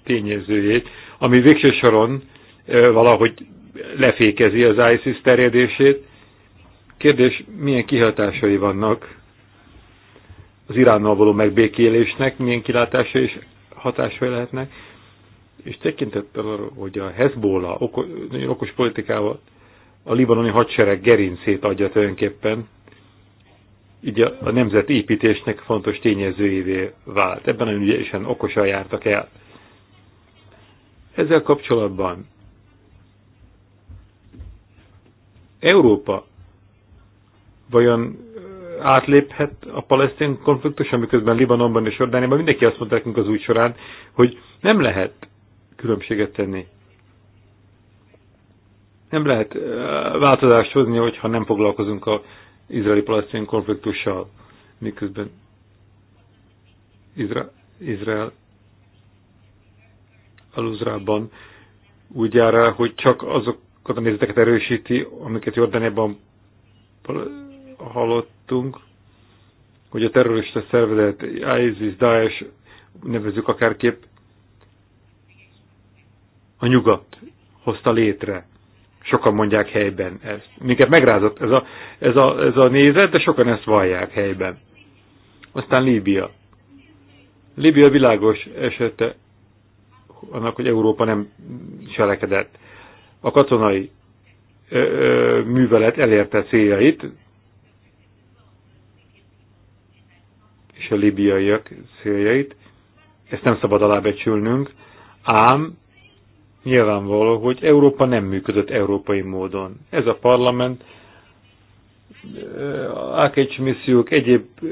tényezőjét, ami végső soron valahogy lefékezi az ISIS terjedését, Kérdés, milyen kihatásai vannak az Iránnal való megbékélésnek, milyen kilátásai és hatásai lehetnek, és tekintettel arra, hogy a Hezbollah okos, nagyon okos politikával a libanoni hadsereg gerincét adja tulajdonképpen, így a, a építésnek fontos tényezőjévé vált. Ebben nagyon ügyesen okosan jártak el. Ezzel kapcsolatban Európa vajon átléphet a palesztin konfliktus, amiközben Libanonban és Jordániában mindenki azt mondta nekünk az új során, hogy nem lehet különbséget tenni. Nem lehet változást hozni, hogyha nem foglalkozunk az izraeli-palesztin konfliktussal, miközben Izra Izrael aluzrában úgy jár el, hogy csak azokat a nézeteket erősíti, amiket Jordániában hallottunk, hogy a terrorista szervezet ISIS, Daesh, nevezük akárképp, a nyugat hozta létre. Sokan mondják helyben ezt. Minket megrázott ez a, ez, a, ez a nézet, de sokan ezt vallják helyben. Aztán Líbia. Líbia világos esete annak, hogy Európa nem cselekedett. A katonai ö, ö, művelet elérte céljait, és a libiaiak céljait. Ezt nem szabad alábecsülnünk, ám nyilvánvaló, hogy Európa nem működött európai módon. Ez a parlament, AKH eh, missziók, egyéb eh,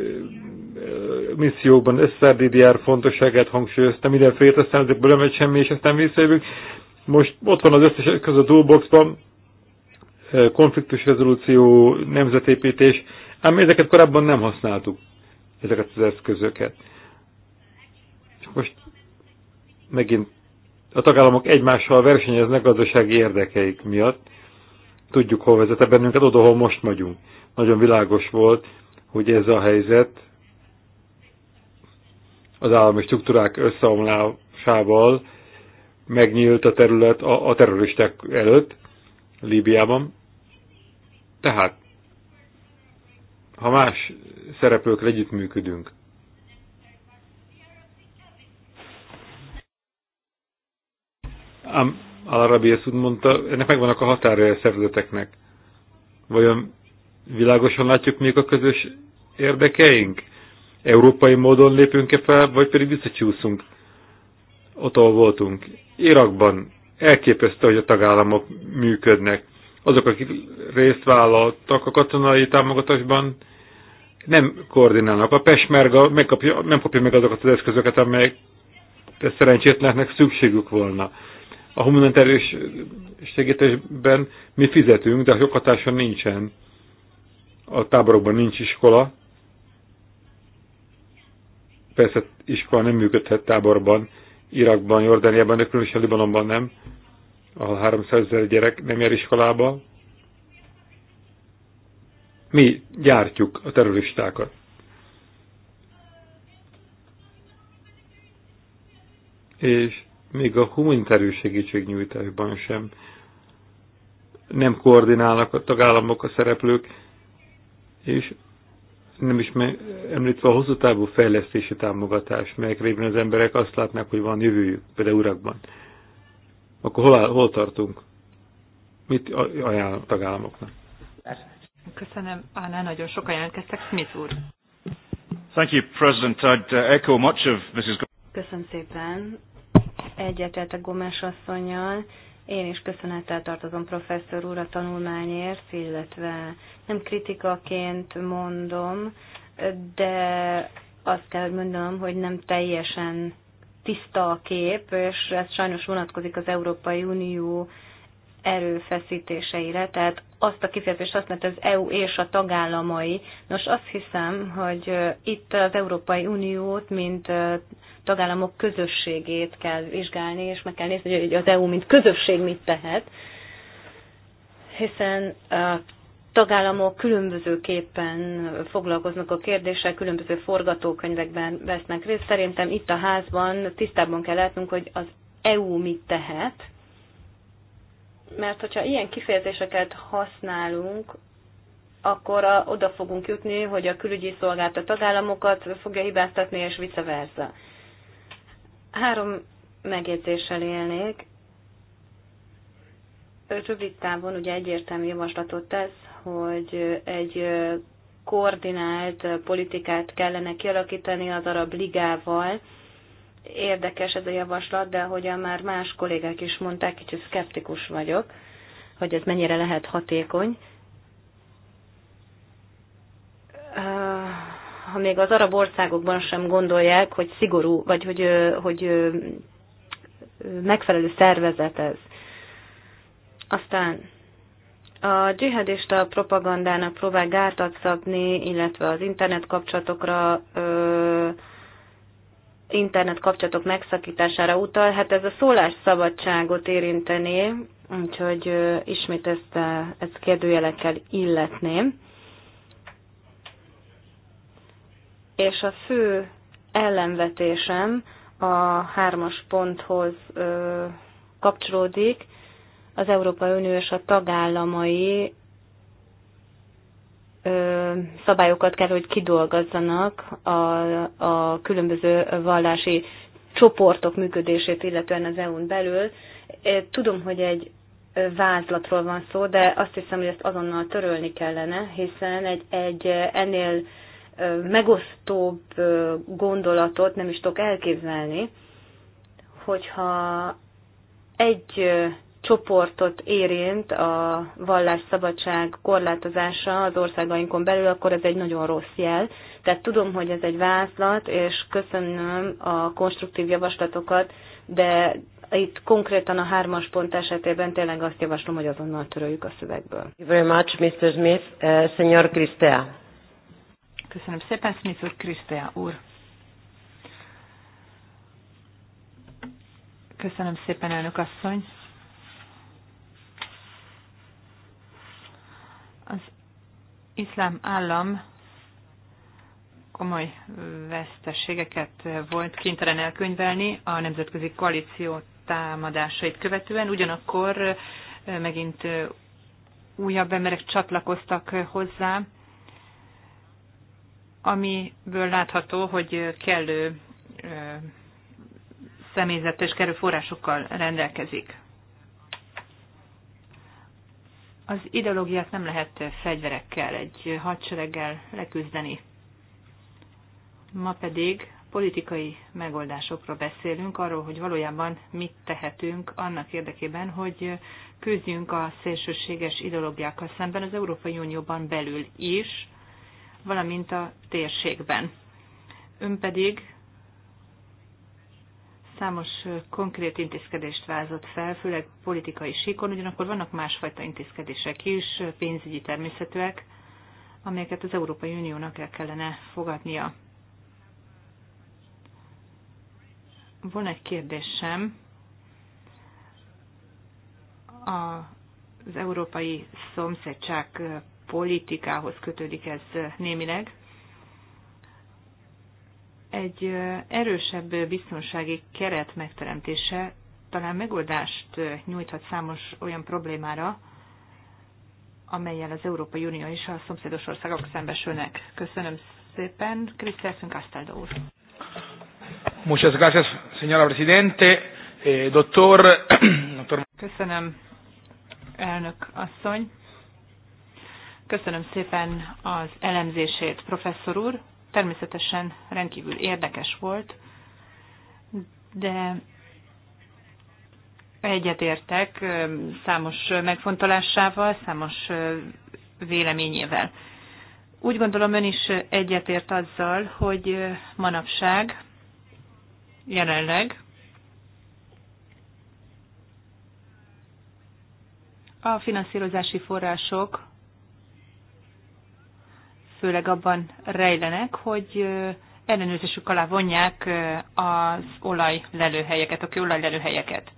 missziókban SZRDDR fontosságát hangsúlyozta, mindenféle aztán ezekből nem semmi, és aztán visszajövünk. Most ott van az összes köz a eh, konfliktus rezolúció, nemzetépítés, ám ezeket korábban nem használtuk ezeket az eszközöket. most megint a tagállamok egymással versenyeznek gazdasági érdekeik miatt. Tudjuk, hol vezet bennünket, oda, hol most vagyunk. Nagyon világos volt, hogy ez a helyzet az állami struktúrák összeomlásával megnyílt a terület a, a terroristák előtt Líbiában. Tehát ha más szereplőkre együttműködünk. Al-Arabi ezt úgy mondta, ennek megvannak a határa a szervezeteknek. Vajon világosan látjuk még a közös érdekeink? Európai módon lépünk-e fel, vagy pedig visszacsúszunk? Ott, ahol voltunk. Irakban elképesztő, hogy a tagállamok működnek. Azok, akik részt vállaltak a katonai támogatásban, nem koordinálnak. A pesmerga megkapja, nem kapja meg azokat az eszközöket, amelyek szerencsétlenek szükségük volna. A humanitárius segítésben mi fizetünk, de a joghatása nincsen. A táborokban nincs iskola. Persze iskola nem működhet táborban, Irakban, Jordániában, de különösen Libanonban nem. A 300 ezer gyerek nem jár iskolába, mi gyártjuk a terroristákat. És még a humanitárius segítségnyújtásban sem nem koordinálnak a tagállamok, a szereplők, és nem is említve a hosszú távú fejlesztési támogatás, melyek révén az emberek azt látnak, hogy van jövőjük, például urakban. Akkor hol, áll, hol tartunk? Mit ajánl a tagállamoknak? Köszönöm. Anna, nagyon sokan jelentkeztek. Smith úr. Thank you, President. I'd uh, echo much of Mrs. Köszönöm szépen. a Gomes asszonyjal. Én is köszönettel tartozom professzor úr a tanulmányért, illetve nem kritikaként mondom, de azt kell, mondanom, hogy nem teljesen tiszta a kép, és ez sajnos vonatkozik az Európai Unió erőfeszítéseire, tehát azt a kifejezést használt az EU és a tagállamai. Nos, azt hiszem, hogy itt az Európai Uniót, mint tagállamok közösségét kell vizsgálni, és meg kell nézni, hogy az EU, mint közösség mit tehet, hiszen a tagállamok különbözőképpen foglalkoznak a kérdéssel, különböző forgatókönyvekben vesznek részt. Szerintem itt a házban tisztában kell látnunk, hogy az EU mit tehet, mert hogyha ilyen kifejezéseket használunk, akkor a, oda fogunk jutni, hogy a külügyi szolgált a tagállamokat fogja hibáztatni, és vice versa. Három megjegyzéssel élnék. Rövid távon ugye egyértelmű javaslatot tesz, hogy egy koordinált politikát kellene kialakítani az arab ligával, érdekes ez a javaslat, de ahogyan már más kollégák is mondták, kicsit szkeptikus vagyok, hogy ez mennyire lehet hatékony. Ha még az arab országokban sem gondolják, hogy szigorú, vagy hogy, hogy megfelelő szervezet ez. Aztán a dzsihadista propagandának próbál gártat szabni, illetve az internet kapcsolatokra internet kapcsolatok megszakítására utal, hát ez a szólásszabadságot érintené, úgyhogy ismét ezt, a, ezt kérdőjelekkel illetném. És a fő ellenvetésem a hármas ponthoz kapcsolódik, az Európai Unió és a tagállamai szabályokat kell, hogy kidolgozzanak a, a különböző vallási csoportok működését, illetően az EU-n belül. Tudom, hogy egy vázlatról van szó, de azt hiszem, hogy ezt azonnal törölni kellene, hiszen egy, egy ennél megosztóbb gondolatot nem is tudok elképzelni, hogyha egy csoportot érint a vallásszabadság korlátozása az országainkon belül, akkor ez egy nagyon rossz jel. Tehát tudom, hogy ez egy vázlat, és köszönöm a konstruktív javaslatokat, de itt konkrétan a hármas pont esetében tényleg azt javaslom, hogy azonnal töröljük a szövegből. Thank you very much, Mr. Smith. Uh, Senyor Cristea. Köszönöm szépen, Smith úr, Cristea úr. Köszönöm szépen, elnök asszony. Az iszlám állam komoly veszteségeket volt kénytelen elkönyvelni a nemzetközi koalíció támadásait követően, ugyanakkor megint újabb emberek csatlakoztak hozzá, amiből látható, hogy kellő személyzettel és kellő forrásokkal rendelkezik. Az ideológiát nem lehet fegyverekkel, egy hadsereggel leküzdeni. Ma pedig politikai megoldásokról beszélünk, arról, hogy valójában mit tehetünk annak érdekében, hogy küzdjünk a szélsőséges ideológiákkal szemben az Európai Unióban belül is, valamint a térségben. Ön pedig számos konkrét intézkedést vázott fel, főleg politikai síkon, ugyanakkor vannak másfajta intézkedések is, pénzügyi természetűek, amelyeket az Európai Uniónak el kellene fogadnia. Van egy kérdésem az európai szomszédság politikához kötődik ez némileg. Egy erősebb biztonsági keret megteremtése talán megoldást nyújthat számos olyan problémára, amelyel az Európai Unió és a szomszédos országok szembesülnek. Köszönöm szépen. Krisztián Castaldo úr. Muchas gracias, señora presidente. Eh, doctor... Köszönöm, elnök asszony. Köszönöm szépen az elemzését, professzor úr természetesen rendkívül érdekes volt, de egyetértek számos megfontolásával, számos véleményével. Úgy gondolom ön is egyetért azzal, hogy manapság jelenleg a finanszírozási források főleg abban rejlenek, hogy ellenőrzésük alá vonják az olajlelőhelyeket, a kőolajlelőhelyeket.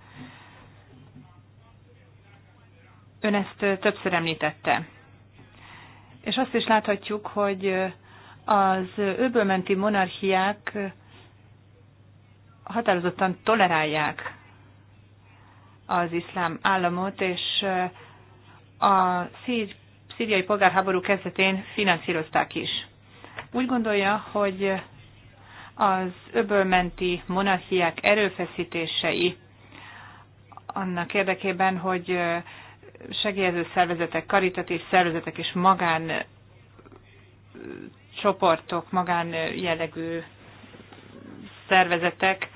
Ön ezt többször említette. És azt is láthatjuk, hogy az öbölmenti monarchiák határozottan tolerálják az iszlám államot, és a szír szíriai polgárháború kezdetén finanszírozták is. Úgy gondolja, hogy az öbölmenti monarchiák erőfeszítései annak érdekében, hogy segélyező szervezetek, karitatív szervezetek és magán csoportok, magán jellegű szervezetek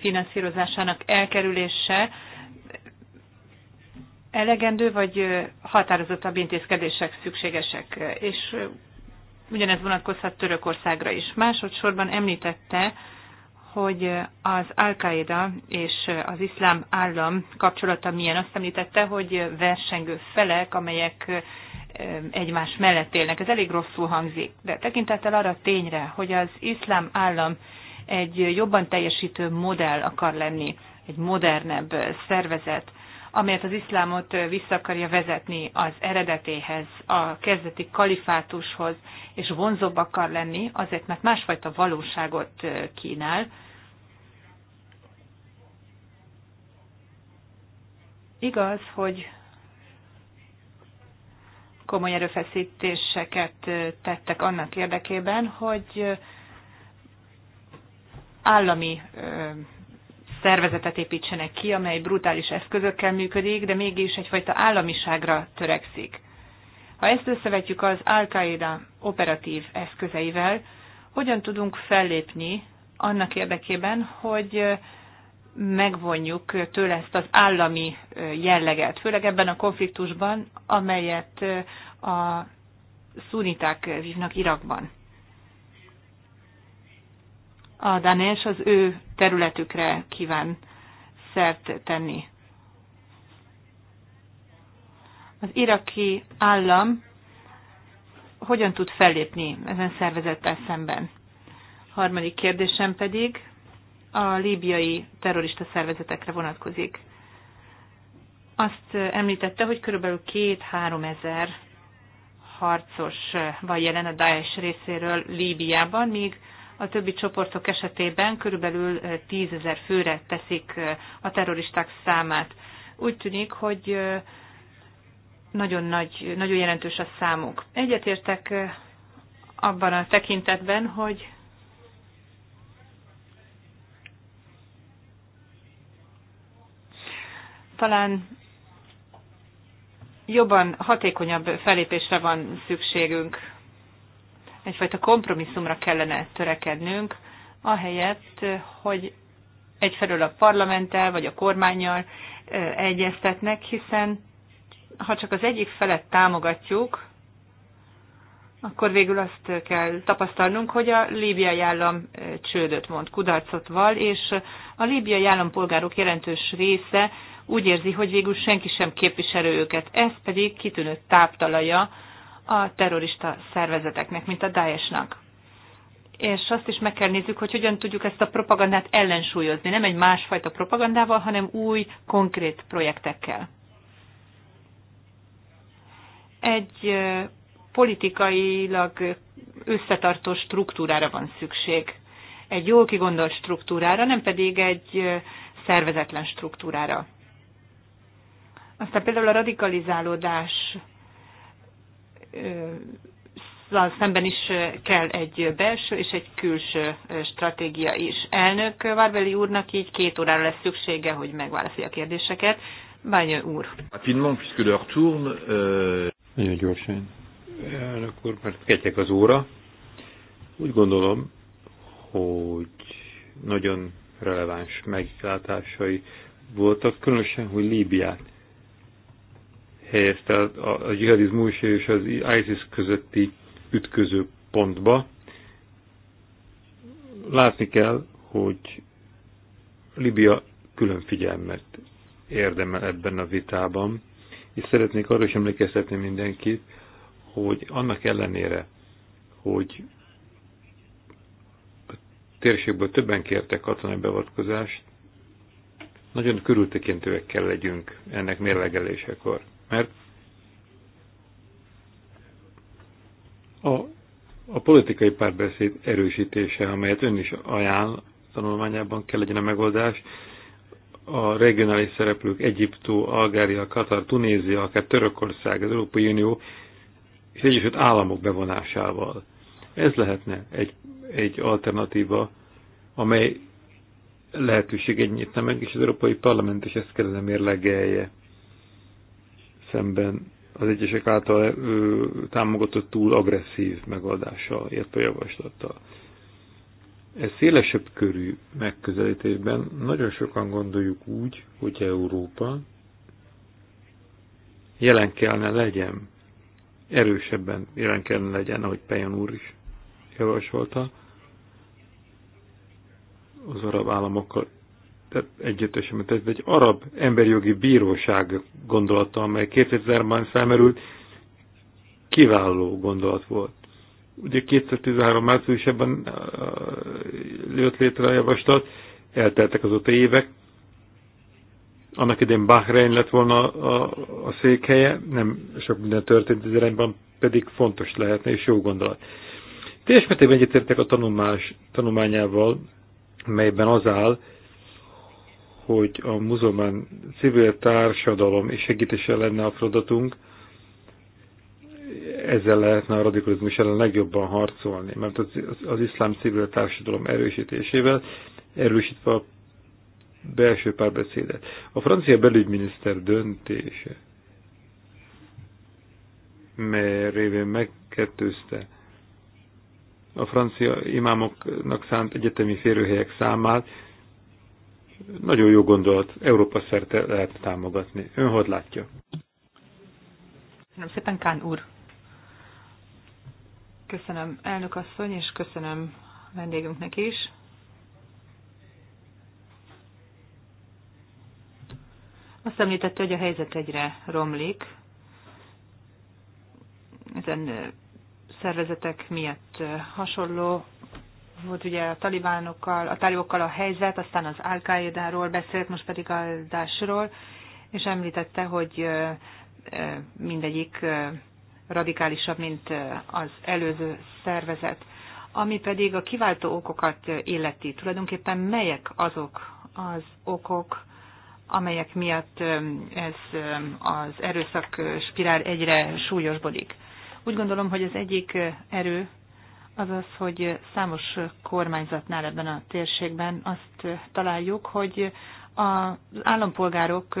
finanszírozásának elkerülése elegendő, vagy határozottabb intézkedések szükségesek, és ugyanez vonatkozhat Törökországra is. Másodszorban említette, hogy az Al-Qaeda és az iszlám állam kapcsolata milyen. Azt említette, hogy versengő felek, amelyek egymás mellett élnek. Ez elég rosszul hangzik, de tekintettel arra tényre, hogy az iszlám állam egy jobban teljesítő modell akar lenni, egy modernebb szervezet, amelyet az iszlámot vissza akarja vezetni az eredetéhez, a kezdeti kalifátushoz, és vonzóbb akar lenni, azért mert másfajta valóságot kínál. Igaz, hogy komoly erőfeszítéseket tettek annak érdekében, hogy állami szervezetet építsenek ki, amely brutális eszközökkel működik, de mégis egyfajta államiságra törekszik. Ha ezt összevetjük az Al-Qaeda operatív eszközeivel, hogyan tudunk fellépni annak érdekében, hogy megvonjuk tőle ezt az állami jelleget, főleg ebben a konfliktusban, amelyet a szuniták vívnak Irakban a Danes az ő területükre kíván szert tenni. Az iraki állam hogyan tud fellépni ezen szervezettel szemben? Harmadik kérdésem pedig a líbiai terrorista szervezetekre vonatkozik. Azt említette, hogy körülbelül két-három ezer harcos van jelen a Daesh részéről Líbiában, míg a többi csoportok esetében körülbelül 10 ezer főre teszik a terroristák számát. Úgy tűnik, hogy nagyon, nagy, nagyon jelentős a számuk. Egyetértek abban a tekintetben, hogy talán jobban, hatékonyabb felépésre van szükségünk egyfajta kompromisszumra kellene törekednünk, ahelyett, hogy egyfelől a parlamenttel vagy a kormányjal egyeztetnek, hiszen ha csak az egyik felet támogatjuk, akkor végül azt kell tapasztalnunk, hogy a líbiai állam csődöt mond, kudarcot val, és a líbiai állampolgárok jelentős része úgy érzi, hogy végül senki sem képviselő őket. Ez pedig kitűnő táptalaja a terrorista szervezeteknek, mint a Daesh-nak. És azt is meg kell nézzük, hogy hogyan tudjuk ezt a propagandát ellensúlyozni, nem egy másfajta propagandával, hanem új, konkrét projektekkel. Egy politikailag összetartó struktúrára van szükség. Egy jól kigondolt struktúrára, nem pedig egy szervezetlen struktúrára. Aztán például a radikalizálódás szemben is kell egy belső és egy külső stratégia is. Elnök Várbeli úrnak így két órára lesz szüksége, hogy megválaszolja a kérdéseket. Bányő úr. Rapidement, puisque l'heure tourne. Euh, nagyon gyorsan. Elnök úr, mert ketyek az óra. Úgy gondolom, hogy nagyon releváns meglátásai voltak, különösen, hogy Líbiát helyezte a, a, a jihadizmus és az ISIS közötti ütköző pontba. Látni kell, hogy Libia külön figyelmet érdemel ebben a vitában, és szeretnék arra is emlékeztetni mindenkit, hogy annak ellenére, hogy a térségből többen kértek katonai beavatkozást, nagyon körültekintőek kell legyünk ennek mérlegelésekor mert a, a politikai párbeszéd erősítése, amelyet ön is ajánl tanulmányában kell legyen a megoldás, a regionális szereplők Egyiptó, Algária, Katar, Tunézia, akár Törökország, az Európai Unió és Egyesült Államok bevonásával. Ez lehetne egy, egy alternatíva, amely lehetőséget nyitna meg, és az Európai Parlament is ezt kellene mérlegelje szemben az egyesek által ö, támogatott túl agresszív megoldással, illetve javaslattal. Ez szélesebb körű megközelítésben nagyon sokan gondoljuk úgy, hogy Európa jelen kellene legyen, erősebben jelen kellene legyen, ahogy Pejan úr is javasolta, az arab államokkal egyetesemet, ez egy arab emberjogi bíróság gondolata, amely 2000-ben felmerült, kiváló gondolat volt. Ugye 2013 márciusában jött létre a javaslat, elteltek azóta évek, annak idén Bahrein lett volna a, a székhelye, nem sok minden történt az irányban, pedig fontos lehetne és jó gondolat. Teljes mértékben egyetértek a tanulmás, tanulmányával, melyben az áll, hogy a muzulmán civil társadalom és segítése lenne a feladatunk, ezzel lehetne a radikalizmus ellen legjobban harcolni, mert az, az iszlám civil társadalom erősítésével, erősítve a belső párbeszédet. A francia belügyminiszter döntése, mely révén megkettőzte a francia imámoknak szánt egyetemi férőhelyek számát, nagyon jó gondolat, Európa szerte lehet támogatni. Ön hogy látja? Köszönöm szépen, Kán úr. Köszönöm elnök asszony, és köszönöm vendégünknek is. Azt említette, hogy a helyzet egyre romlik. Ezen szervezetek miatt hasonló volt ugye a talibánokkal, a talibokkal a helyzet, aztán az al beszélt, most pedig a Dásról, és említette, hogy mindegyik radikálisabb, mint az előző szervezet. Ami pedig a kiváltó okokat illeti, tulajdonképpen melyek azok az okok, amelyek miatt ez az erőszak spirál egyre súlyosbodik. Úgy gondolom, hogy az egyik erő az az, hogy számos kormányzatnál ebben a térségben azt találjuk, hogy az állampolgárok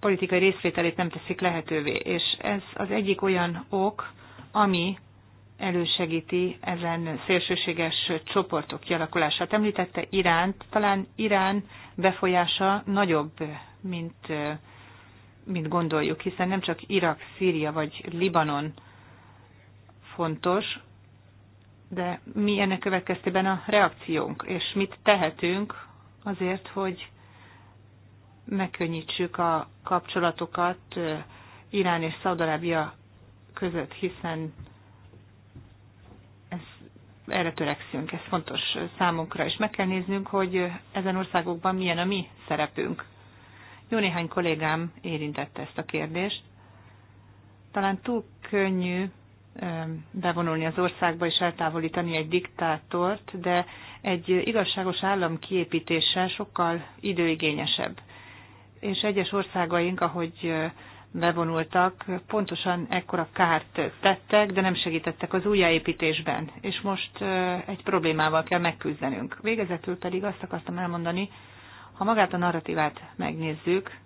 politikai részvételét nem teszik lehetővé, és ez az egyik olyan ok, ami elősegíti ezen szélsőséges csoportok kialakulását. Említette Iránt, talán Irán befolyása nagyobb, mint, mint gondoljuk, hiszen nem csak Irak, Szíria vagy Libanon fontos, de mi ennek következtében a reakciónk, és mit tehetünk azért, hogy megkönnyítsük a kapcsolatokat Irán és Szaudarábia között, hiszen ez, erre törekszünk, ez fontos számunkra, és meg kell néznünk, hogy ezen országokban milyen a mi szerepünk. Jó néhány kollégám érintette ezt a kérdést. Talán túl könnyű bevonulni az országba és eltávolítani egy diktátort, de egy igazságos állam kiépítése sokkal időigényesebb. És egyes országaink, ahogy bevonultak, pontosan ekkora kárt tettek, de nem segítettek az újjáépítésben. És most egy problémával kell megküzdenünk. Végezetül pedig azt akartam elmondani, ha magát a narratívát megnézzük,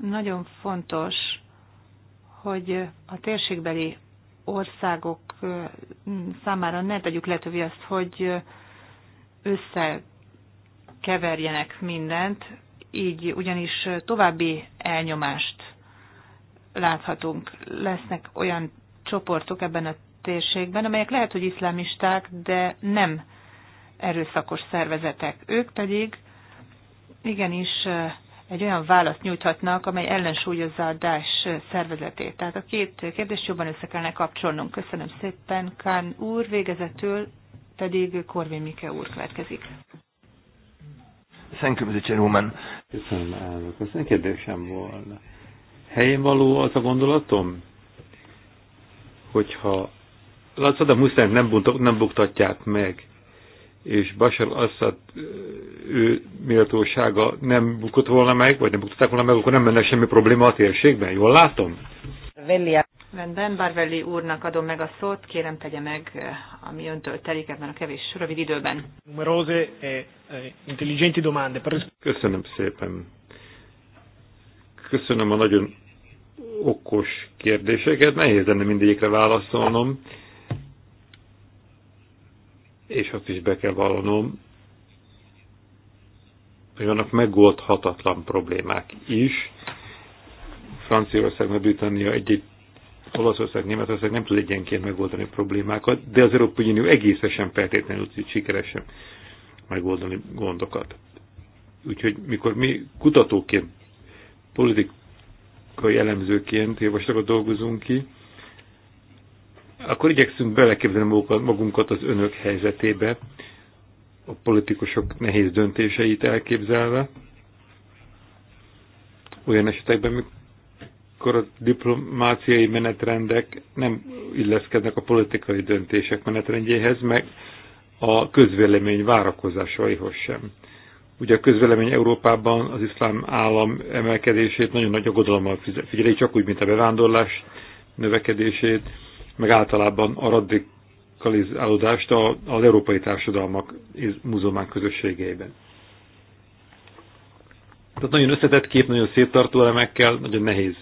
nagyon fontos, hogy a térségbeli országok számára ne tegyük lehetővé azt, hogy összekeverjenek mindent, így ugyanis további elnyomást láthatunk. Lesznek olyan csoportok ebben a térségben, amelyek lehet, hogy iszlámisták, de nem erőszakos szervezetek. Ők pedig igenis egy olyan választ nyújthatnak, amely ellensúlyozza a DAS szervezetét. Tehát a két kérdést jobban össze kellene kapcsolnunk. Köszönöm szépen, Kán úr, végezetül pedig Korvin Mike úr következik. Thank you, Mr. Köszönöm, elnök. Köszönöm, kérdésem volna. Helyén való az a gondolatom, hogyha Lacadam Muszent nem, nem buktatják meg, és Bashar Assad ő méltósága nem bukott volna meg, vagy nem bukották volna meg, akkor nem menne semmi probléma a térségben. Jól látom? Velia. Rendben, Barveli úrnak adom meg a szót, kérem tegye meg, eh, ami öntől telik ebben a kevés rövid időben. E, e, Köszönöm szépen. Köszönöm a nagyon okos kérdéseket, nehéz lenne mindegyikre válaszolnom és azt is be kell vallanom, hogy vannak megoldhatatlan problémák is. Franciaország, Nagy-Britannia, egy-egy Olaszország, Németország nem tud egyenként megoldani problémákat, de az Európai Unió egészesen feltétlenül tud sikeresen megoldani gondokat. Úgyhogy mikor mi kutatóként, politikai elemzőként javaslatokat dolgozunk ki, akkor igyekszünk beleképzelni magunkat az önök helyzetébe, a politikusok nehéz döntéseit elképzelve. Olyan esetekben, mikor a diplomáciai menetrendek nem illeszkednek a politikai döntések menetrendjéhez, meg a közvélemény várakozásaihoz sem. Ugye a közvélemény Európában az iszlám állam emelkedését nagyon nagy aggodalommal figyeli, csak úgy, mint a bevándorlás növekedését, meg általában a radikalizálódást az európai társadalmak és muzulmán közösségeiben. Tehát nagyon összetett kép, nagyon széttartó elemekkel, nagyon nehéz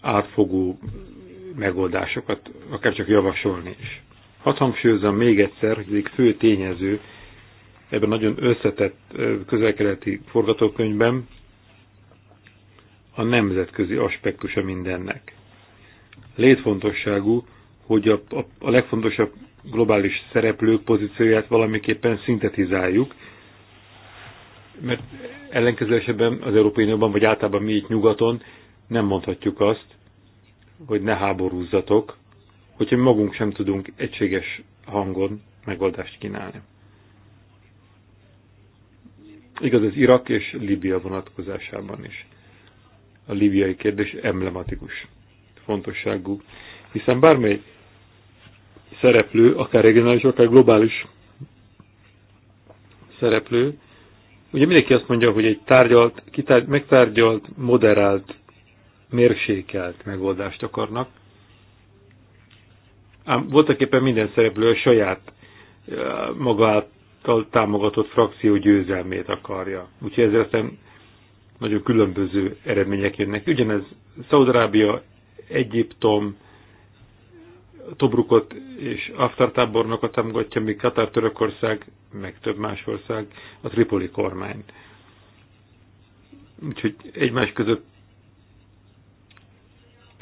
átfogó megoldásokat, akár csak javasolni is. Hadd hangsúlyozzam még egyszer, hogy egyik fő tényező ebben nagyon összetett közelkeleti forgatókönyvben a nemzetközi aspektusa mindennek létfontosságú, hogy a, a, a legfontosabb globális szereplők pozícióját valamiképpen szintetizáljuk, mert ellenkező esetben az Európai Unióban, vagy általában mi itt nyugaton nem mondhatjuk azt, hogy ne háborúzzatok, hogyha mi magunk sem tudunk egységes hangon megoldást kínálni. Igaz, az Irak és Líbia vonatkozásában is. A líbiai kérdés emblematikus fontosságú, hiszen bármely szereplő, akár regionális, akár globális szereplő, ugye mindenki azt mondja, hogy egy tárgyalt, kitárgy, megtárgyalt, moderált, mérsékelt megoldást akarnak, ám voltak éppen minden szereplő a saját magától támogatott frakció győzelmét akarja. Úgyhogy ezért aztán nagyon különböző eredmények jönnek. Ugyanez Szaudarábia, Egyiptom, Tobrukot és Aftar tábornokot támogatja, míg Katar, Törökország, meg több más ország, a Tripoli kormány. Úgyhogy egymás között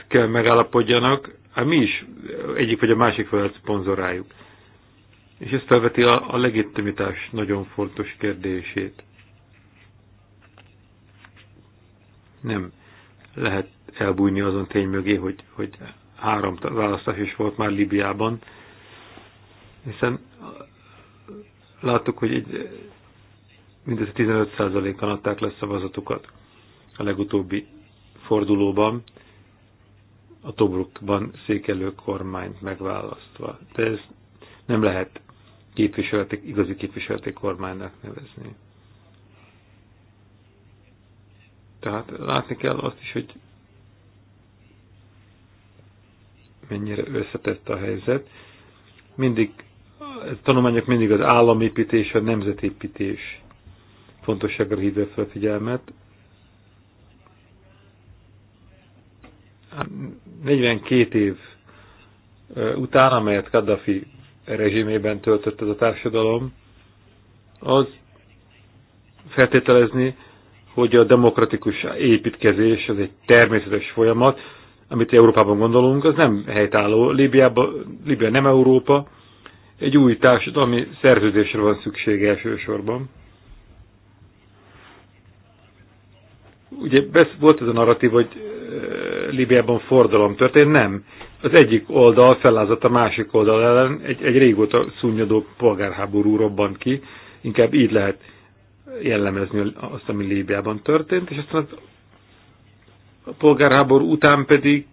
kell megállapodjanak, hát mi is egyik vagy a másik felett szponzoráljuk. És ez felveti a, a legitimitás nagyon fontos kérdését. Nem lehet elbújni azon tény mögé, hogy, hogy három választás is volt már Libiában, hiszen láttuk, hogy egy, mindössze 15%-an adták le szavazatukat a legutóbbi fordulóban, a Tobrukban székelő kormányt megválasztva. De ez nem lehet képviseleti, igazi képviseleti kormánynak nevezni. Tehát látni kell azt is, hogy mennyire összetett a helyzet. Mindig, a tanulmányok mindig az államépítés, a nemzetépítés fontosságra hívja fel a figyelmet. 42 hát év után, amelyet Kaddafi rezsimében töltött ez a társadalom, az feltételezni, hogy a demokratikus építkezés az egy természetes folyamat, amit Európában gondolunk, az nem helytálló. Líbiában, Líbia nem Európa, egy új társadalmi szerződésre van szükség elsősorban. Ugye volt ez a narratív, hogy Líbiában fordalom történt, nem. Az egyik oldal fellázott a másik oldal ellen, egy, egy régóta szunnyadó polgárháború robbant ki, inkább így lehet jellemezni azt, ami Líbiában történt, és aztán az a polgárháború után pedig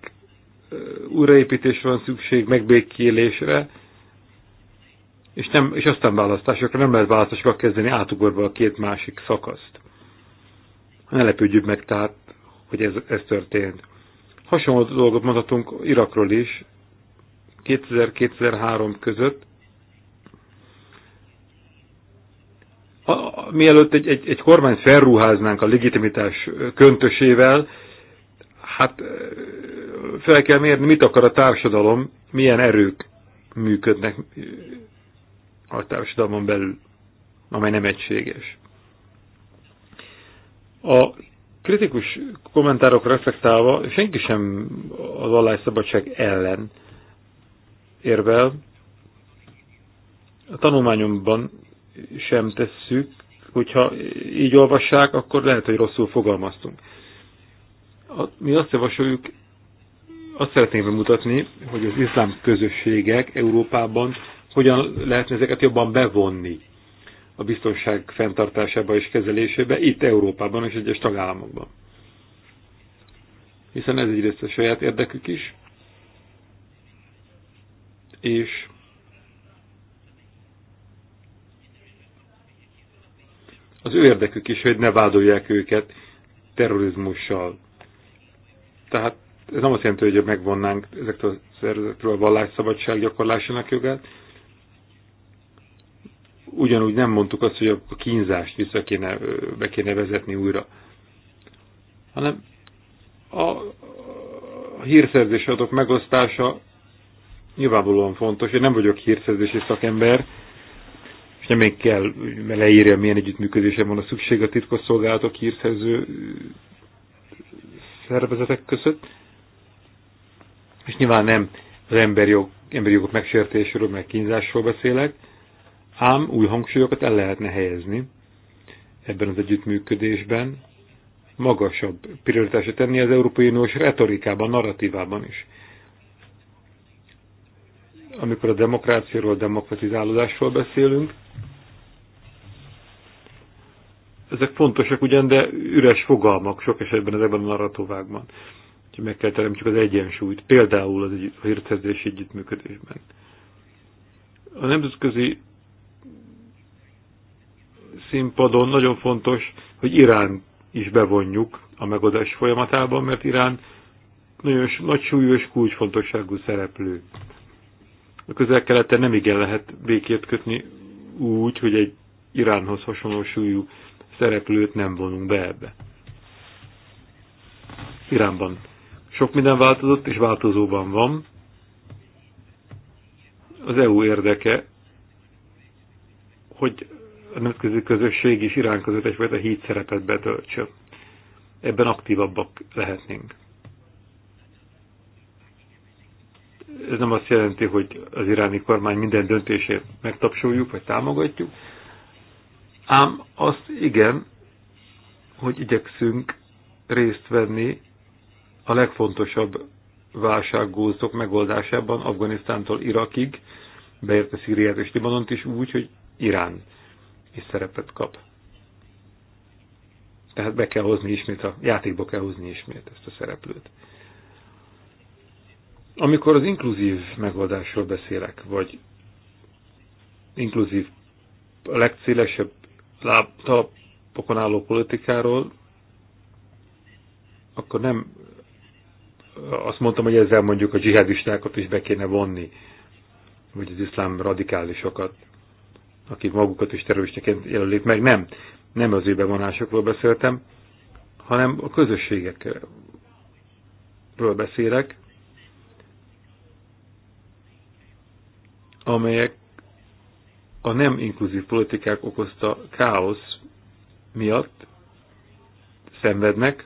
újraépítésre van szükség, megbékélésre, és, nem, és aztán választásokra nem lehet választásokra kezdeni átugorva a két másik szakaszt. Ne lepődjük meg tehát, hogy ez, ez történt. Hasonló dolgot mondhatunk Irakról is. 2000-2003 között a, mielőtt egy, egy, egy kormány felruháznánk a legitimitás köntösével, hát fel kell mérni, mit akar a társadalom, milyen erők működnek a társadalmon belül, amely nem egységes. A kritikus kommentárok reflektálva senki sem a vallásszabadság ellen érvel. A tanulmányomban sem tesszük, hogyha így olvassák, akkor lehet, hogy rosszul fogalmaztunk mi azt javasoljuk, azt szeretnénk bemutatni, hogy az iszlám közösségek Európában hogyan lehetne ezeket jobban bevonni a biztonság fenntartásába és kezelésébe itt Európában és egyes tagállamokban. Hiszen ez egyrészt a saját érdekük is, és az ő érdekük is, hogy ne vádolják őket terrorizmussal. Tehát ez nem azt jelenti, hogy megvonnánk ezektől a szervezetről a vallásszabadság gyakorlásának jogát. Ugyanúgy nem mondtuk azt, hogy a kínzást vissza kéne, be kéne vezetni újra. Hanem a, a hírszerzés adatok megosztása nyilvánvalóan fontos. Én nem vagyok hírszerzési szakember, és nem még kell leírja, milyen együttműködésem van a szükség a titkosszolgálatok hírszerző szervezetek között, és nyilván nem az jog emberi jogok megsértéséről, meg kínzásról beszélek, ám új hangsúlyokat el lehetne helyezni ebben az együttműködésben, magasabb prioritásra tenni az Európai Uniós retorikában, narratívában is. Amikor a demokráciáról, demokratizálódásról beszélünk, ezek fontosak ugyan, de üres fogalmak sok esetben ezekben a narratóvákban. Úgyhogy meg kell teremtsük az egyensúlyt, például az egy, a hírszerzési együttműködésben. A nemzetközi színpadon nagyon fontos, hogy Irán is bevonjuk a megoldás folyamatában, mert Irán nagyon nagy súlyú és kulcsfontosságú szereplő. A közel-keleten nem igen lehet békét kötni úgy, hogy egy Iránhoz hasonló súlyú szereplőt nem vonunk be ebbe. Iránban sok minden változott és változóban van. Az EU érdeke, hogy a nemzetközi közösség is Irán között egyfajta híd szerepet betöltsön. Ebben aktívabbak lehetnénk. Ez nem azt jelenti, hogy az iráni kormány minden döntését megtapsoljuk, vagy támogatjuk, Ám azt igen, hogy igyekszünk részt venni a legfontosabb válsággózók megoldásában Afganisztántól Irakig, beérte Szíriát és Libanont is úgy, hogy Irán is szerepet kap. Tehát be kell hozni ismét, a játékba kell hozni ismét ezt a szereplőt. Amikor az inkluzív megoldásról beszélek, vagy inkluzív a legszélesebb lábtalapokon álló politikáról, akkor nem azt mondtam, hogy ezzel mondjuk a dzsihadistákat is be kéne vonni, vagy az iszlám radikálisokat, akik magukat is terroristaként jelölik meg. Nem, nem az ő bevonásokról beszéltem, hanem a közösségekről beszélek, amelyek a nem inkluzív politikák okozta káosz miatt szenvednek.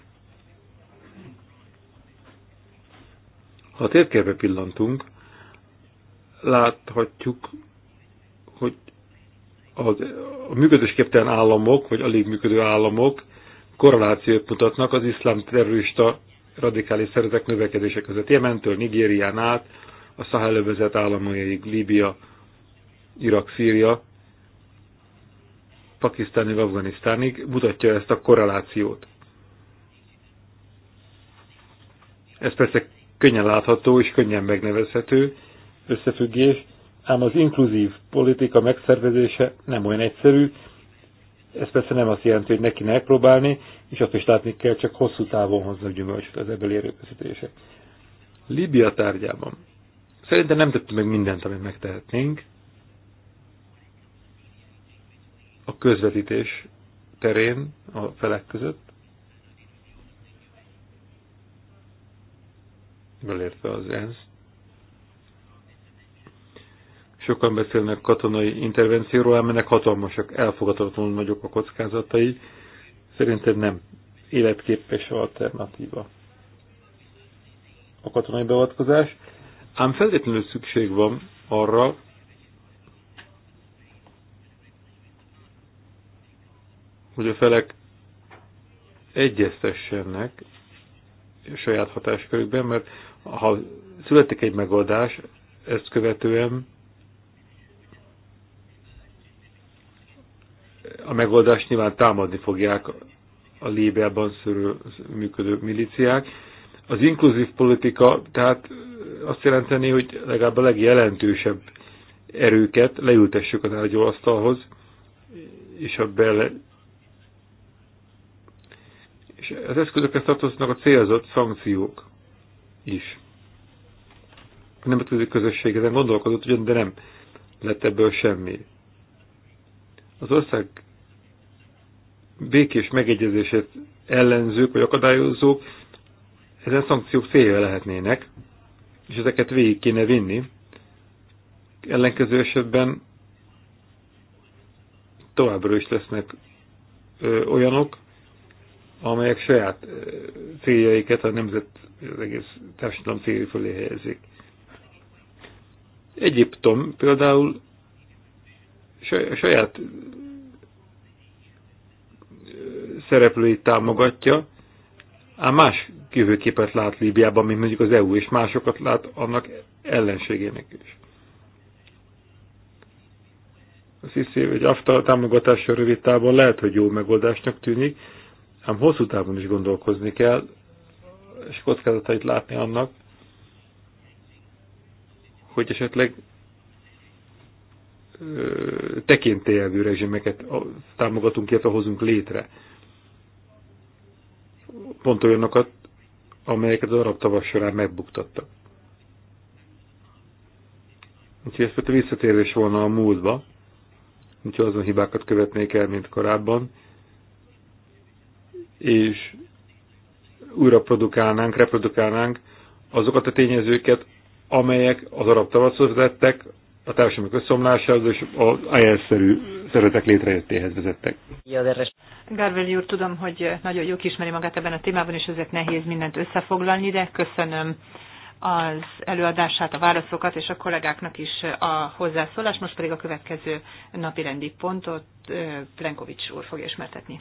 Ha a térkérbe pillantunk, láthatjuk, hogy az, a működősképtelen államok, vagy alig működő államok korrelációt mutatnak az iszlám terrorista radikális szervezetek növekedése között. Jementől Nigérián át, a Szahelövezet államaiig, Líbia, Irak, Szíria, Pakisztánig, Afganisztánig mutatja ezt a korrelációt. Ez persze könnyen látható és könnyen megnevezhető összefüggés, ám az inkluzív politika megszervezése nem olyan egyszerű. Ez persze nem azt jelenti, hogy neki megpróbálni, és azt is látni kell, csak hosszú távon hoznak gyümölcsöt az ebből erőfeszítések. Libia tárgyában. Szerintem nem tettünk meg mindent, amit megtehetnénk. közvetítés terén a felek között, belérte az ENSZ. Sokan beszélnek katonai intervencióról, ám ennek hatalmasak, elfogadhatatlanul nagyok a kockázatai. Szerinted nem életképes alternatíva a katonai beavatkozás, ám feltétlenül szükség van arra, hogy a felek egyeztessenek saját hatáskörükben, mert ha születik egy megoldás, ezt követően a megoldást nyilván támadni fogják a Líbiában szörő működő milíciák. Az inkluzív politika tehát azt jelenteni, hogy legalább a legjelentősebb erőket leültessük a ágyóasztalhoz, és a bele az eszközökhez tartoznak a célzott szankciók is. A nemzetközi közösség ezen gondolkodott, ugyan, de nem lett ebből semmi. Az ország békés megegyezését ellenzők vagy akadályozók ezen szankciók célja lehetnének, és ezeket végig kéne vinni. Ellenkező esetben továbbra is lesznek ö, olyanok, amelyek saját céljaikat a nemzet, az egész társadalom céljai fölé helyezik. Egyiptom például saját szereplőit támogatja, ám más kívülképet lát Líbiában, mint mondjuk az EU, és másokat lát annak ellenségének is. Azt hiszi, hogy AFTA támogatása rövid távon lehet, hogy jó megoldásnak tűnik, ám hosszú távon is gondolkozni kell, és kockázatait látni annak, hogy esetleg tekintélyelvű rezsimeket támogatunk, illetve hozunk létre. Pont olyanokat, amelyeket az arab tavas során megbuktattak. Úgyhogy ez például visszatérés volna a múltba, úgyhogy azon hibákat követnék el, mint korábban, és újra produkálnánk, reprodukálnánk azokat a tényezőket, amelyek az arab tavaszhoz lettek, a társadalmi összeomlásához és az IS-szerű szeretek létrejöttéhez vezettek. Garveli úr, tudom, hogy nagyon jó ismeri magát ebben a témában, és ezért nehéz mindent összefoglalni, de köszönöm az előadását, a válaszokat, és a kollégáknak is a hozzászólás. Most pedig a következő napi rendi pontot eh, Plenkovics úr fogja ismertetni.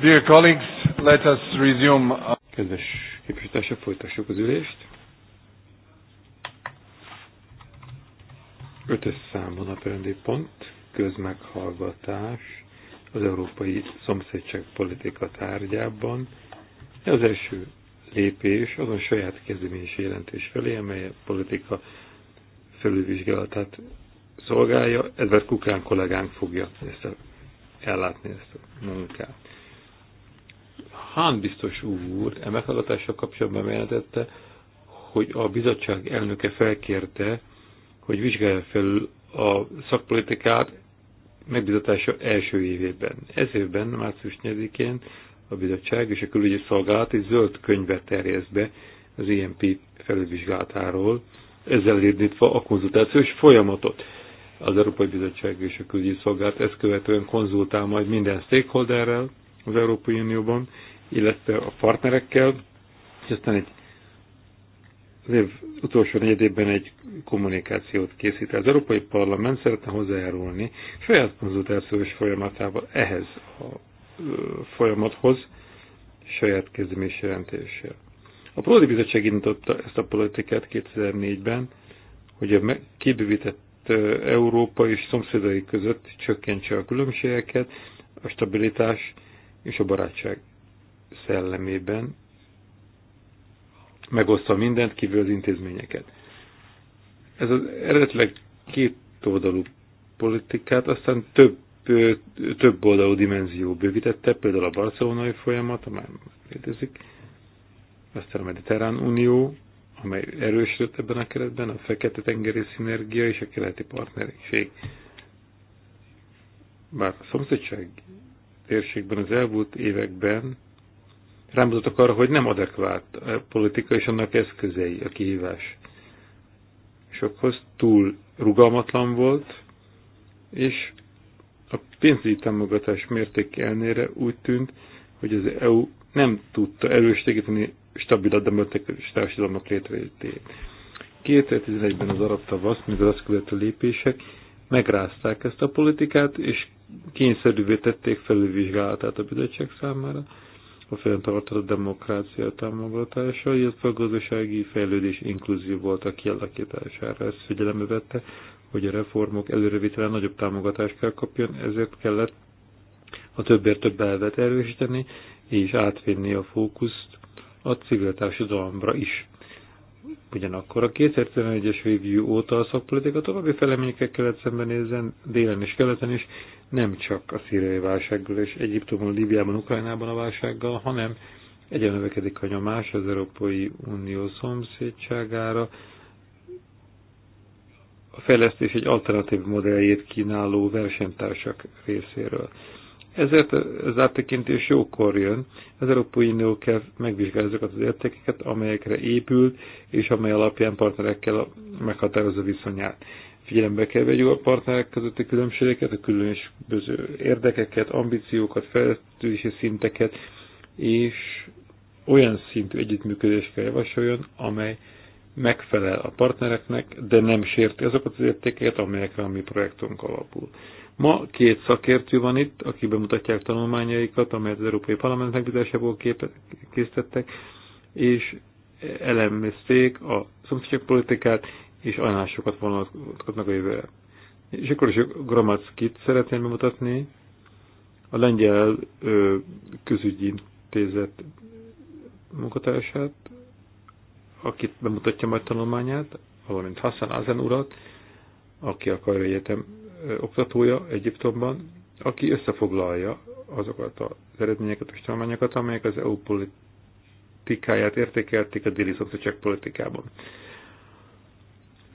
Dear colleagues, let us resume. Kedves képviselőtársak, folytassuk az ülést. Ötös a perendi pont, közmeghallgatás az európai szomszédság politika tárgyában. Az első lépés azon saját kezdeményes jelentés felé, amely a politika felülvizsgálatát szolgálja. Edward Kukán kollégánk fogja ezt a, ellátni ezt a munkát. Hán biztos úr e meghallgatással kapcsolatban bejelentette, hogy a bizottság elnöke felkérte, hogy vizsgálja felül a szakpolitikát megbizatása első évében. Ez évben, március 4-én a bizottság és a külügyi szolgálat egy zöld könyvet terjeszt be az IMP felülvizsgálatáról, ezzel érdítve a konzultációs folyamatot. Az Európai Bizottság és a Külügyi Szolgálat ezt követően konzultál majd minden stakeholderrel az Európai Unióban, illetve a partnerekkel, és aztán egy az év utolsó negyedében egy kommunikációt készít. Az Európai Parlament szeretne hozzájárulni saját konzultációs folyamatával ehhez a folyamathoz, saját kezdeményes jelentéssel. A Prodi Bizottság indította ezt a politikát 2004-ben, hogy a kibővített Európa és szomszédai között csökkentse a különbségeket, a stabilitás és a barátság szellemében megosztva mindent, kívül az intézményeket. Ez az eredetileg két oldalú politikát, aztán több, több oldalú dimenzió bővítette, például a barcelonai folyamat, amely létezik, aztán a Mediterrán Unió, amely erősödött ebben a keretben, a Fekete-tengeri szinergia és a keleti partnerség. Bár a szomszédság térségben az elmúlt években rámutatok arra, hogy nem adekvát a politika és annak eszközei a kihívás. Sokhoz túl rugalmatlan volt, és a pénzügyi támogatás mérték elnére úgy tűnt, hogy az EU nem tudta erősíteni stabilabb demokratikus társadalmak létrejöttét. 2011-ben az arab tavasz, az azt követő lépések megrázták ezt a politikát, és kényszerűvé tették felülvizsgálatát a bizottság számára, a fenntartható demokrácia támogatása, illetve a gazdasági fejlődés inkluzív volt a kialakítására. Ezt figyelembe vette, hogy a reformok előrevitelen nagyobb támogatást kell kapjon, ezért kellett a többért több elvet erősíteni, és átvinni a fókuszt a civil társadalomra is. Ugyanakkor a 2011-es review óta a szakpolitika további feleményekkel kellett szembenézzen, délen és keleten is, nem csak a szíriai válsággal és Egyiptomon, Líbiában, Ukrajnában a válsággal, hanem egyre növekedik a nyomás az Európai Unió szomszédságára. A fejlesztés egy alternatív modelljét kínáló versenytársak részéről. Ezért az áttekintés jókor jön, az Európai Unió kell megvizsgálni azokat az értékeket, amelyekre épült, és amely alapján partnerekkel meghatározza viszonyát figyelembe kell vegyük a partnerek közötti különbségeket, a különböző érdekeket, ambíciókat, fejlesztési szinteket, és olyan szintű együttműködést kell javasoljon, amely megfelel a partnereknek, de nem sérti azokat az értékeket, amelyekre a mi projektunk alapul. Ma két szakértő van itt, akik bemutatják tanulmányaikat, amelyet az Európai Parlament megbízásából készítettek, és elemezték a szomszédságpolitikát és ajánlásokat vonatkoznak a jövőre. És akkor is Gramackit szeretném bemutatni, a lengyel ö, közügyi intézet munkatársát, akit bemutatja majd tanulmányát, valamint Hassan Azen urat, aki a Kajra Egyetem oktatója Egyiptomban, aki összefoglalja azokat az eredményeket és tanulmányokat, amelyek az EU politikáját értékelték a déli szomszédság politikában.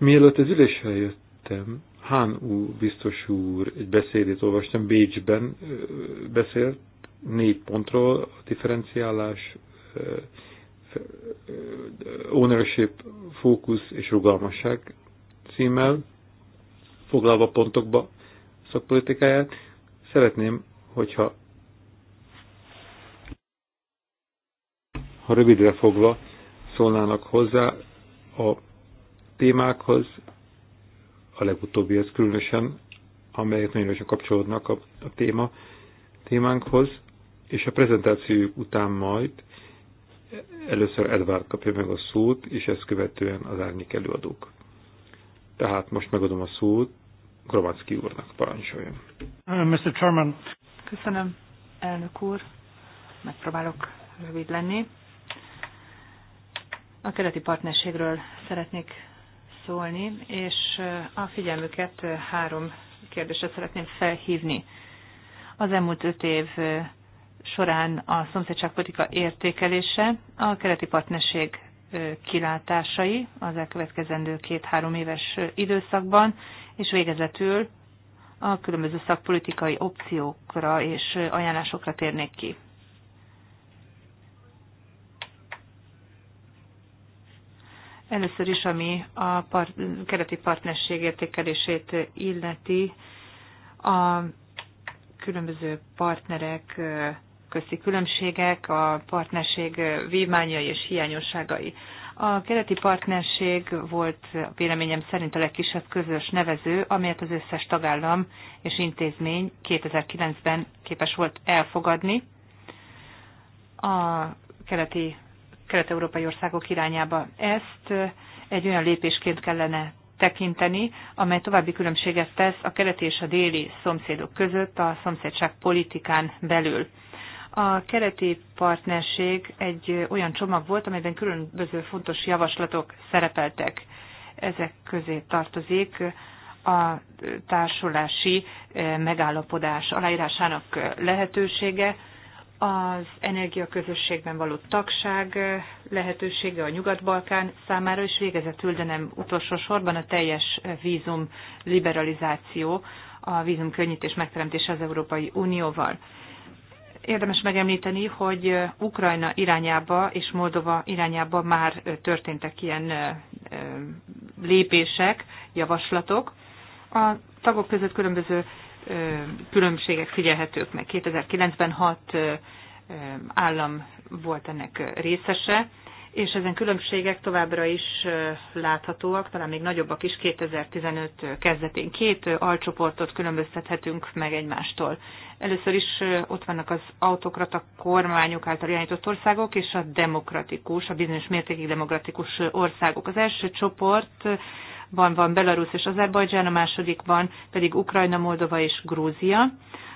Mielőtt az ülésre jöttem, Hán úr, biztos úr, egy beszédét olvastam, Bécsben beszélt négy pontról, a differenciálás, ownership, fókusz és rugalmasság címmel, foglalva pontokba szakpolitikáját. Szeretném, hogyha ha rövidre fogva szólnának hozzá a témákhoz, a az különösen, amelyek nagyon erősen kapcsolódnak a, a téma témánkhoz, és a prezentációjuk után majd először Edvard kapja meg a szót, és ezt követően az árnyék előadók. Tehát most megadom a szót Gromacki úrnak, parancsoljon. Uh, Mr. Chairman. Köszönöm, elnök úr. Megpróbálok rövid lenni. A keleti partnerségről szeretnék szólni, és a figyelmüket három kérdésre szeretném felhívni. Az elmúlt öt év során a szomszédságpolitika értékelése, a keleti partnerség kilátásai az elkövetkezendő két-három éves időszakban, és végezetül a különböző szakpolitikai opciókra és ajánlásokra térnék ki. Először is, ami a part, keleti partnerség értékelését illeti, a különböző partnerek közti különbségek, a partnerség vívmányai és hiányosságai. A keleti partnerség volt véleményem szerint a legkisebb közös nevező, amelyet az összes tagállam és intézmény 2009-ben képes volt elfogadni. A keleti kelet-európai országok irányába. Ezt egy olyan lépésként kellene tekinteni, amely további különbséget tesz a keleti és a déli szomszédok között a szomszédság politikán belül. A keleti partnerség egy olyan csomag volt, amelyben különböző fontos javaslatok szerepeltek. Ezek közé tartozik a társulási megállapodás aláírásának lehetősége, az energiaközösségben való tagság lehetősége a Nyugat-Balkán számára, és végezetül, de nem utolsó sorban a teljes vízum liberalizáció, a vízum könnyítés megteremtése az Európai Unióval. Érdemes megemlíteni, hogy Ukrajna irányába és Moldova irányába már történtek ilyen lépések, javaslatok. A tagok között különböző különbségek figyelhetők meg. 2009-ben hat állam volt ennek részese, és ezen különbségek továbbra is láthatóak, talán még nagyobbak is 2015 kezdetén. Két alcsoportot különböztethetünk meg egymástól. Először is ott vannak az autokrata kormányok által irányított országok és a demokratikus, a bizonyos mértékig demokratikus országok. Az első csoport van, van Belarus és Azerbajdzsán, a másodikban pedig Ukrajna, Moldova és Grúzia.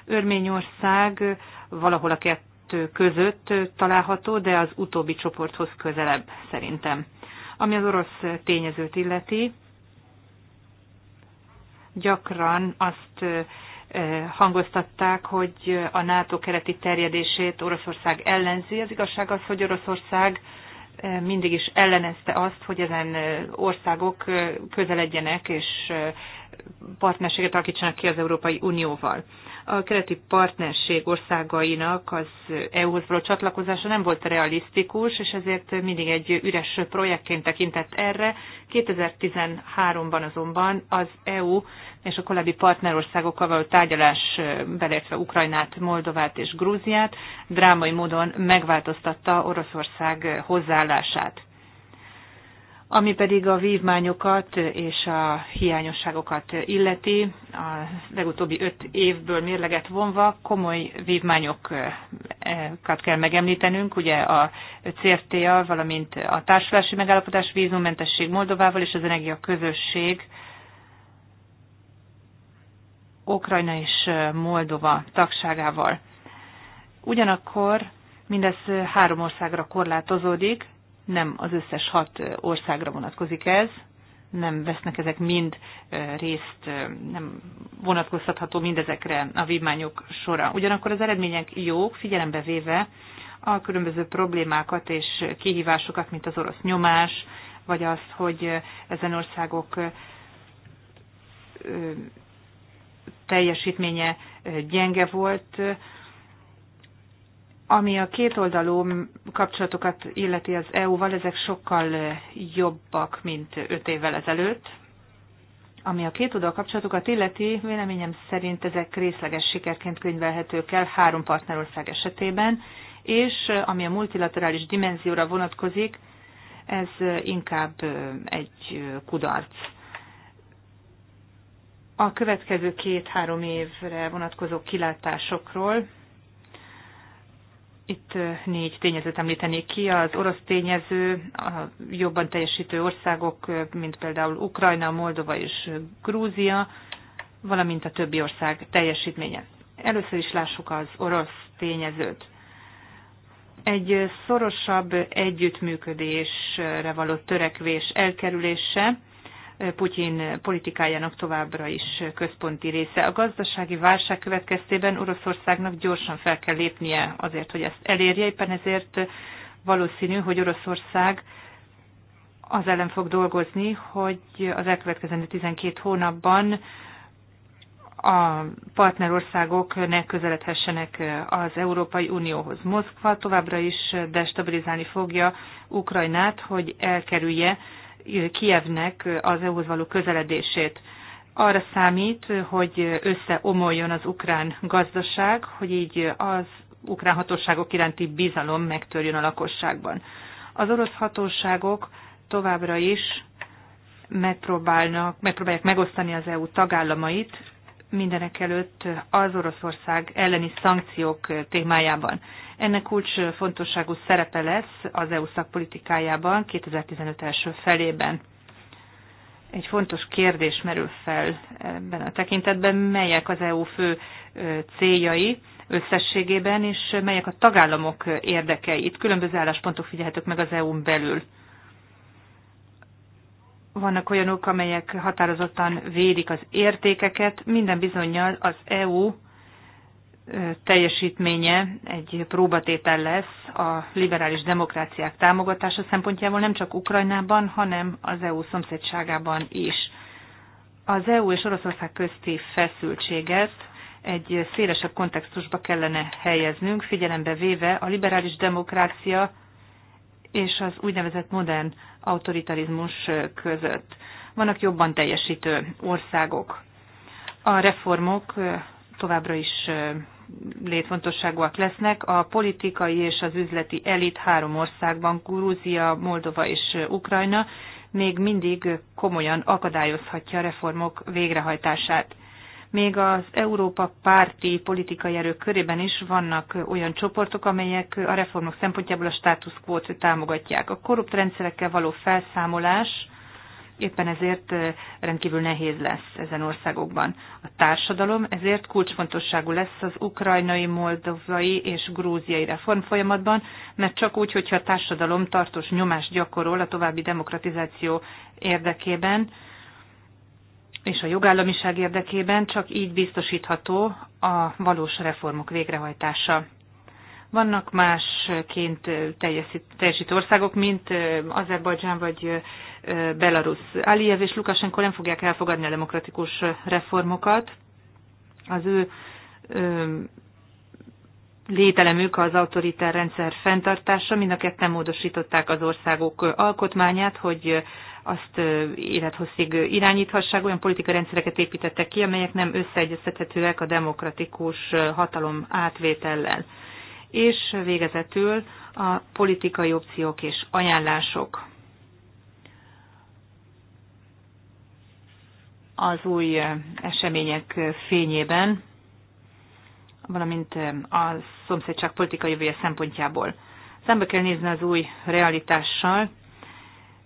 Örményország valahol a kettő között található, de az utóbbi csoporthoz közelebb szerintem. Ami az orosz tényezőt illeti, gyakran azt eh, hangoztatták, hogy a NATO keleti terjedését Oroszország ellenzi. Az igazság az, hogy Oroszország mindig is ellenezte azt, hogy ezen országok közeledjenek és partnerséget alakítsanak ki az Európai Unióval. A keleti partnerség országainak az EU-hoz való csatlakozása nem volt realisztikus, és ezért mindig egy üres projektként tekintett erre. 2013-ban azonban az EU és a korábbi partnerországokkal való tárgyalás, beleértve Ukrajnát, Moldovát és Grúziát, drámai módon megváltoztatta Oroszország hozzáállását ami pedig a vívmányokat és a hiányosságokat illeti, a legutóbbi öt évből mérleget vonva komoly vívmányokat kell megemlítenünk, ugye a CFTA, valamint a társulási megállapodás vízummentesség Moldovával és az energia közösség Ukrajna és Moldova tagságával. Ugyanakkor mindez három országra korlátozódik, nem az összes hat országra vonatkozik ez, nem vesznek ezek mind részt, nem vonatkoztatható mindezekre a vívmányok sora. Ugyanakkor az eredmények jók, figyelembe véve a különböző problémákat és kihívásokat, mint az orosz nyomás, vagy az, hogy ezen országok teljesítménye gyenge volt, ami a kétoldalú kapcsolatokat illeti az EU-val, ezek sokkal jobbak, mint öt évvel ezelőtt. Ami a kétoldalú kapcsolatokat illeti, véleményem szerint ezek részleges sikerként könyvelhetők el három partnerország esetében, és ami a multilaterális dimenzióra vonatkozik, ez inkább egy kudarc. A következő két-három évre vonatkozó kilátásokról itt négy tényezőt említenék ki. Az orosz tényező, a jobban teljesítő országok, mint például Ukrajna, Moldova és Grúzia, valamint a többi ország teljesítménye. Először is lássuk az orosz tényezőt. Egy szorosabb együttműködésre való törekvés elkerülése Putyin politikájának továbbra is központi része. A gazdasági válság következtében Oroszországnak gyorsan fel kell lépnie azért, hogy ezt elérje, éppen ezért valószínű, hogy Oroszország az ellen fog dolgozni, hogy az elkövetkezendő 12 hónapban a partnerországok ne közeledhessenek az Európai Unióhoz. Moszkva továbbra is destabilizálni fogja Ukrajnát, hogy elkerülje Kievnek az EU-hoz való közeledését. Arra számít, hogy összeomoljon az ukrán gazdaság, hogy így az ukrán hatóságok iránti bizalom megtörjön a lakosságban. Az orosz hatóságok továbbra is megpróbálnak, megpróbálják megosztani az EU tagállamait mindenek előtt az Oroszország elleni szankciók témájában. Ennek fontosságú szerepe lesz az EU szakpolitikájában 2015 első felében. Egy fontos kérdés merül fel ebben a tekintetben, melyek az EU fő céljai összességében, és melyek a tagállamok érdekei. Itt különböző álláspontok figyelhetők meg az EU-n belül vannak olyanok, amelyek határozottan védik az értékeket, minden bizonyal az EU teljesítménye egy próbatétel lesz a liberális demokráciák támogatása szempontjából nem csak Ukrajnában, hanem az EU szomszédságában is. Az EU és Oroszország közti feszültséget egy szélesebb kontextusba kellene helyeznünk, figyelembe véve a liberális demokrácia és az úgynevezett modern autoritarizmus között. Vannak jobban teljesítő országok. A reformok továbbra is létfontosságúak lesznek. A politikai és az üzleti elit három országban, Grúzia, Moldova és Ukrajna még mindig komolyan akadályozhatja a reformok végrehajtását. Még az Európa párti politikai erők körében is vannak olyan csoportok, amelyek a reformok szempontjából a státuszkvót támogatják. A korrupt rendszerekkel való felszámolás éppen ezért rendkívül nehéz lesz ezen országokban. A társadalom ezért kulcsfontosságú lesz az ukrajnai, moldovai és grúziai reform folyamatban, mert csak úgy, hogyha a társadalom tartós nyomást gyakorol a további demokratizáció érdekében, és a jogállamiság érdekében csak így biztosítható a valós reformok végrehajtása. Vannak másként teljesítő országok, mint Azerbajdzsán vagy Belarus. Aliyev és Lukashenko nem fogják elfogadni a demokratikus reformokat. Az ő lételemük az autoritár rendszer fenntartása. Mind a ketten módosították az országok alkotmányát, hogy azt élethosszig irányíthassák. Olyan politikai rendszereket építettek ki, amelyek nem összeegyeztethetőek a demokratikus hatalom átvétellel. És végezetül a politikai opciók és ajánlások. az új események fényében, valamint a szomszédság politikai jövője szempontjából. Szembe kell nézni az új realitással.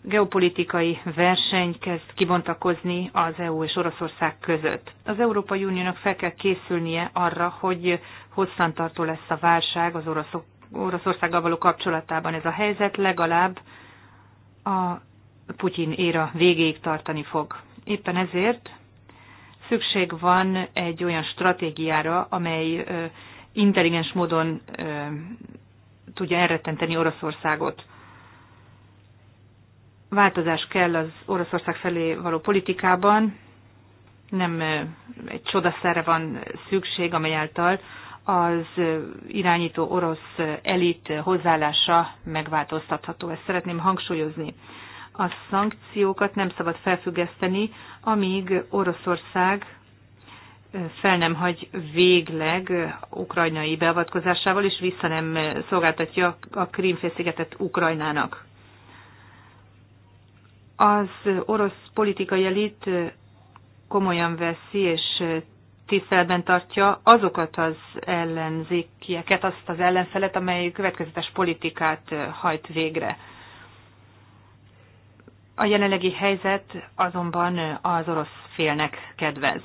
Geopolitikai verseny kezd kibontakozni az EU és Oroszország között. Az Európai Uniónak fel kell készülnie arra, hogy hosszantartó lesz a válság az oroszok, Oroszországgal való kapcsolatában. Ez a helyzet legalább a Putyin éra végéig tartani fog. Éppen ezért szükség van egy olyan stratégiára, amely intelligens módon tudja elrettenteni Oroszországot. Változás kell az Oroszország felé való politikában, nem egy csodaszerre van szükség, amely által az irányító orosz elit hozzáállása megváltoztatható. Ezt szeretném hangsúlyozni a szankciókat nem szabad felfüggeszteni, amíg Oroszország fel nem hagy végleg ukrajnai beavatkozásával, és vissza nem szolgáltatja a Krímfélszigetet Ukrajnának. Az orosz politikai elit komolyan veszi és tiszteletben tartja azokat az ellenzékieket, azt az ellenfelet, amely következetes politikát hajt végre. A jelenlegi helyzet azonban az orosz félnek kedvez.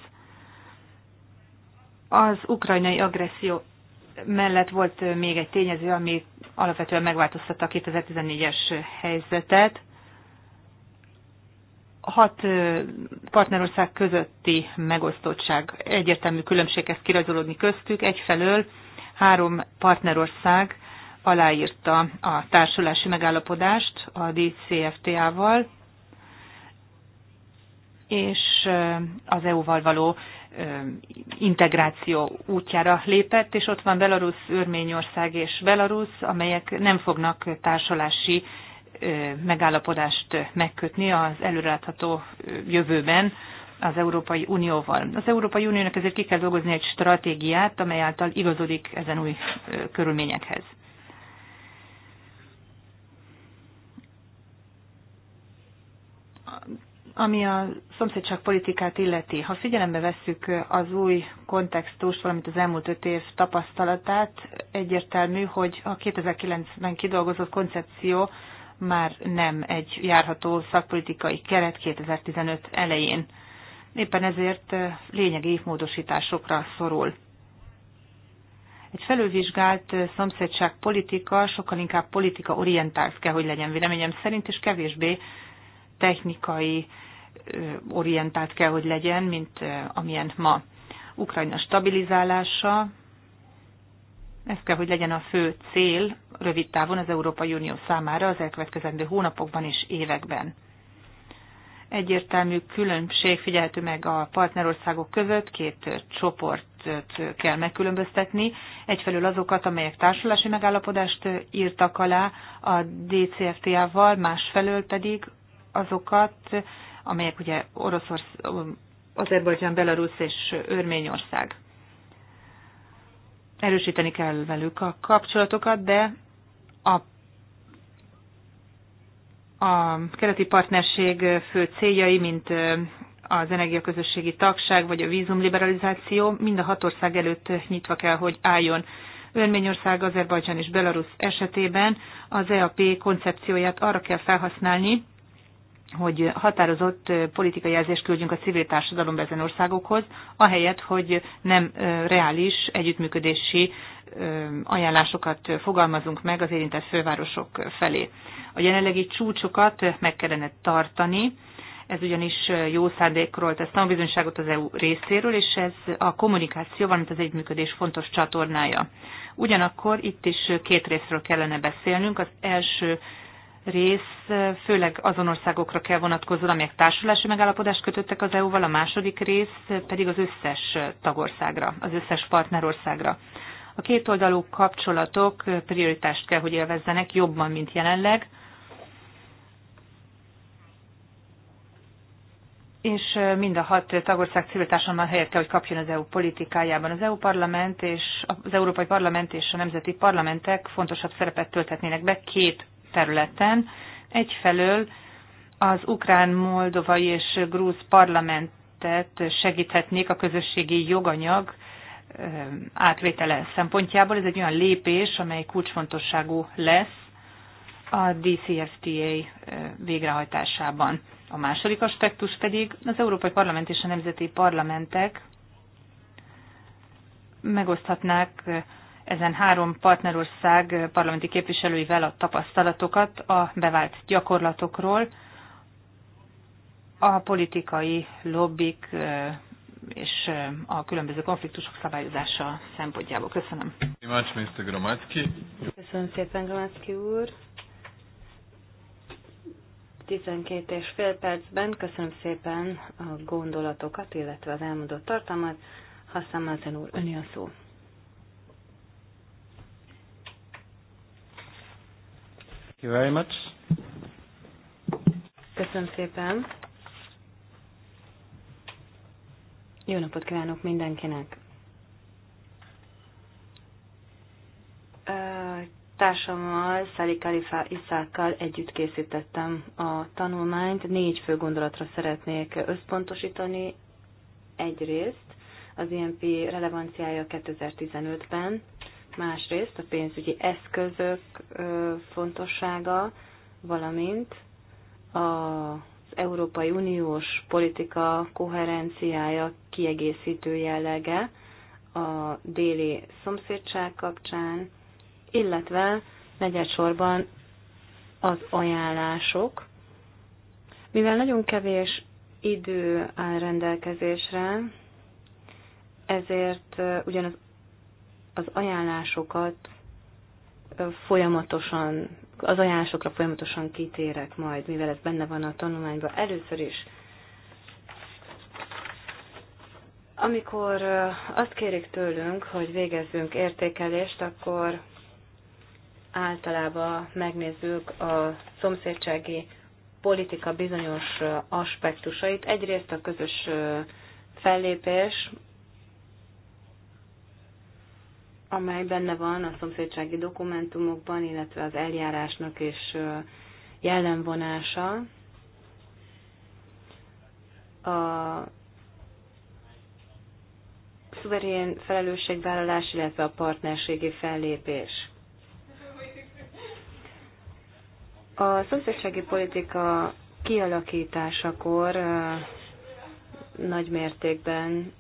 Az ukrajnai agresszió mellett volt még egy tényező, ami alapvetően megváltoztatta a 2014-es helyzetet. Hat partnerország közötti megosztottság. Egyértelmű különbség kezd kirajzolódni köztük. Egyfelől három partnerország aláírta a társulási megállapodást a DCFTA-val, és az EU-val való integráció útjára lépett, és ott van Belarus, Örményország és Belarus, amelyek nem fognak társalási megállapodást megkötni az előrelátható jövőben az Európai Unióval. Az Európai Uniónak ezért ki kell dolgozni egy stratégiát, amely által igazodik ezen új körülményekhez. Ami a szomszédság politikát illeti, ha figyelembe vesszük az új kontextust, valamint az elmúlt öt év tapasztalatát, egyértelmű, hogy a 2009-ben kidolgozott koncepció már nem egy járható szakpolitikai keret 2015 elején. Éppen ezért lényegi módosításokra szorul. Egy felülvizsgált politika sokkal inkább politika orientált kell, hogy legyen véleményem szerint, és kevésbé technikai orientált kell, hogy legyen, mint amilyen ma. Ukrajna stabilizálása, ez kell, hogy legyen a fő cél rövid távon az Európai Unió számára az elkövetkezendő hónapokban és években. Egyértelmű különbség figyelhető meg a partnerországok között, két csoportot kell megkülönböztetni. Egyfelől azokat, amelyek társulási megállapodást írtak alá a DCFTA-val, másfelől pedig azokat, amelyek ugye Oroszorsz, Azerbajdzsán, Belarus és Örményország. Erősíteni kell velük a kapcsolatokat, de a a keleti partnerség fő céljai, mint az energiaközösségi tagság vagy a vízumliberalizáció mind a hat ország előtt nyitva kell, hogy álljon. Örményország, Azerbajdzsán és Belarus esetében az EAP koncepcióját arra kell felhasználni, hogy határozott politikai jelzést küldjünk a civil társadalom ezen országokhoz, ahelyett, hogy nem reális együttműködési ajánlásokat fogalmazunk meg az érintett fővárosok felé. A jelenlegi csúcsokat meg kellene tartani, ez ugyanis jó szándékról tesz tanúbizonyságot az EU részéről, és ez a kommunikáció, valamint az együttműködés fontos csatornája. Ugyanakkor itt is két részről kellene beszélnünk. Az első rész főleg azon országokra kell vonatkozóan, amelyek társulási megállapodást kötöttek az EU-val, a második rész pedig az összes tagországra, az összes partnerországra. A kétoldalú kapcsolatok prioritást kell, hogy élvezzenek jobban, mint jelenleg, és mind a hat tagország civil társadalommal helyet kell, hogy kapjon az EU politikájában. Az EU parlament és az Európai Parlament és a nemzeti parlamentek fontosabb szerepet tölthetnének be két területen. Egyfelől az ukrán-moldovai és grúz parlamentet segíthetnék a közösségi joganyag átvétele szempontjából. Ez egy olyan lépés, amely kulcsfontosságú lesz a DCFTA végrehajtásában. A második aspektus pedig az Európai Parlament és a nemzeti parlamentek megoszthatnák ezen három partnerország parlamenti képviselőivel a tapasztalatokat a bevált gyakorlatokról, a politikai lobbik és a különböző konfliktusok szabályozása szempontjából. Köszönöm. Köszönöm szépen, Gromacki úr. 12 és fél percben köszönöm szépen a gondolatokat, illetve az elmondott tartalmat. Hassan Mazen úr, öni a szó. Thank you very much. Köszönöm szépen. Jó napot kívánok mindenkinek. Társammal, Szali Kalifa Iszákkal együtt készítettem a tanulmányt. Négy fő gondolatra szeretnék összpontosítani. Egyrészt az IMP relevanciája 2015-ben, másrészt a pénzügyi eszközök fontossága, valamint az Európai Uniós politika koherenciája kiegészítő jellege a déli szomszédság kapcsán, illetve negyedsorban az ajánlások. Mivel nagyon kevés idő áll rendelkezésre, ezért ugyanaz az ajánlásokat folyamatosan, az ajánlásokra folyamatosan kitérek majd, mivel ez benne van a tanulmányban. Először is, amikor azt kérik tőlünk, hogy végezzünk értékelést, akkor általában megnézzük a szomszédsági politika bizonyos aspektusait. Egyrészt a közös fellépés, amely benne van a szomszédsági dokumentumokban, illetve az eljárásnak és jellemvonása. A szuverén felelősségvállalás, illetve a partnerségi fellépés. A szomszédsági politika kialakításakor nagy mértékben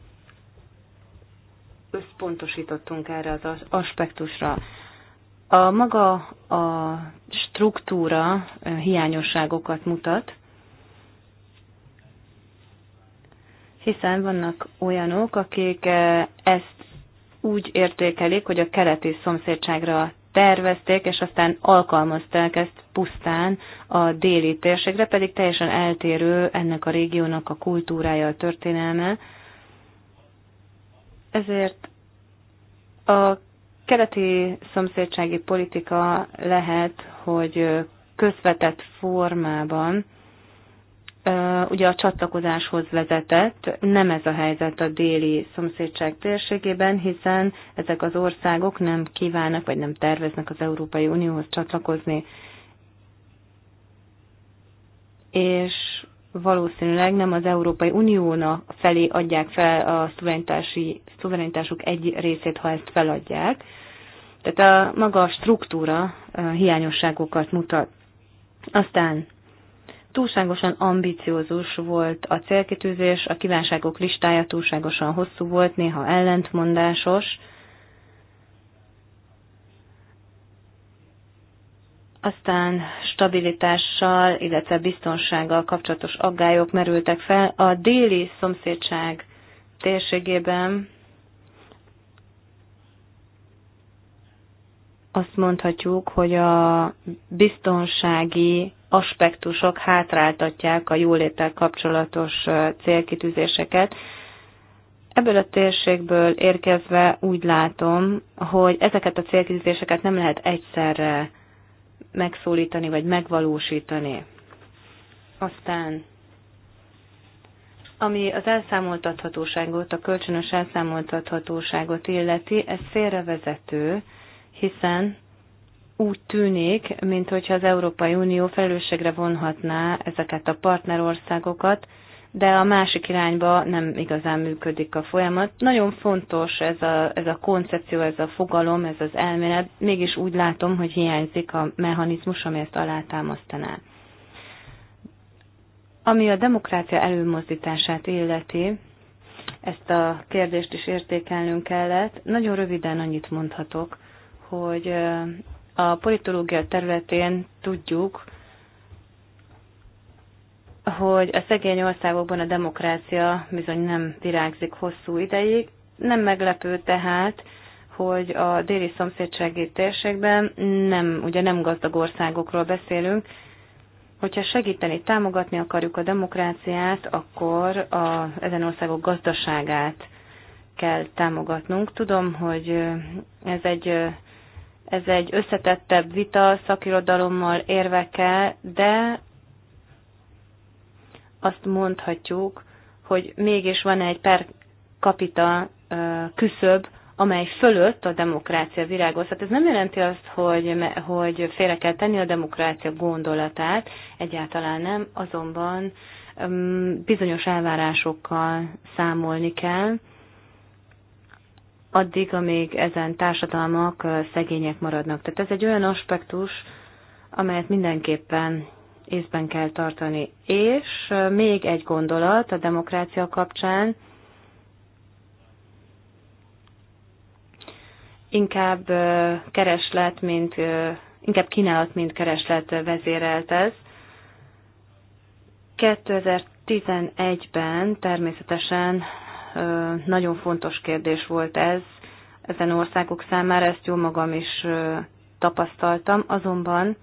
összpontosítottunk erre az aspektusra. A maga a struktúra hiányosságokat mutat, hiszen vannak olyanok, akik ezt úgy értékelik, hogy a keleti szomszédságra tervezték, és aztán alkalmazták ezt pusztán a déli térségre, pedig teljesen eltérő ennek a régiónak a kultúrája, a történelme, ezért a keleti szomszédsági politika lehet, hogy közvetett formában ugye a csatlakozáshoz vezetett, nem ez a helyzet a déli szomszédság térségében, hiszen ezek az országok nem kívánnak, vagy nem terveznek az Európai Unióhoz csatlakozni. És valószínűleg nem az Európai Uniónak felé adják fel a szuverenitásuk egy részét, ha ezt feladják. Tehát a maga a struktúra a hiányosságokat mutat. Aztán túlságosan ambiciózus volt a célkitűzés, a kívánságok listája túlságosan hosszú volt, néha ellentmondásos, Aztán stabilitással, illetve biztonsággal kapcsolatos aggályok merültek fel. A déli szomszédság térségében azt mondhatjuk, hogy a biztonsági aspektusok hátráltatják a jóléttel kapcsolatos célkitűzéseket. Ebből a térségből érkezve úgy látom, hogy ezeket a célkitűzéseket nem lehet egyszerre megszólítani, vagy megvalósítani. Aztán, ami az elszámoltathatóságot, a kölcsönös elszámoltathatóságot illeti, ez félrevezető, hiszen úgy tűnik, mintha az Európai Unió felelősségre vonhatná ezeket a partnerországokat, de a másik irányba nem igazán működik a folyamat. Nagyon fontos ez a, ez a koncepció, ez a fogalom, ez az elmélet, mégis úgy látom, hogy hiányzik a mechanizmus, ami ezt alátámasztaná. Ami a demokrácia előmozdítását illeti, ezt a kérdést is értékelnünk kellett. Nagyon röviden annyit mondhatok, hogy a politológia területén tudjuk, hogy a szegény országokban a demokrácia bizony nem virágzik hosszú ideig. Nem meglepő tehát, hogy a déli szomszédsági térségben nem, ugye nem gazdag országokról beszélünk, hogyha segíteni, támogatni akarjuk a demokráciát, akkor a, ezen országok gazdaságát kell támogatnunk. Tudom, hogy ez egy, ez egy összetettebb vita szakirodalommal, érvekkel, de azt mondhatjuk, hogy mégis van egy per capita küszöb, amely fölött a demokrácia virágos. Hát ez nem jelenti azt, hogy, hogy félre kell tenni a demokrácia gondolatát, egyáltalán nem, azonban bizonyos elvárásokkal számolni kell, addig, amíg ezen társadalmak szegények maradnak. Tehát ez egy olyan aspektus, amelyet mindenképpen észben kell tartani. És még egy gondolat a demokrácia kapcsán, inkább kereslet, mint inkább kínálat, mint kereslet vezérelt ez. 2011-ben természetesen nagyon fontos kérdés volt ez ezen országok számára, ezt jó magam is tapasztaltam, azonban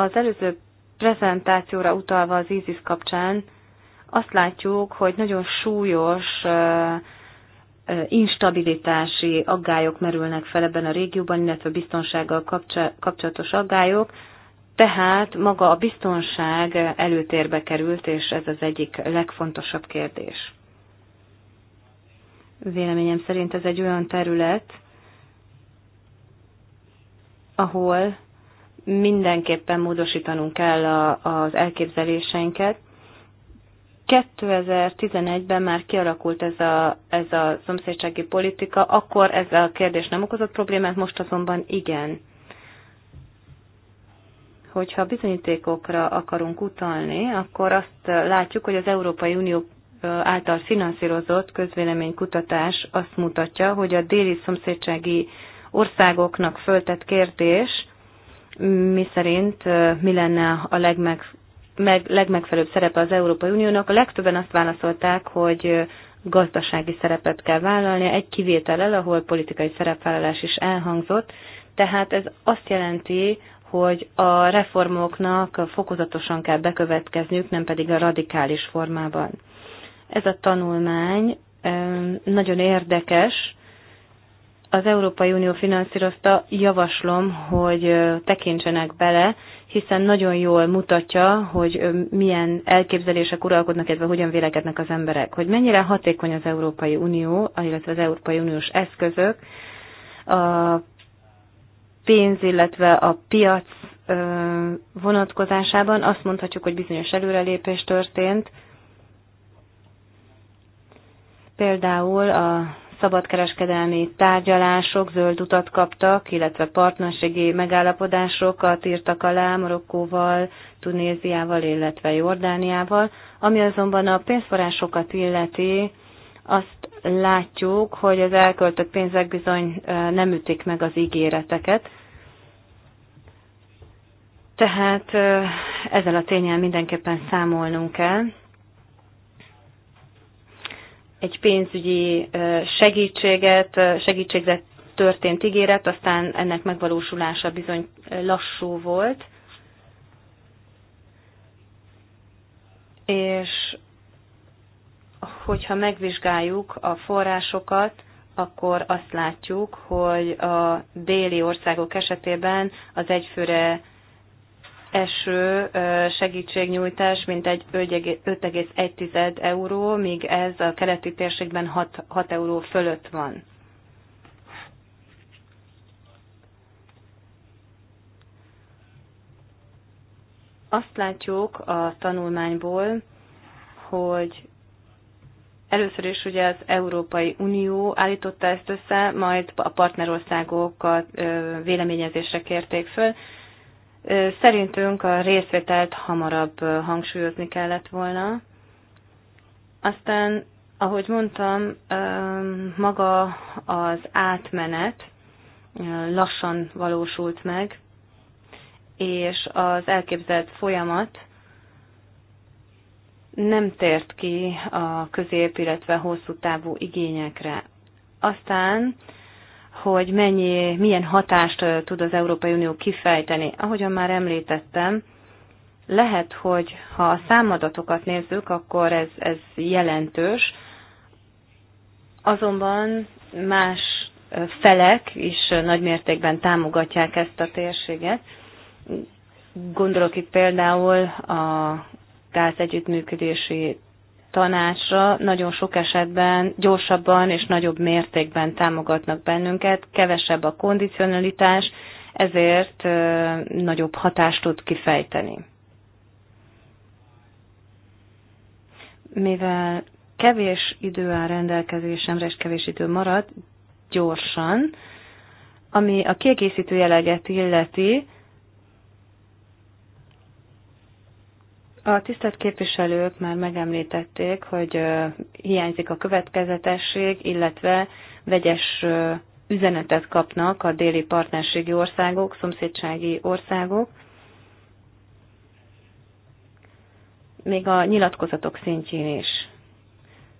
az előző prezentációra utalva az ISIS kapcsán azt látjuk, hogy nagyon súlyos instabilitási aggályok merülnek fel ebben a régióban, illetve biztonsággal kapcsolatos aggályok, tehát maga a biztonság előtérbe került, és ez az egyik legfontosabb kérdés. Véleményem szerint ez egy olyan terület, ahol mindenképpen módosítanunk kell a, az elképzeléseinket. 2011-ben már kialakult ez a, ez a szomszédsági politika, akkor ez a kérdés nem okozott problémát, most azonban igen. Hogyha bizonyítékokra akarunk utalni, akkor azt látjuk, hogy az Európai Unió által finanszírozott közvéleménykutatás azt mutatja, hogy a déli szomszédsági országoknak föltett kérdés mi szerint mi lenne a legmeg, meg, legmegfelelőbb szerepe az Európai Uniónak. A legtöbben azt válaszolták, hogy gazdasági szerepet kell vállalni, egy kivétellel, ahol politikai szerepvállalás is elhangzott. Tehát ez azt jelenti, hogy a reformoknak fokozatosan kell bekövetkezniük, nem pedig a radikális formában. Ez a tanulmány nagyon érdekes, az Európai Unió finanszírozta, javaslom, hogy tekintsenek bele, hiszen nagyon jól mutatja, hogy milyen elképzelések uralkodnak, illetve hogyan vélekednek az emberek, hogy mennyire hatékony az Európai Unió, illetve az Európai Uniós eszközök, a pénz, illetve a piac vonatkozásában azt mondhatjuk, hogy bizonyos előrelépés történt. Például a szabadkereskedelmi tárgyalások zöld utat kaptak, illetve partnerségi megállapodásokat írtak alá Marokkóval, Tunéziával, illetve Jordániával. Ami azonban a pénzforrásokat illeti, azt látjuk, hogy az elköltött pénzek bizony nem ütik meg az ígéreteket. Tehát ezzel a tényel mindenképpen számolnunk kell egy pénzügyi segítséget, segítségre történt ígéret, aztán ennek megvalósulása bizony lassú volt. És hogyha megvizsgáljuk a forrásokat, akkor azt látjuk, hogy a déli országok esetében az egyfőre eső segítségnyújtás mintegy 5,1 euró, míg ez a keleti térségben 6, 6 euró fölött van. Azt látjuk a tanulmányból, hogy Először is ugye az Európai Unió állította ezt össze, majd a partnerországok a véleményezésre kérték föl. Szerintünk a részvételt hamarabb hangsúlyozni kellett volna. Aztán, ahogy mondtam, maga az átmenet lassan valósult meg, és az elképzelt folyamat nem tért ki a közép, illetve hosszú távú igényekre. Aztán hogy mennyi, milyen hatást tud az Európai Unió kifejteni. Ahogyan már említettem, lehet, hogy ha a számadatokat nézzük, akkor ez, ez jelentős, azonban más felek is nagymértékben támogatják ezt a térséget. Gondolok itt például a gáz együttműködési tanácsra nagyon sok esetben gyorsabban és nagyobb mértékben támogatnak bennünket, kevesebb a kondicionalitás, ezért nagyobb hatást tud kifejteni. Mivel kevés idő áll rendelkezésemre, és kevés idő marad, gyorsan, ami a kiegészítő jeleget illeti, A tisztelt képviselők már megemlítették, hogy hiányzik a következetesség, illetve vegyes üzenetet kapnak a déli partnerségi országok, szomszédsági országok, még a nyilatkozatok szintjén is.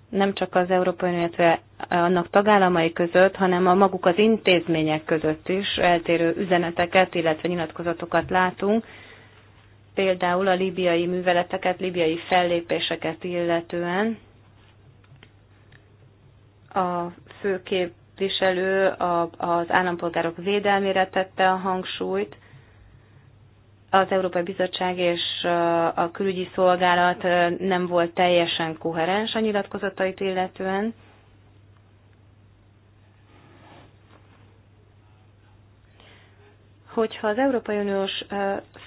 Nem csak az Európai illetve annak tagállamai között, hanem a maguk az intézmények között is eltérő üzeneteket, illetve nyilatkozatokat látunk, például a libiai műveleteket, libiai fellépéseket illetően. A főképviselő az állampolgárok védelmére tette a hangsúlyt, az Európai Bizottság és a külügyi szolgálat nem volt teljesen koherens a nyilatkozatait illetően. hogyha az Európai Uniós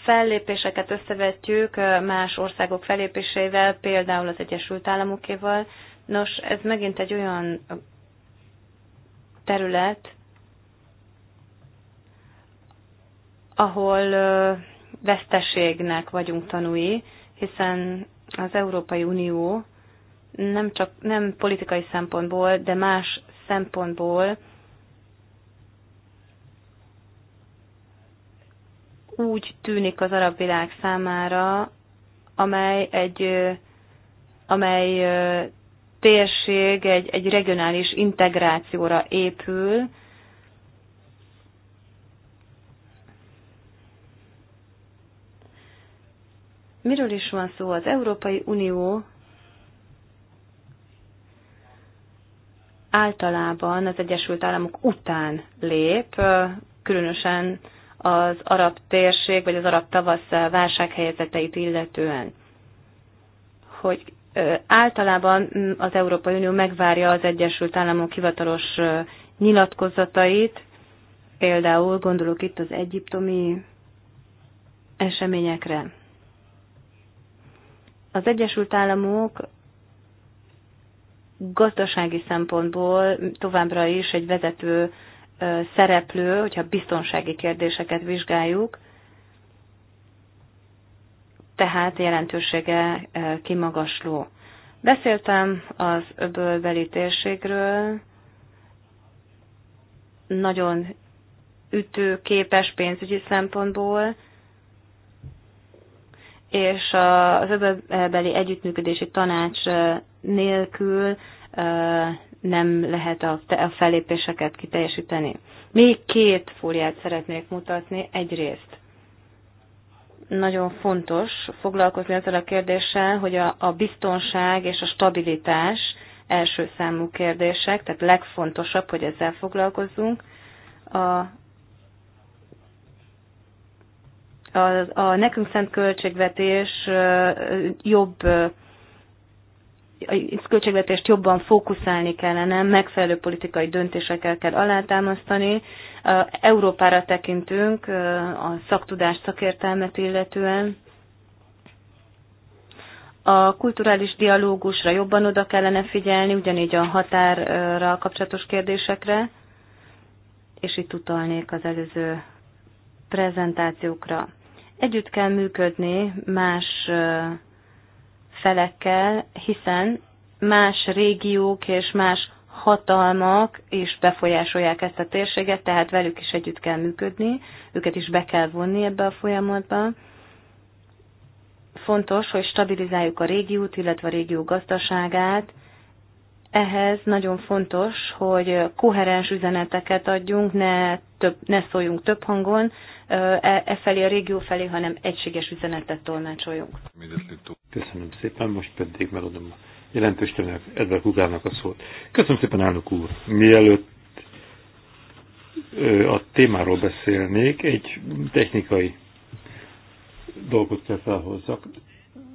fellépéseket összevetjük más országok fellépéseivel, például az Egyesült Államokéval, nos, ez megint egy olyan terület, ahol veszteségnek vagyunk tanúi, hiszen az Európai Unió nem csak nem politikai szempontból, de más szempontból úgy tűnik az arab világ számára, amely egy amely térség egy, egy regionális integrációra épül, Miről is van szó? Az Európai Unió általában az Egyesült Államok után lép, különösen az arab térség, vagy az arab tavasz válsághelyzeteit illetően. Hogy általában az Európai Unió megvárja az Egyesült Államok hivatalos nyilatkozatait, például gondolok itt az egyiptomi eseményekre. Az Egyesült Államok gazdasági szempontból továbbra is egy vezető szereplő, hogyha biztonsági kérdéseket vizsgáljuk, tehát jelentősége kimagasló. Beszéltem az öbölbeli térségről, nagyon ütőképes pénzügyi szempontból, és az öbölbeli együttműködési tanács nélkül nem lehet a, a fellépéseket kiteljesíteni. Még két fóliát szeretnék mutatni. Egyrészt nagyon fontos foglalkozni azzal a kérdéssel, hogy a, a biztonság és a stabilitás első számú kérdések, tehát legfontosabb, hogy ezzel foglalkozzunk. A, a, a nekünk szent költségvetés jobb a költségvetést jobban fókuszálni kellene, megfelelő politikai döntésekkel kell alátámasztani. Európára tekintünk a szaktudás szakértelmet illetően. A kulturális dialógusra jobban oda kellene figyelni, ugyanígy a határra kapcsolatos kérdésekre, és itt utalnék az előző prezentációkra. Együtt kell működni más felekkel, hiszen más régiók és más hatalmak is befolyásolják ezt a térséget, tehát velük is együtt kell működni, őket is be kell vonni ebbe a folyamatba. Fontos, hogy stabilizáljuk a régiót, illetve a régió gazdaságát. Ehhez nagyon fontos, hogy koherens üzeneteket adjunk, ne, több, ne szóljunk több hangon, e, e, felé a régió felé, hanem egységes üzenetet tolmácsoljunk. Köszönöm szépen, most pedig megadom a jelentős tömegnek, Edward Kugának a szót. Köszönöm szépen, elnök úr. Mielőtt a témáról beszélnék, egy technikai dolgot kell felhozzak.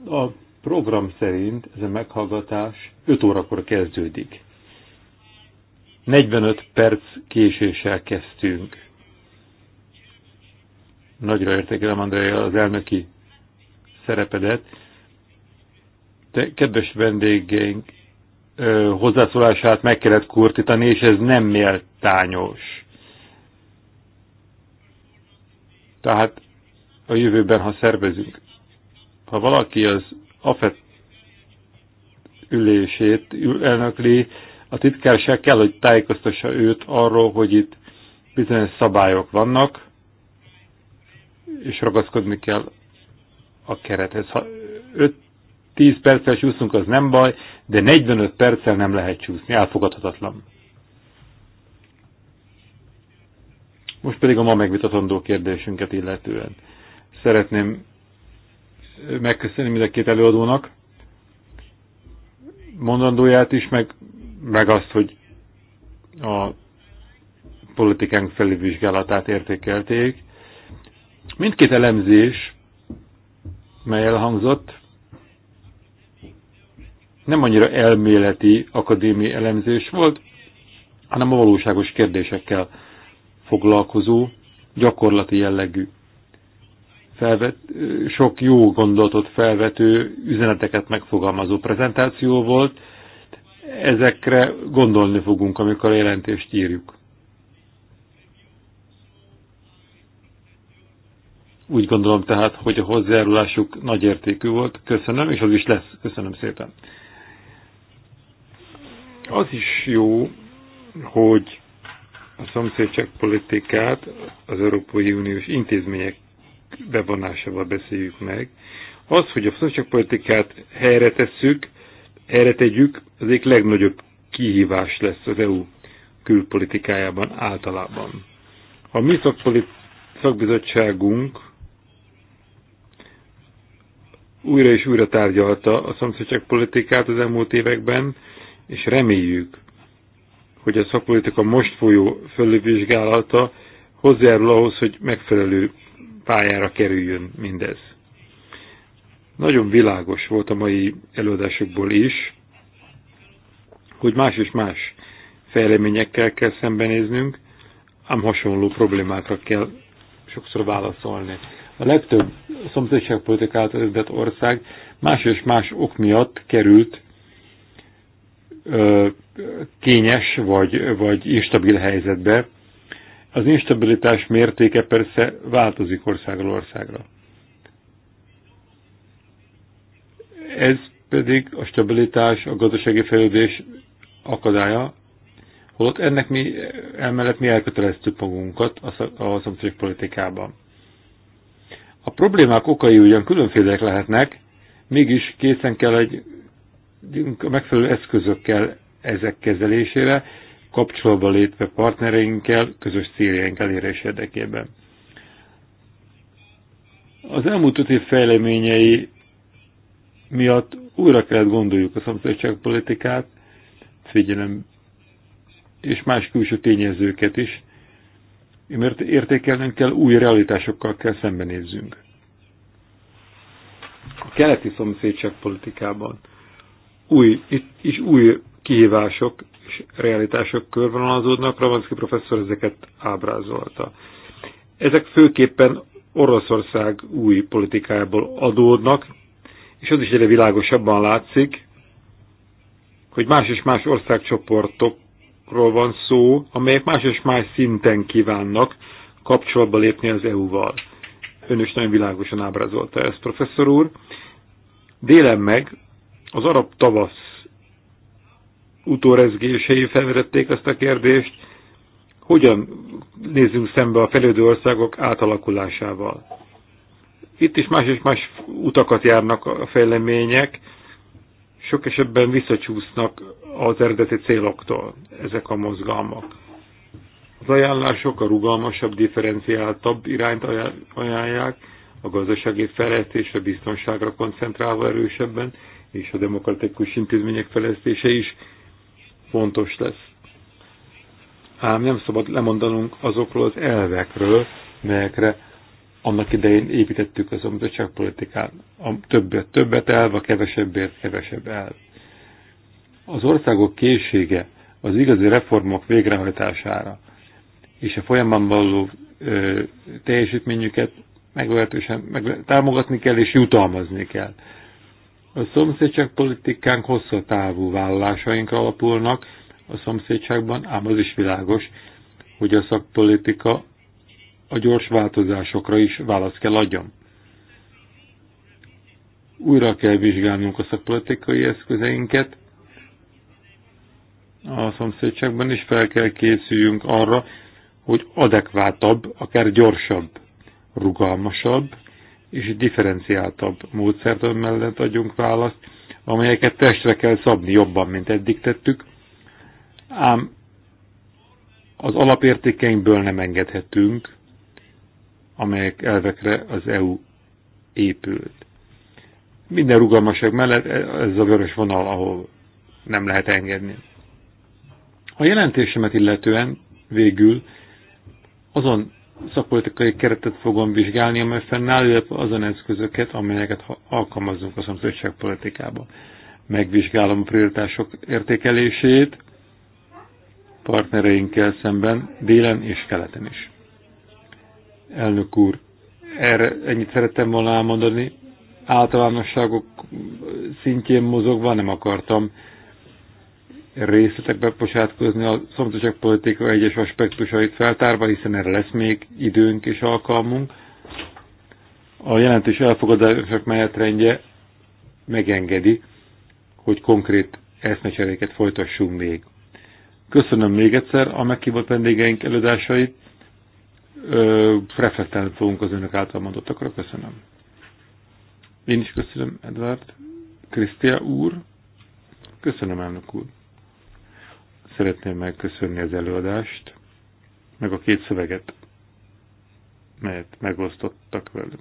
A program szerint ez a meghallgatás 5 órakor kezdődik. 45 perc késéssel kezdtünk. Nagyra értékelem, Andrea, az elnöki szerepedet, kedves vendégeink ö, hozzászólását meg kellett kurtítani, és ez nem méltányos. Tehát a jövőben, ha szervezünk, ha valaki az AFET ülését elnökli, a titkárság kell, hogy tájékoztassa őt arról, hogy itt bizonyos szabályok vannak, és ragaszkodni kell a kerethez. Ha öt 10 perccel csúszunk, az nem baj, de 45 perccel nem lehet csúszni, elfogadhatatlan. Most pedig a ma megvitatandó kérdésünket illetően. Szeretném megköszönni mind a két előadónak mondandóját is, meg, meg azt, hogy a politikánk felülvizsgálatát értékelték. Mindkét elemzés, mely elhangzott, nem annyira elméleti akadémiai elemzés volt, hanem a valóságos kérdésekkel foglalkozó, gyakorlati jellegű felvet, sok jó gondolatot felvető, üzeneteket megfogalmazó prezentáció volt. Ezekre gondolni fogunk, amikor a jelentést írjuk. Úgy gondolom tehát, hogy a hozzájárulásuk nagy értékű volt. Köszönöm, és az is lesz. Köszönöm szépen. Az is jó, hogy a szomszédság politikát az Európai Uniós intézmények bevonásával beszéljük meg. Az, hogy a politikát helyre tesszük, helyre tegyük, az egyik legnagyobb kihívás lesz az EU külpolitikájában általában. A mi szakbizottságunk újra és újra tárgyalta a politikát az elmúlt években, és reméljük, hogy a szakpolitika most folyó fölülvizsgálata hozzájárul ahhoz, hogy megfelelő pályára kerüljön mindez. Nagyon világos volt a mai előadásokból is, hogy más és más fejleményekkel kell szembenéznünk, ám hasonló problémákra kell sokszor válaszolni. A legtöbb szomszédságpolitikát ötlet ország más és más ok miatt került kényes vagy, vagy instabil helyzetbe. Az instabilitás mértéke persze változik országról országra. Ez pedig a stabilitás, a gazdasági fejlődés akadálya, holott ennek mi, emellett mi elköteleztük magunkat a szomszédos politikában. A problémák okai ugyan különfélek lehetnek, mégis készen kell egy a megfelelő eszközökkel ezek kezelésére, kapcsolatba lépve partnereinkkel, közös céljaink elérés érdekében. Az elmúlt öt év fejleményei miatt újra kellett gondoljuk a szomszédságpolitikát, figyelem és más külső tényezőket is, mert értékelnünk kell, új realitásokkal kell szembenézzünk. A keleti szomszédságpolitikában politikában új, itt is új kihívások és realitások körvonalazódnak, Ravanszki professzor ezeket ábrázolta. Ezek főképpen Oroszország új politikájából adódnak, és az is egyre világosabban látszik, hogy más és más országcsoportokról van szó, amelyek más és más szinten kívánnak kapcsolatba lépni az EU-val. Ön is nagyon világosan ábrázolta ezt, professzor úr. Délen meg az arab tavasz utórezgései felvetették ezt a kérdést, hogyan nézzünk szembe a fejlődő országok átalakulásával. Itt is más és más utakat járnak a fejlemények, sok esetben visszacsúsznak az eredeti céloktól ezek a mozgalmak. Az ajánlások a rugalmasabb, differenciáltabb irányt ajánlják, a gazdasági fejlesztésre, biztonságra koncentrálva erősebben, és a demokratikus intézmények fejlesztése is fontos lesz. Ám nem szabad lemondanunk azokról az elvekről, melyekre annak idején építettük az politikán. A többet többet elv, a kevesebbért kevesebb elv. Az országok készsége az igazi reformok végrehajtására és a folyamán való ö, teljesítményüket meglehetősen meg, támogatni kell és jutalmazni kell. A szomszédság politikánk hosszú távú vállalásaink alapulnak a szomszédságban, ám az is világos, hogy a szakpolitika a gyors változásokra is választ kell adjon. Újra kell vizsgálnunk a szakpolitikai eszközeinket, a szomszédságban is fel kell készüljünk arra, hogy adekvátabb, akár gyorsabb, rugalmasabb, és differenciáltabb módszertől mellett adjunk választ, amelyeket testre kell szabni jobban, mint eddig tettük, ám az alapértékeinkből nem engedhetünk, amelyek elvekre az EU épült. Minden rugalmaság mellett ez a vörös vonal, ahol nem lehet engedni. A jelentésemet illetően végül azon szakpolitikai keretet fogom vizsgálni, amely fennáll, illetve azon eszközöket, amelyeket alkalmazunk a szomszédságpolitikában. Megvizsgálom a prioritások értékelését partnereinkkel szemben, délen és keleten is. Elnök úr, erre ennyit szerettem volna elmondani. Általánosságok szintjén mozogva nem akartam részletekbe bocsátkozni a szomszédság politika egyes aspektusait feltárva, hiszen erre lesz még időnk és alkalmunk. A jelentős elfogadások rendje megengedi, hogy konkrét eszmecseréket folytassunk még. Köszönöm még egyszer a meghívott vendégeink előadásait. Reflektálni fogunk az önök által mondottakra. Köszönöm. Én is köszönöm, Edward. Krisztia úr. Köszönöm, elnök úr. Szeretném megköszönni az előadást, meg a két szöveget, melyet megosztottak velünk.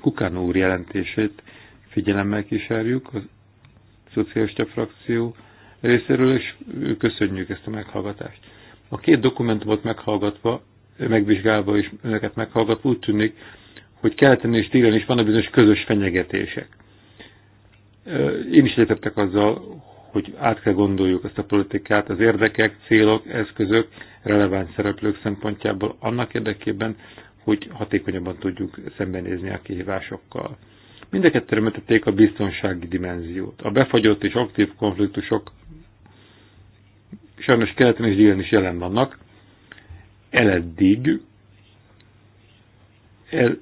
Kukán úr jelentését figyelemmel kísérjük, a szocialista frakció részéről, és köszönjük ezt a meghallgatást. A két dokumentumot meghallgatva, megvizsgálva és önöket meghallgatva úgy tűnik, hogy keleten és télen is vannak bizonyos közös fenyegetések. Én is egyetettek azzal, hogy át kell gondoljuk ezt a politikát, az érdekek, célok, eszközök, releváns szereplők szempontjából annak érdekében, hogy hatékonyabban tudjuk szembenézni a kihívásokkal. Mindeket teremtették a biztonsági dimenziót. A befagyott és aktív konfliktusok sajnos keleten és délen is jelen vannak. Eleddig el,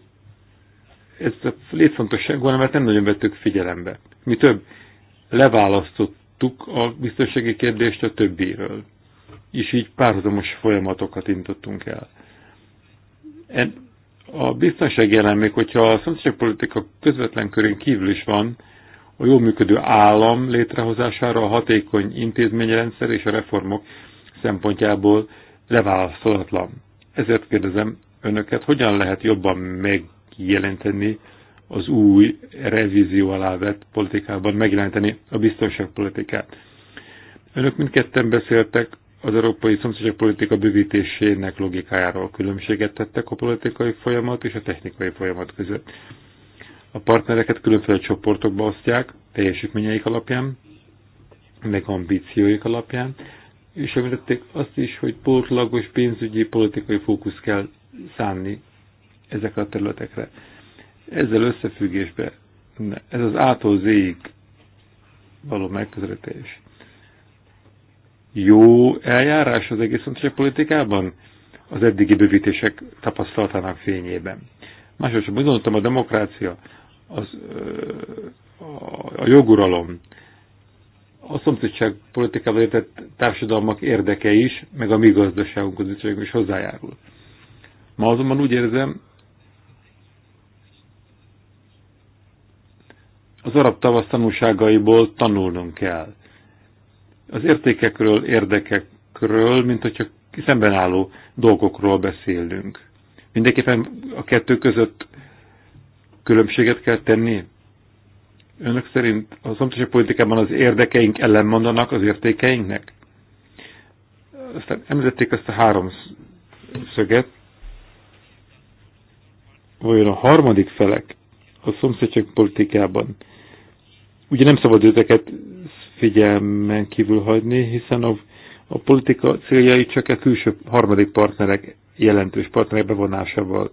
ez a létfontosságú, mert nem nagyon vettük figyelembe. Mi több, leválasztott elvontuk a biztonsági kérdést a többiről, és így párhuzamos folyamatokat intottunk el. A biztonság jelen még hogyha a szomszédságpolitika közvetlen körén kívül is van, a jól működő állam létrehozására a hatékony intézményrendszer és a reformok szempontjából leválaszolatlan. Ezért kérdezem önöket, hogyan lehet jobban megjelenteni az új revízió alá vett politikában megjelenteni a biztonságpolitikát. Önök mindketten beszéltek az európai szomszédságpolitika bővítésének logikájáról. Különbséget tettek a politikai folyamat és a technikai folyamat között. A partnereket különféle csoportokba osztják, teljesítményeik alapján, meg ambícióik alapján, és említették azt is, hogy pótlagos pénzügyi politikai fókusz kell szánni ezekre a területekre. Ezzel összefüggésben ez az ától zéig való megközelítés. Jó eljárás az egész politikában az eddigi bővítések tapasztalatának fényében. hogy gondoltam a demokrácia, az, a, a joguralom, a szomszédság politikával értett társadalmak érdeke is, meg a mi gazdaságunkhoz is hozzájárul. Ma azonban úgy érzem, az arab tavasz tanulságaiból tanulnunk kell. Az értékekről, érdekekről, mint hogyha szemben álló dolgokról beszélünk. Mindenképpen a kettő között különbséget kell tenni. Önök szerint a szomszédság politikában az érdekeink ellen mondanak az értékeinknek? Aztán említették ezt a három szöget. Vajon a harmadik felek a szomszédság politikában ugye nem szabad őteket figyelmen kívül hagyni, hiszen a, a politika céljai csak a külső harmadik partnerek, jelentős partnerek bevonásával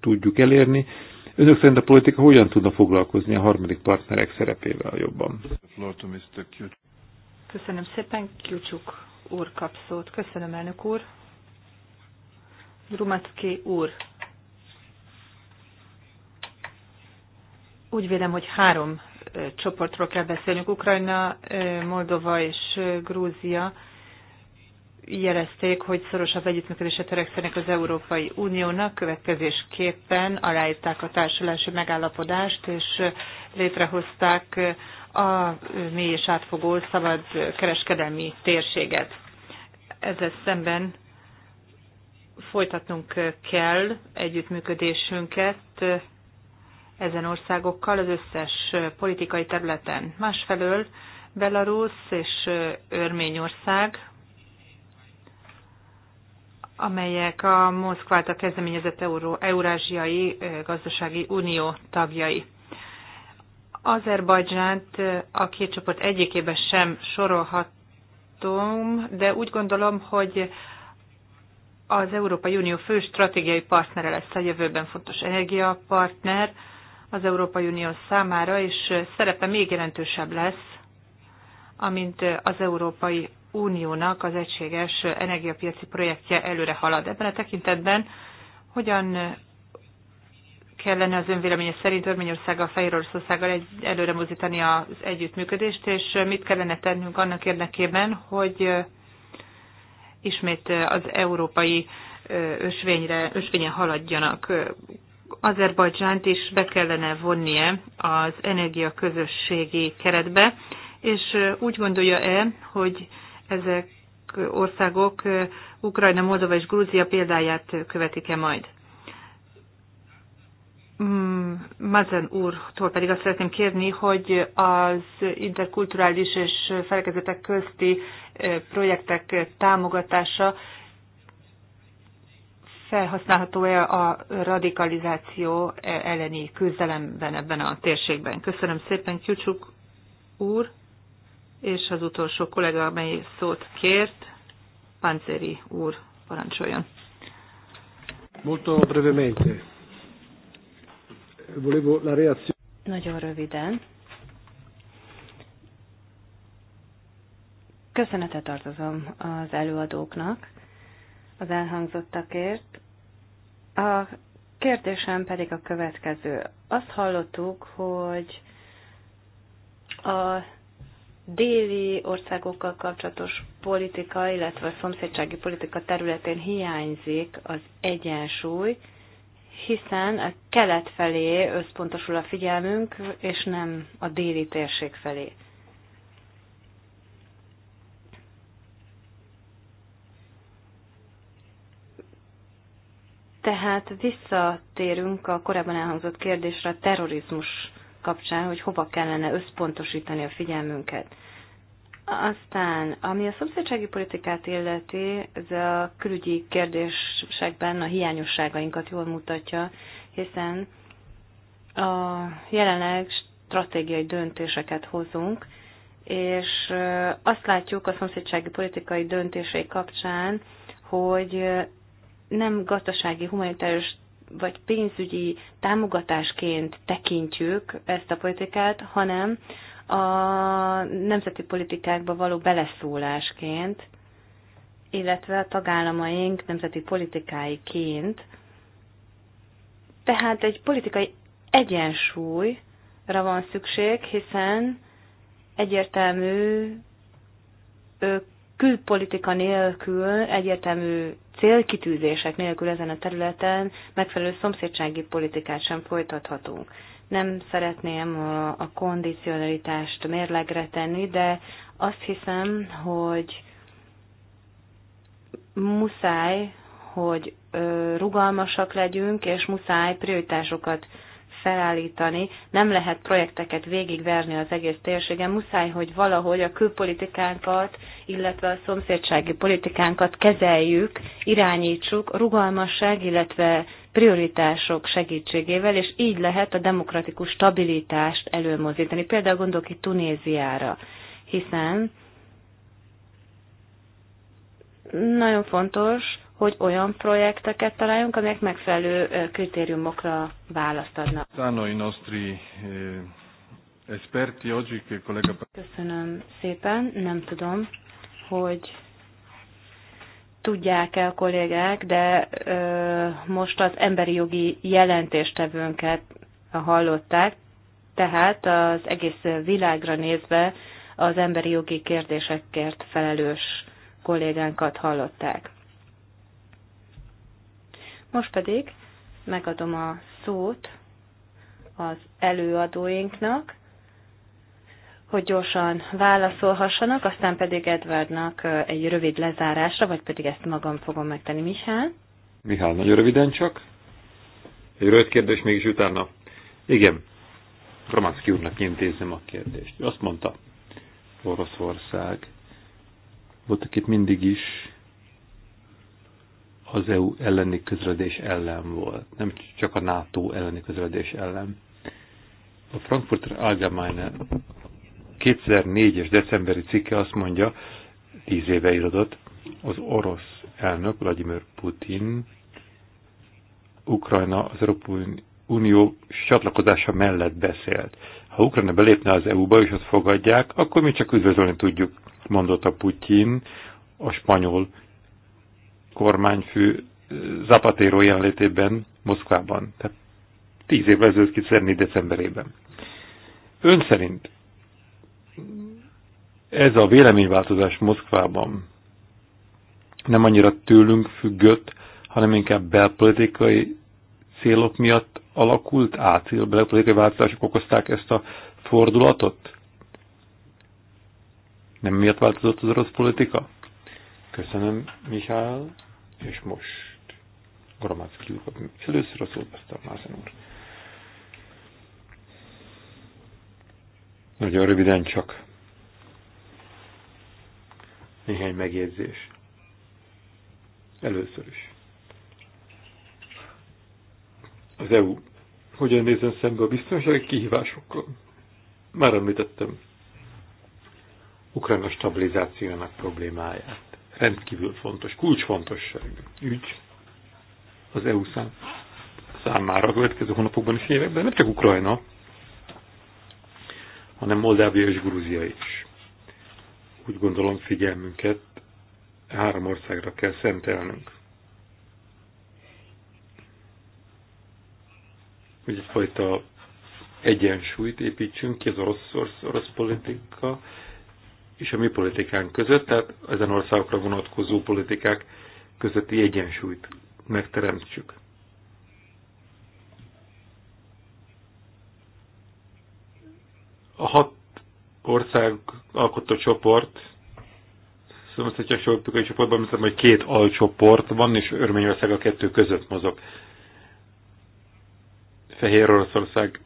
tudjuk elérni. Önök szerint a politika hogyan tudna foglalkozni a harmadik partnerek szerepével jobban? Köszönöm szépen, Kyucsuk úr kap szót. Köszönöm, elnök úr. Rumacki úr. Úgy vélem, hogy három csoportról kell beszélnünk. Ukrajna, Moldova és Grúzia jelezték, hogy szorosabb együttműködésre törekszenek az Európai Uniónak, következésképpen aláírták a társulási megállapodást, és létrehozták a mély és átfogó szabad kereskedelmi térséget. Ezzel szemben folytatnunk kell együttműködésünket ezen országokkal az összes politikai területen. Másfelől Belarus és Örményország, amelyek a Moszkvát a kezdeményezett Euró, Eurázsiai Gazdasági Unió tagjai. Azerbajdzsánt a két csoport egyikébe sem sorolhatom, de úgy gondolom, hogy az Európai Unió fő stratégiai partnere lesz a jövőben fontos energiapartner, az Európai Unió számára, és szerepe még jelentősebb lesz, amint az Európai Uniónak az egységes energiapiaci projektje előre halad. Ebben a tekintetben hogyan kellene az önvéleménye szerint Örményországgal, Fehér Oroszországgal egy, előre mozítani az együttműködést, és mit kellene tennünk annak érdekében, hogy ismét az európai ösvényre, ösvényen haladjanak. Azerbajdzsánt is be kellene vonnie az energiaközösségi keretbe, és úgy gondolja-e, hogy ezek országok Ukrajna, Moldova és Grúzia példáját követik-e majd? Mm, Mazen úrtól pedig azt szeretném kérni, hogy az interkulturális és felekezetek közti projektek támogatása felhasználható-e a radikalizáció elleni küzdelemben ebben a térségben. Köszönöm szépen, Kyucsuk úr, és az utolsó kollega, amely szót kért, panzeri úr, parancsoljon. Molto brevemente. Volevo la reazione. Nagyon röviden. Köszönetet tartozom az előadóknak az elhangzottakért. A kérdésem pedig a következő. Azt hallottuk, hogy a déli országokkal kapcsolatos politika, illetve a szomszédsági politika területén hiányzik az egyensúly, hiszen a kelet felé összpontosul a figyelmünk, és nem a déli térség felé. Tehát visszatérünk a korábban elhangzott kérdésre a terrorizmus kapcsán, hogy hova kellene összpontosítani a figyelmünket. Aztán, ami a szomszédsági politikát illeti, ez a külügyi kérdésekben a hiányosságainkat jól mutatja, hiszen a jelenleg stratégiai döntéseket hozunk, és azt látjuk a szomszédsági politikai döntései kapcsán, hogy nem gazdasági, humanitárius vagy pénzügyi támogatásként tekintjük ezt a politikát, hanem a nemzeti politikákba való beleszólásként, illetve a tagállamaink nemzeti politikáiként. Tehát egy politikai egyensúlyra van szükség, hiszen egyértelmű külpolitika nélkül egyértelmű célkitűzések nélkül ezen a területen megfelelő szomszédsági politikát sem folytathatunk. Nem szeretném a, a kondicionalitást mérlegre tenni, de azt hiszem, hogy muszáj, hogy rugalmasak legyünk, és muszáj prioritásokat felállítani, nem lehet projekteket végigverni az egész térségen, muszáj, hogy valahogy a külpolitikánkat, illetve a szomszédsági politikánkat kezeljük, irányítsuk rugalmasság, illetve prioritások segítségével, és így lehet a demokratikus stabilitást előmozdítani. Például gondolok itt Tunéziára, hiszen nagyon fontos, hogy olyan projekteket találjunk, amelyek megfelelő kritériumokra választ adnak. Eh, Köszönöm szépen, nem tudom, hogy tudják-e a kollégák, de ö, most az emberi jogi jelentéstevőnket hallották, tehát az egész világra nézve az emberi jogi kérdésekért felelős kollégánkat hallották. Most pedig megadom a szót az előadóinknak, hogy gyorsan válaszolhassanak, aztán pedig Edwardnak egy rövid lezárásra, vagy pedig ezt magam fogom megtenni. Mihály? Mihály, nagyon röviden csak. Egy rövid kérdés mégis utána. Igen, Romanszki úrnak intézem a kérdést. Azt mondta, Oroszország voltak itt mindig is az EU elleni közredés ellen volt, nem csak a NATO elleni közredés ellen. A Frankfurter Allgemeine 2004-es decemberi cikke azt mondja, tíz éve irodott, az orosz elnök Vladimir Putin Ukrajna az Európai Unió csatlakozása mellett beszélt. Ha Ukrajna belépne az EU-ba és azt fogadják, akkor mi csak üdvözölni tudjuk, mondotta Putin, a spanyol kormányfő eh, Zapatero jelenlétében Moszkvában. Tehát tíz évvel ezelőtt kiszerni decemberében. Ön szerint ez a véleményváltozás Moszkvában nem annyira tőlünk függött, hanem inkább belpolitikai célok miatt alakult át, belpolitikai változások okozták ezt a fordulatot? Nem miatt változott az orosz politika? Köszönöm, Michal. És most Gromácki úr először a szót, aztán Mázen úr. Nagyon röviden csak néhány megjegyzés. Először is. Az EU hogyan nézem szembe a biztonsági kihívásokkal? Már említettem Ukrajna stabilizációnak problémáját rendkívül fontos, kulcsfontosságú ügy az EU szám, számára a következő hónapokban és években, nem csak Ukrajna, hanem Moldávia és Grúzia is. Úgy gondolom figyelmünket három országra kell szentelnünk. Hogy egyfajta egyensúlyt építsünk ki az orosz, orosz, orosz politika és a mi politikánk között, tehát ezen országokra vonatkozó politikák közötti egyensúlyt megteremtsük. A hat ország alkotta csoport, szóval szomszédság szóval csoportban, hiszem, hogy két alcsoport van, és Örményország a kettő között mozog. Fehér Oroszország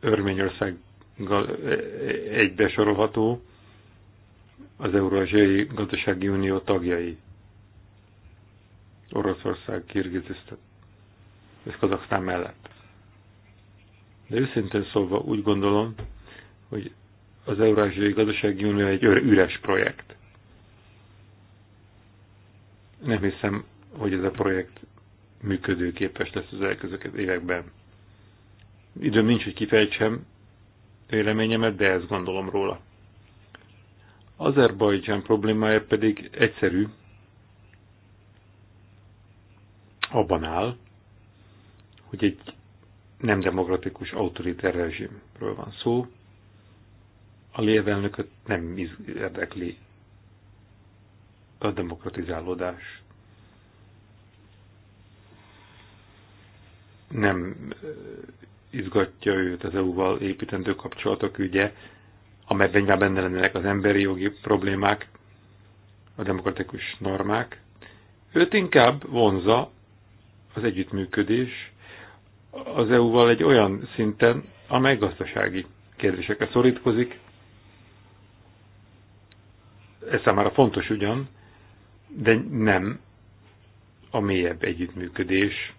Örményország E- e- egybesorolható az Eurázsiai Gazdasági Unió tagjai. Oroszország, Kirgizisztán. és Kazaksztán mellett. De őszintén szólva úgy gondolom, hogy az Eurázsiai Gazdasági Unió egy üres projekt. Nem hiszem, hogy ez a projekt működőképes lesz az elközöket években. Időm nincs, hogy kifejtsem, véleményemet, de ezt gondolom róla. Azerbajdzsán problémája pedig egyszerű, abban áll, hogy egy nem demokratikus autoriter rezsimről van szó, a lévelnököt nem érdekli a demokratizálódás. Nem izgatja őt az EU-val építendő kapcsolatok ügye, amelyben nyilván benne lennének az emberi jogi problémák, a demokratikus normák. Őt inkább vonza az együttműködés az EU-val egy olyan szinten, amely gazdasági kérdésekre szorítkozik. Ez számára fontos ugyan, de nem a mélyebb együttműködés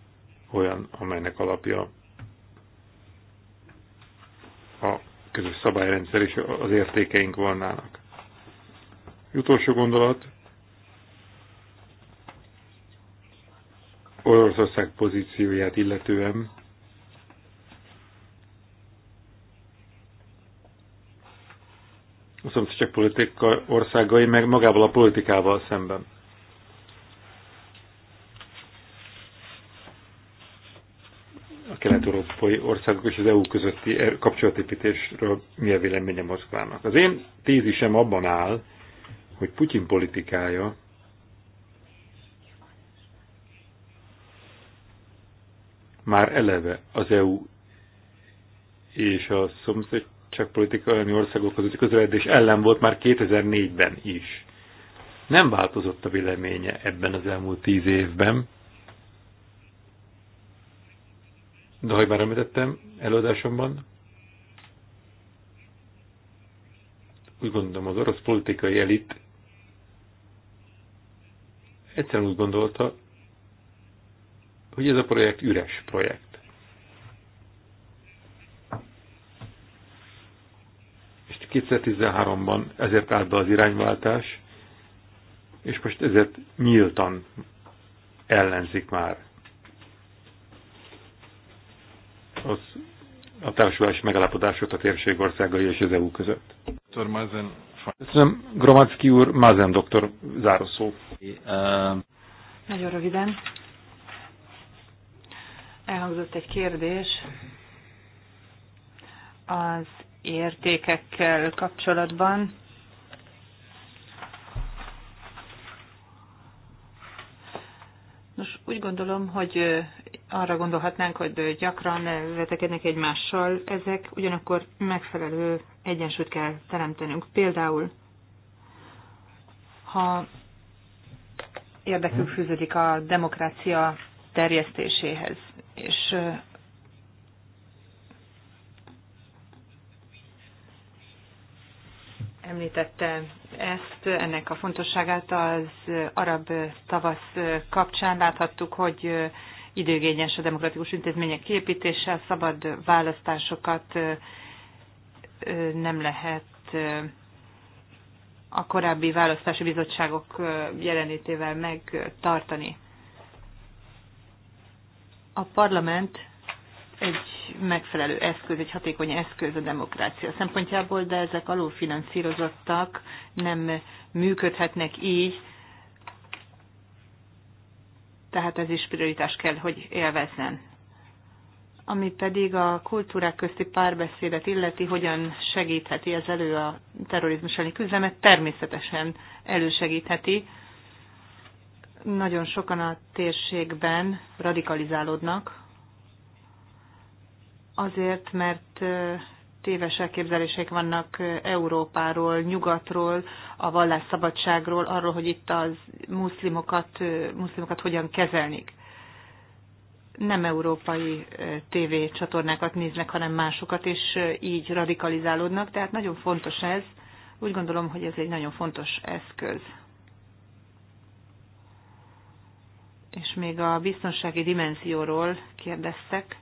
olyan, amelynek alapja közös szabályrendszer és az értékeink volnának. Utolsó gondolat. Oroszország pozícióját illetően a szomszédság politika országai meg magával a politikával szemben. folyó országok és az EU közötti e- kapcsolatépítésről mi a véleménye Moszkvának. Az én tézisem abban áll, hogy Putyin politikája már eleve az EU és a politika olyan országok közötti közeledés ellen volt már 2004-ben is. Nem változott a véleménye ebben az elmúlt tíz évben, de ahogy már említettem előadásomban, úgy gondolom az orosz politikai elit egyszerűen úgy gondolta, hogy ez a projekt üres projekt. És 2013-ban ezért állt be az irányváltás, és most ezért nyíltan ellenzik már az a társulási megállapodásot a térség országai és az EU között. Dr. Mazen. Köszönöm, Gromacki úr, Mazen doktor, zárószó. Nagyon röviden. Elhangzott egy kérdés az értékekkel kapcsolatban. Nos, úgy gondolom, hogy arra gondolhatnánk, hogy gyakran vetekednek egymással, ezek ugyanakkor megfelelő egyensúlyt kell teremtenünk. Például, ha érdekünk fűződik a demokrácia terjesztéséhez, és említette ezt, ennek a fontosságát az arab tavasz kapcsán láthattuk, hogy időgényes a demokratikus intézmények kiépítése, szabad választásokat nem lehet a korábbi választási bizottságok jelenlétével megtartani. A parlament egy megfelelő eszköz, egy hatékony eszköz a demokrácia szempontjából, de ezek alulfinanszírozottak, nem működhetnek így, tehát ez is prioritás kell, hogy élvezzen. Ami pedig a kultúrák közti párbeszédet illeti, hogyan segítheti ez elő a terrorizmus elleni küzdelmet, természetesen elősegítheti. Nagyon sokan a térségben radikalizálódnak, azért, mert téves elképzeléseik vannak Európáról, nyugatról, a vallásszabadságról, arról, hogy itt az muszlimokat, muszlimokat hogyan kezelnik. Nem európai TV csatornákat néznek, hanem másokat, és így radikalizálódnak, tehát nagyon fontos ez. Úgy gondolom, hogy ez egy nagyon fontos eszköz. És még a biztonsági dimenzióról kérdeztek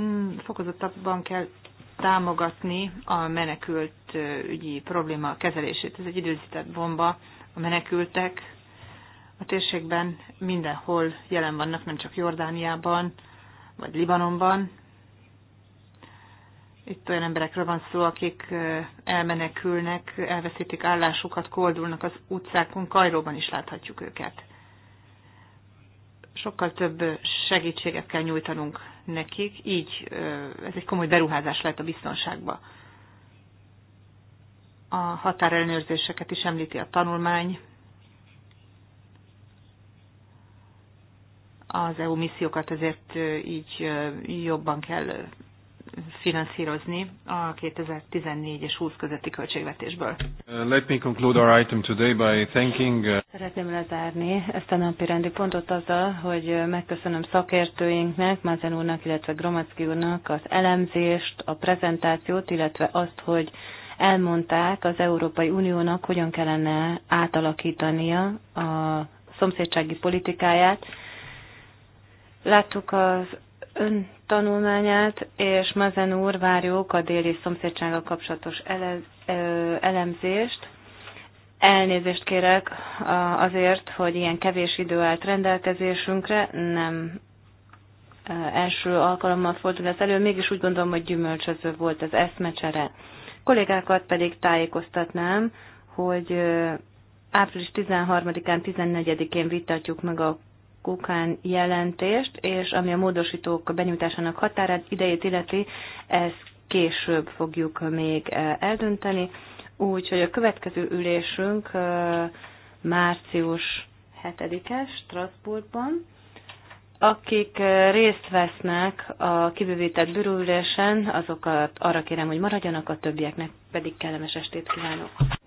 Mm, fokozottabban kell támogatni a menekült ügyi probléma kezelését. Ez egy időzített bomba. A menekültek a térségben mindenhol jelen vannak, nem csak Jordániában vagy Libanonban. Itt olyan emberekről van szó, akik elmenekülnek, elveszítik állásukat, koldulnak az utcákon, Kajróban is láthatjuk őket. Sokkal több segítséget kell nyújtanunk nekik, így ez egy komoly beruházás lehet a biztonságba. A határelnőrzéseket is említi a tanulmány, az EU missziókat ezért így jobban kell finanszírozni a 2014 és 20 közötti költségvetésből. Uh, let me conclude our item today by thanking... Uh, Szeretném lezárni ezt a napi rendi pontot azzal, hogy uh, megköszönöm szakértőinknek, Mazen úrnak, illetve Gromacki úrnak az elemzést, a prezentációt, illetve azt, hogy elmondták az Európai Uniónak, hogyan kellene átalakítania a szomszédsági politikáját. Láttuk az ön tanulmányát, és Mazen úr várjuk a déli szomszédsággal kapcsolatos ele, ö, elemzést. Elnézést kérek azért, hogy ilyen kevés idő állt rendelkezésünkre, nem első alkalommal fordul ez elő, mégis úgy gondolom, hogy gyümölcsöző volt az eszmecsere. Kollégákat pedig tájékoztatnám, hogy április 13-án, 14-én vitatjuk meg a Kukán jelentést, és ami a módosítók benyújtásának határát idejét illeti, ezt később fogjuk még e, eldönteni. Úgyhogy a következő ülésünk e, március 7 es Strasbourgban. Akik e, részt vesznek a kibővített bűrülésen, azokat arra kérem, hogy maradjanak, a többieknek pedig kellemes estét kívánok.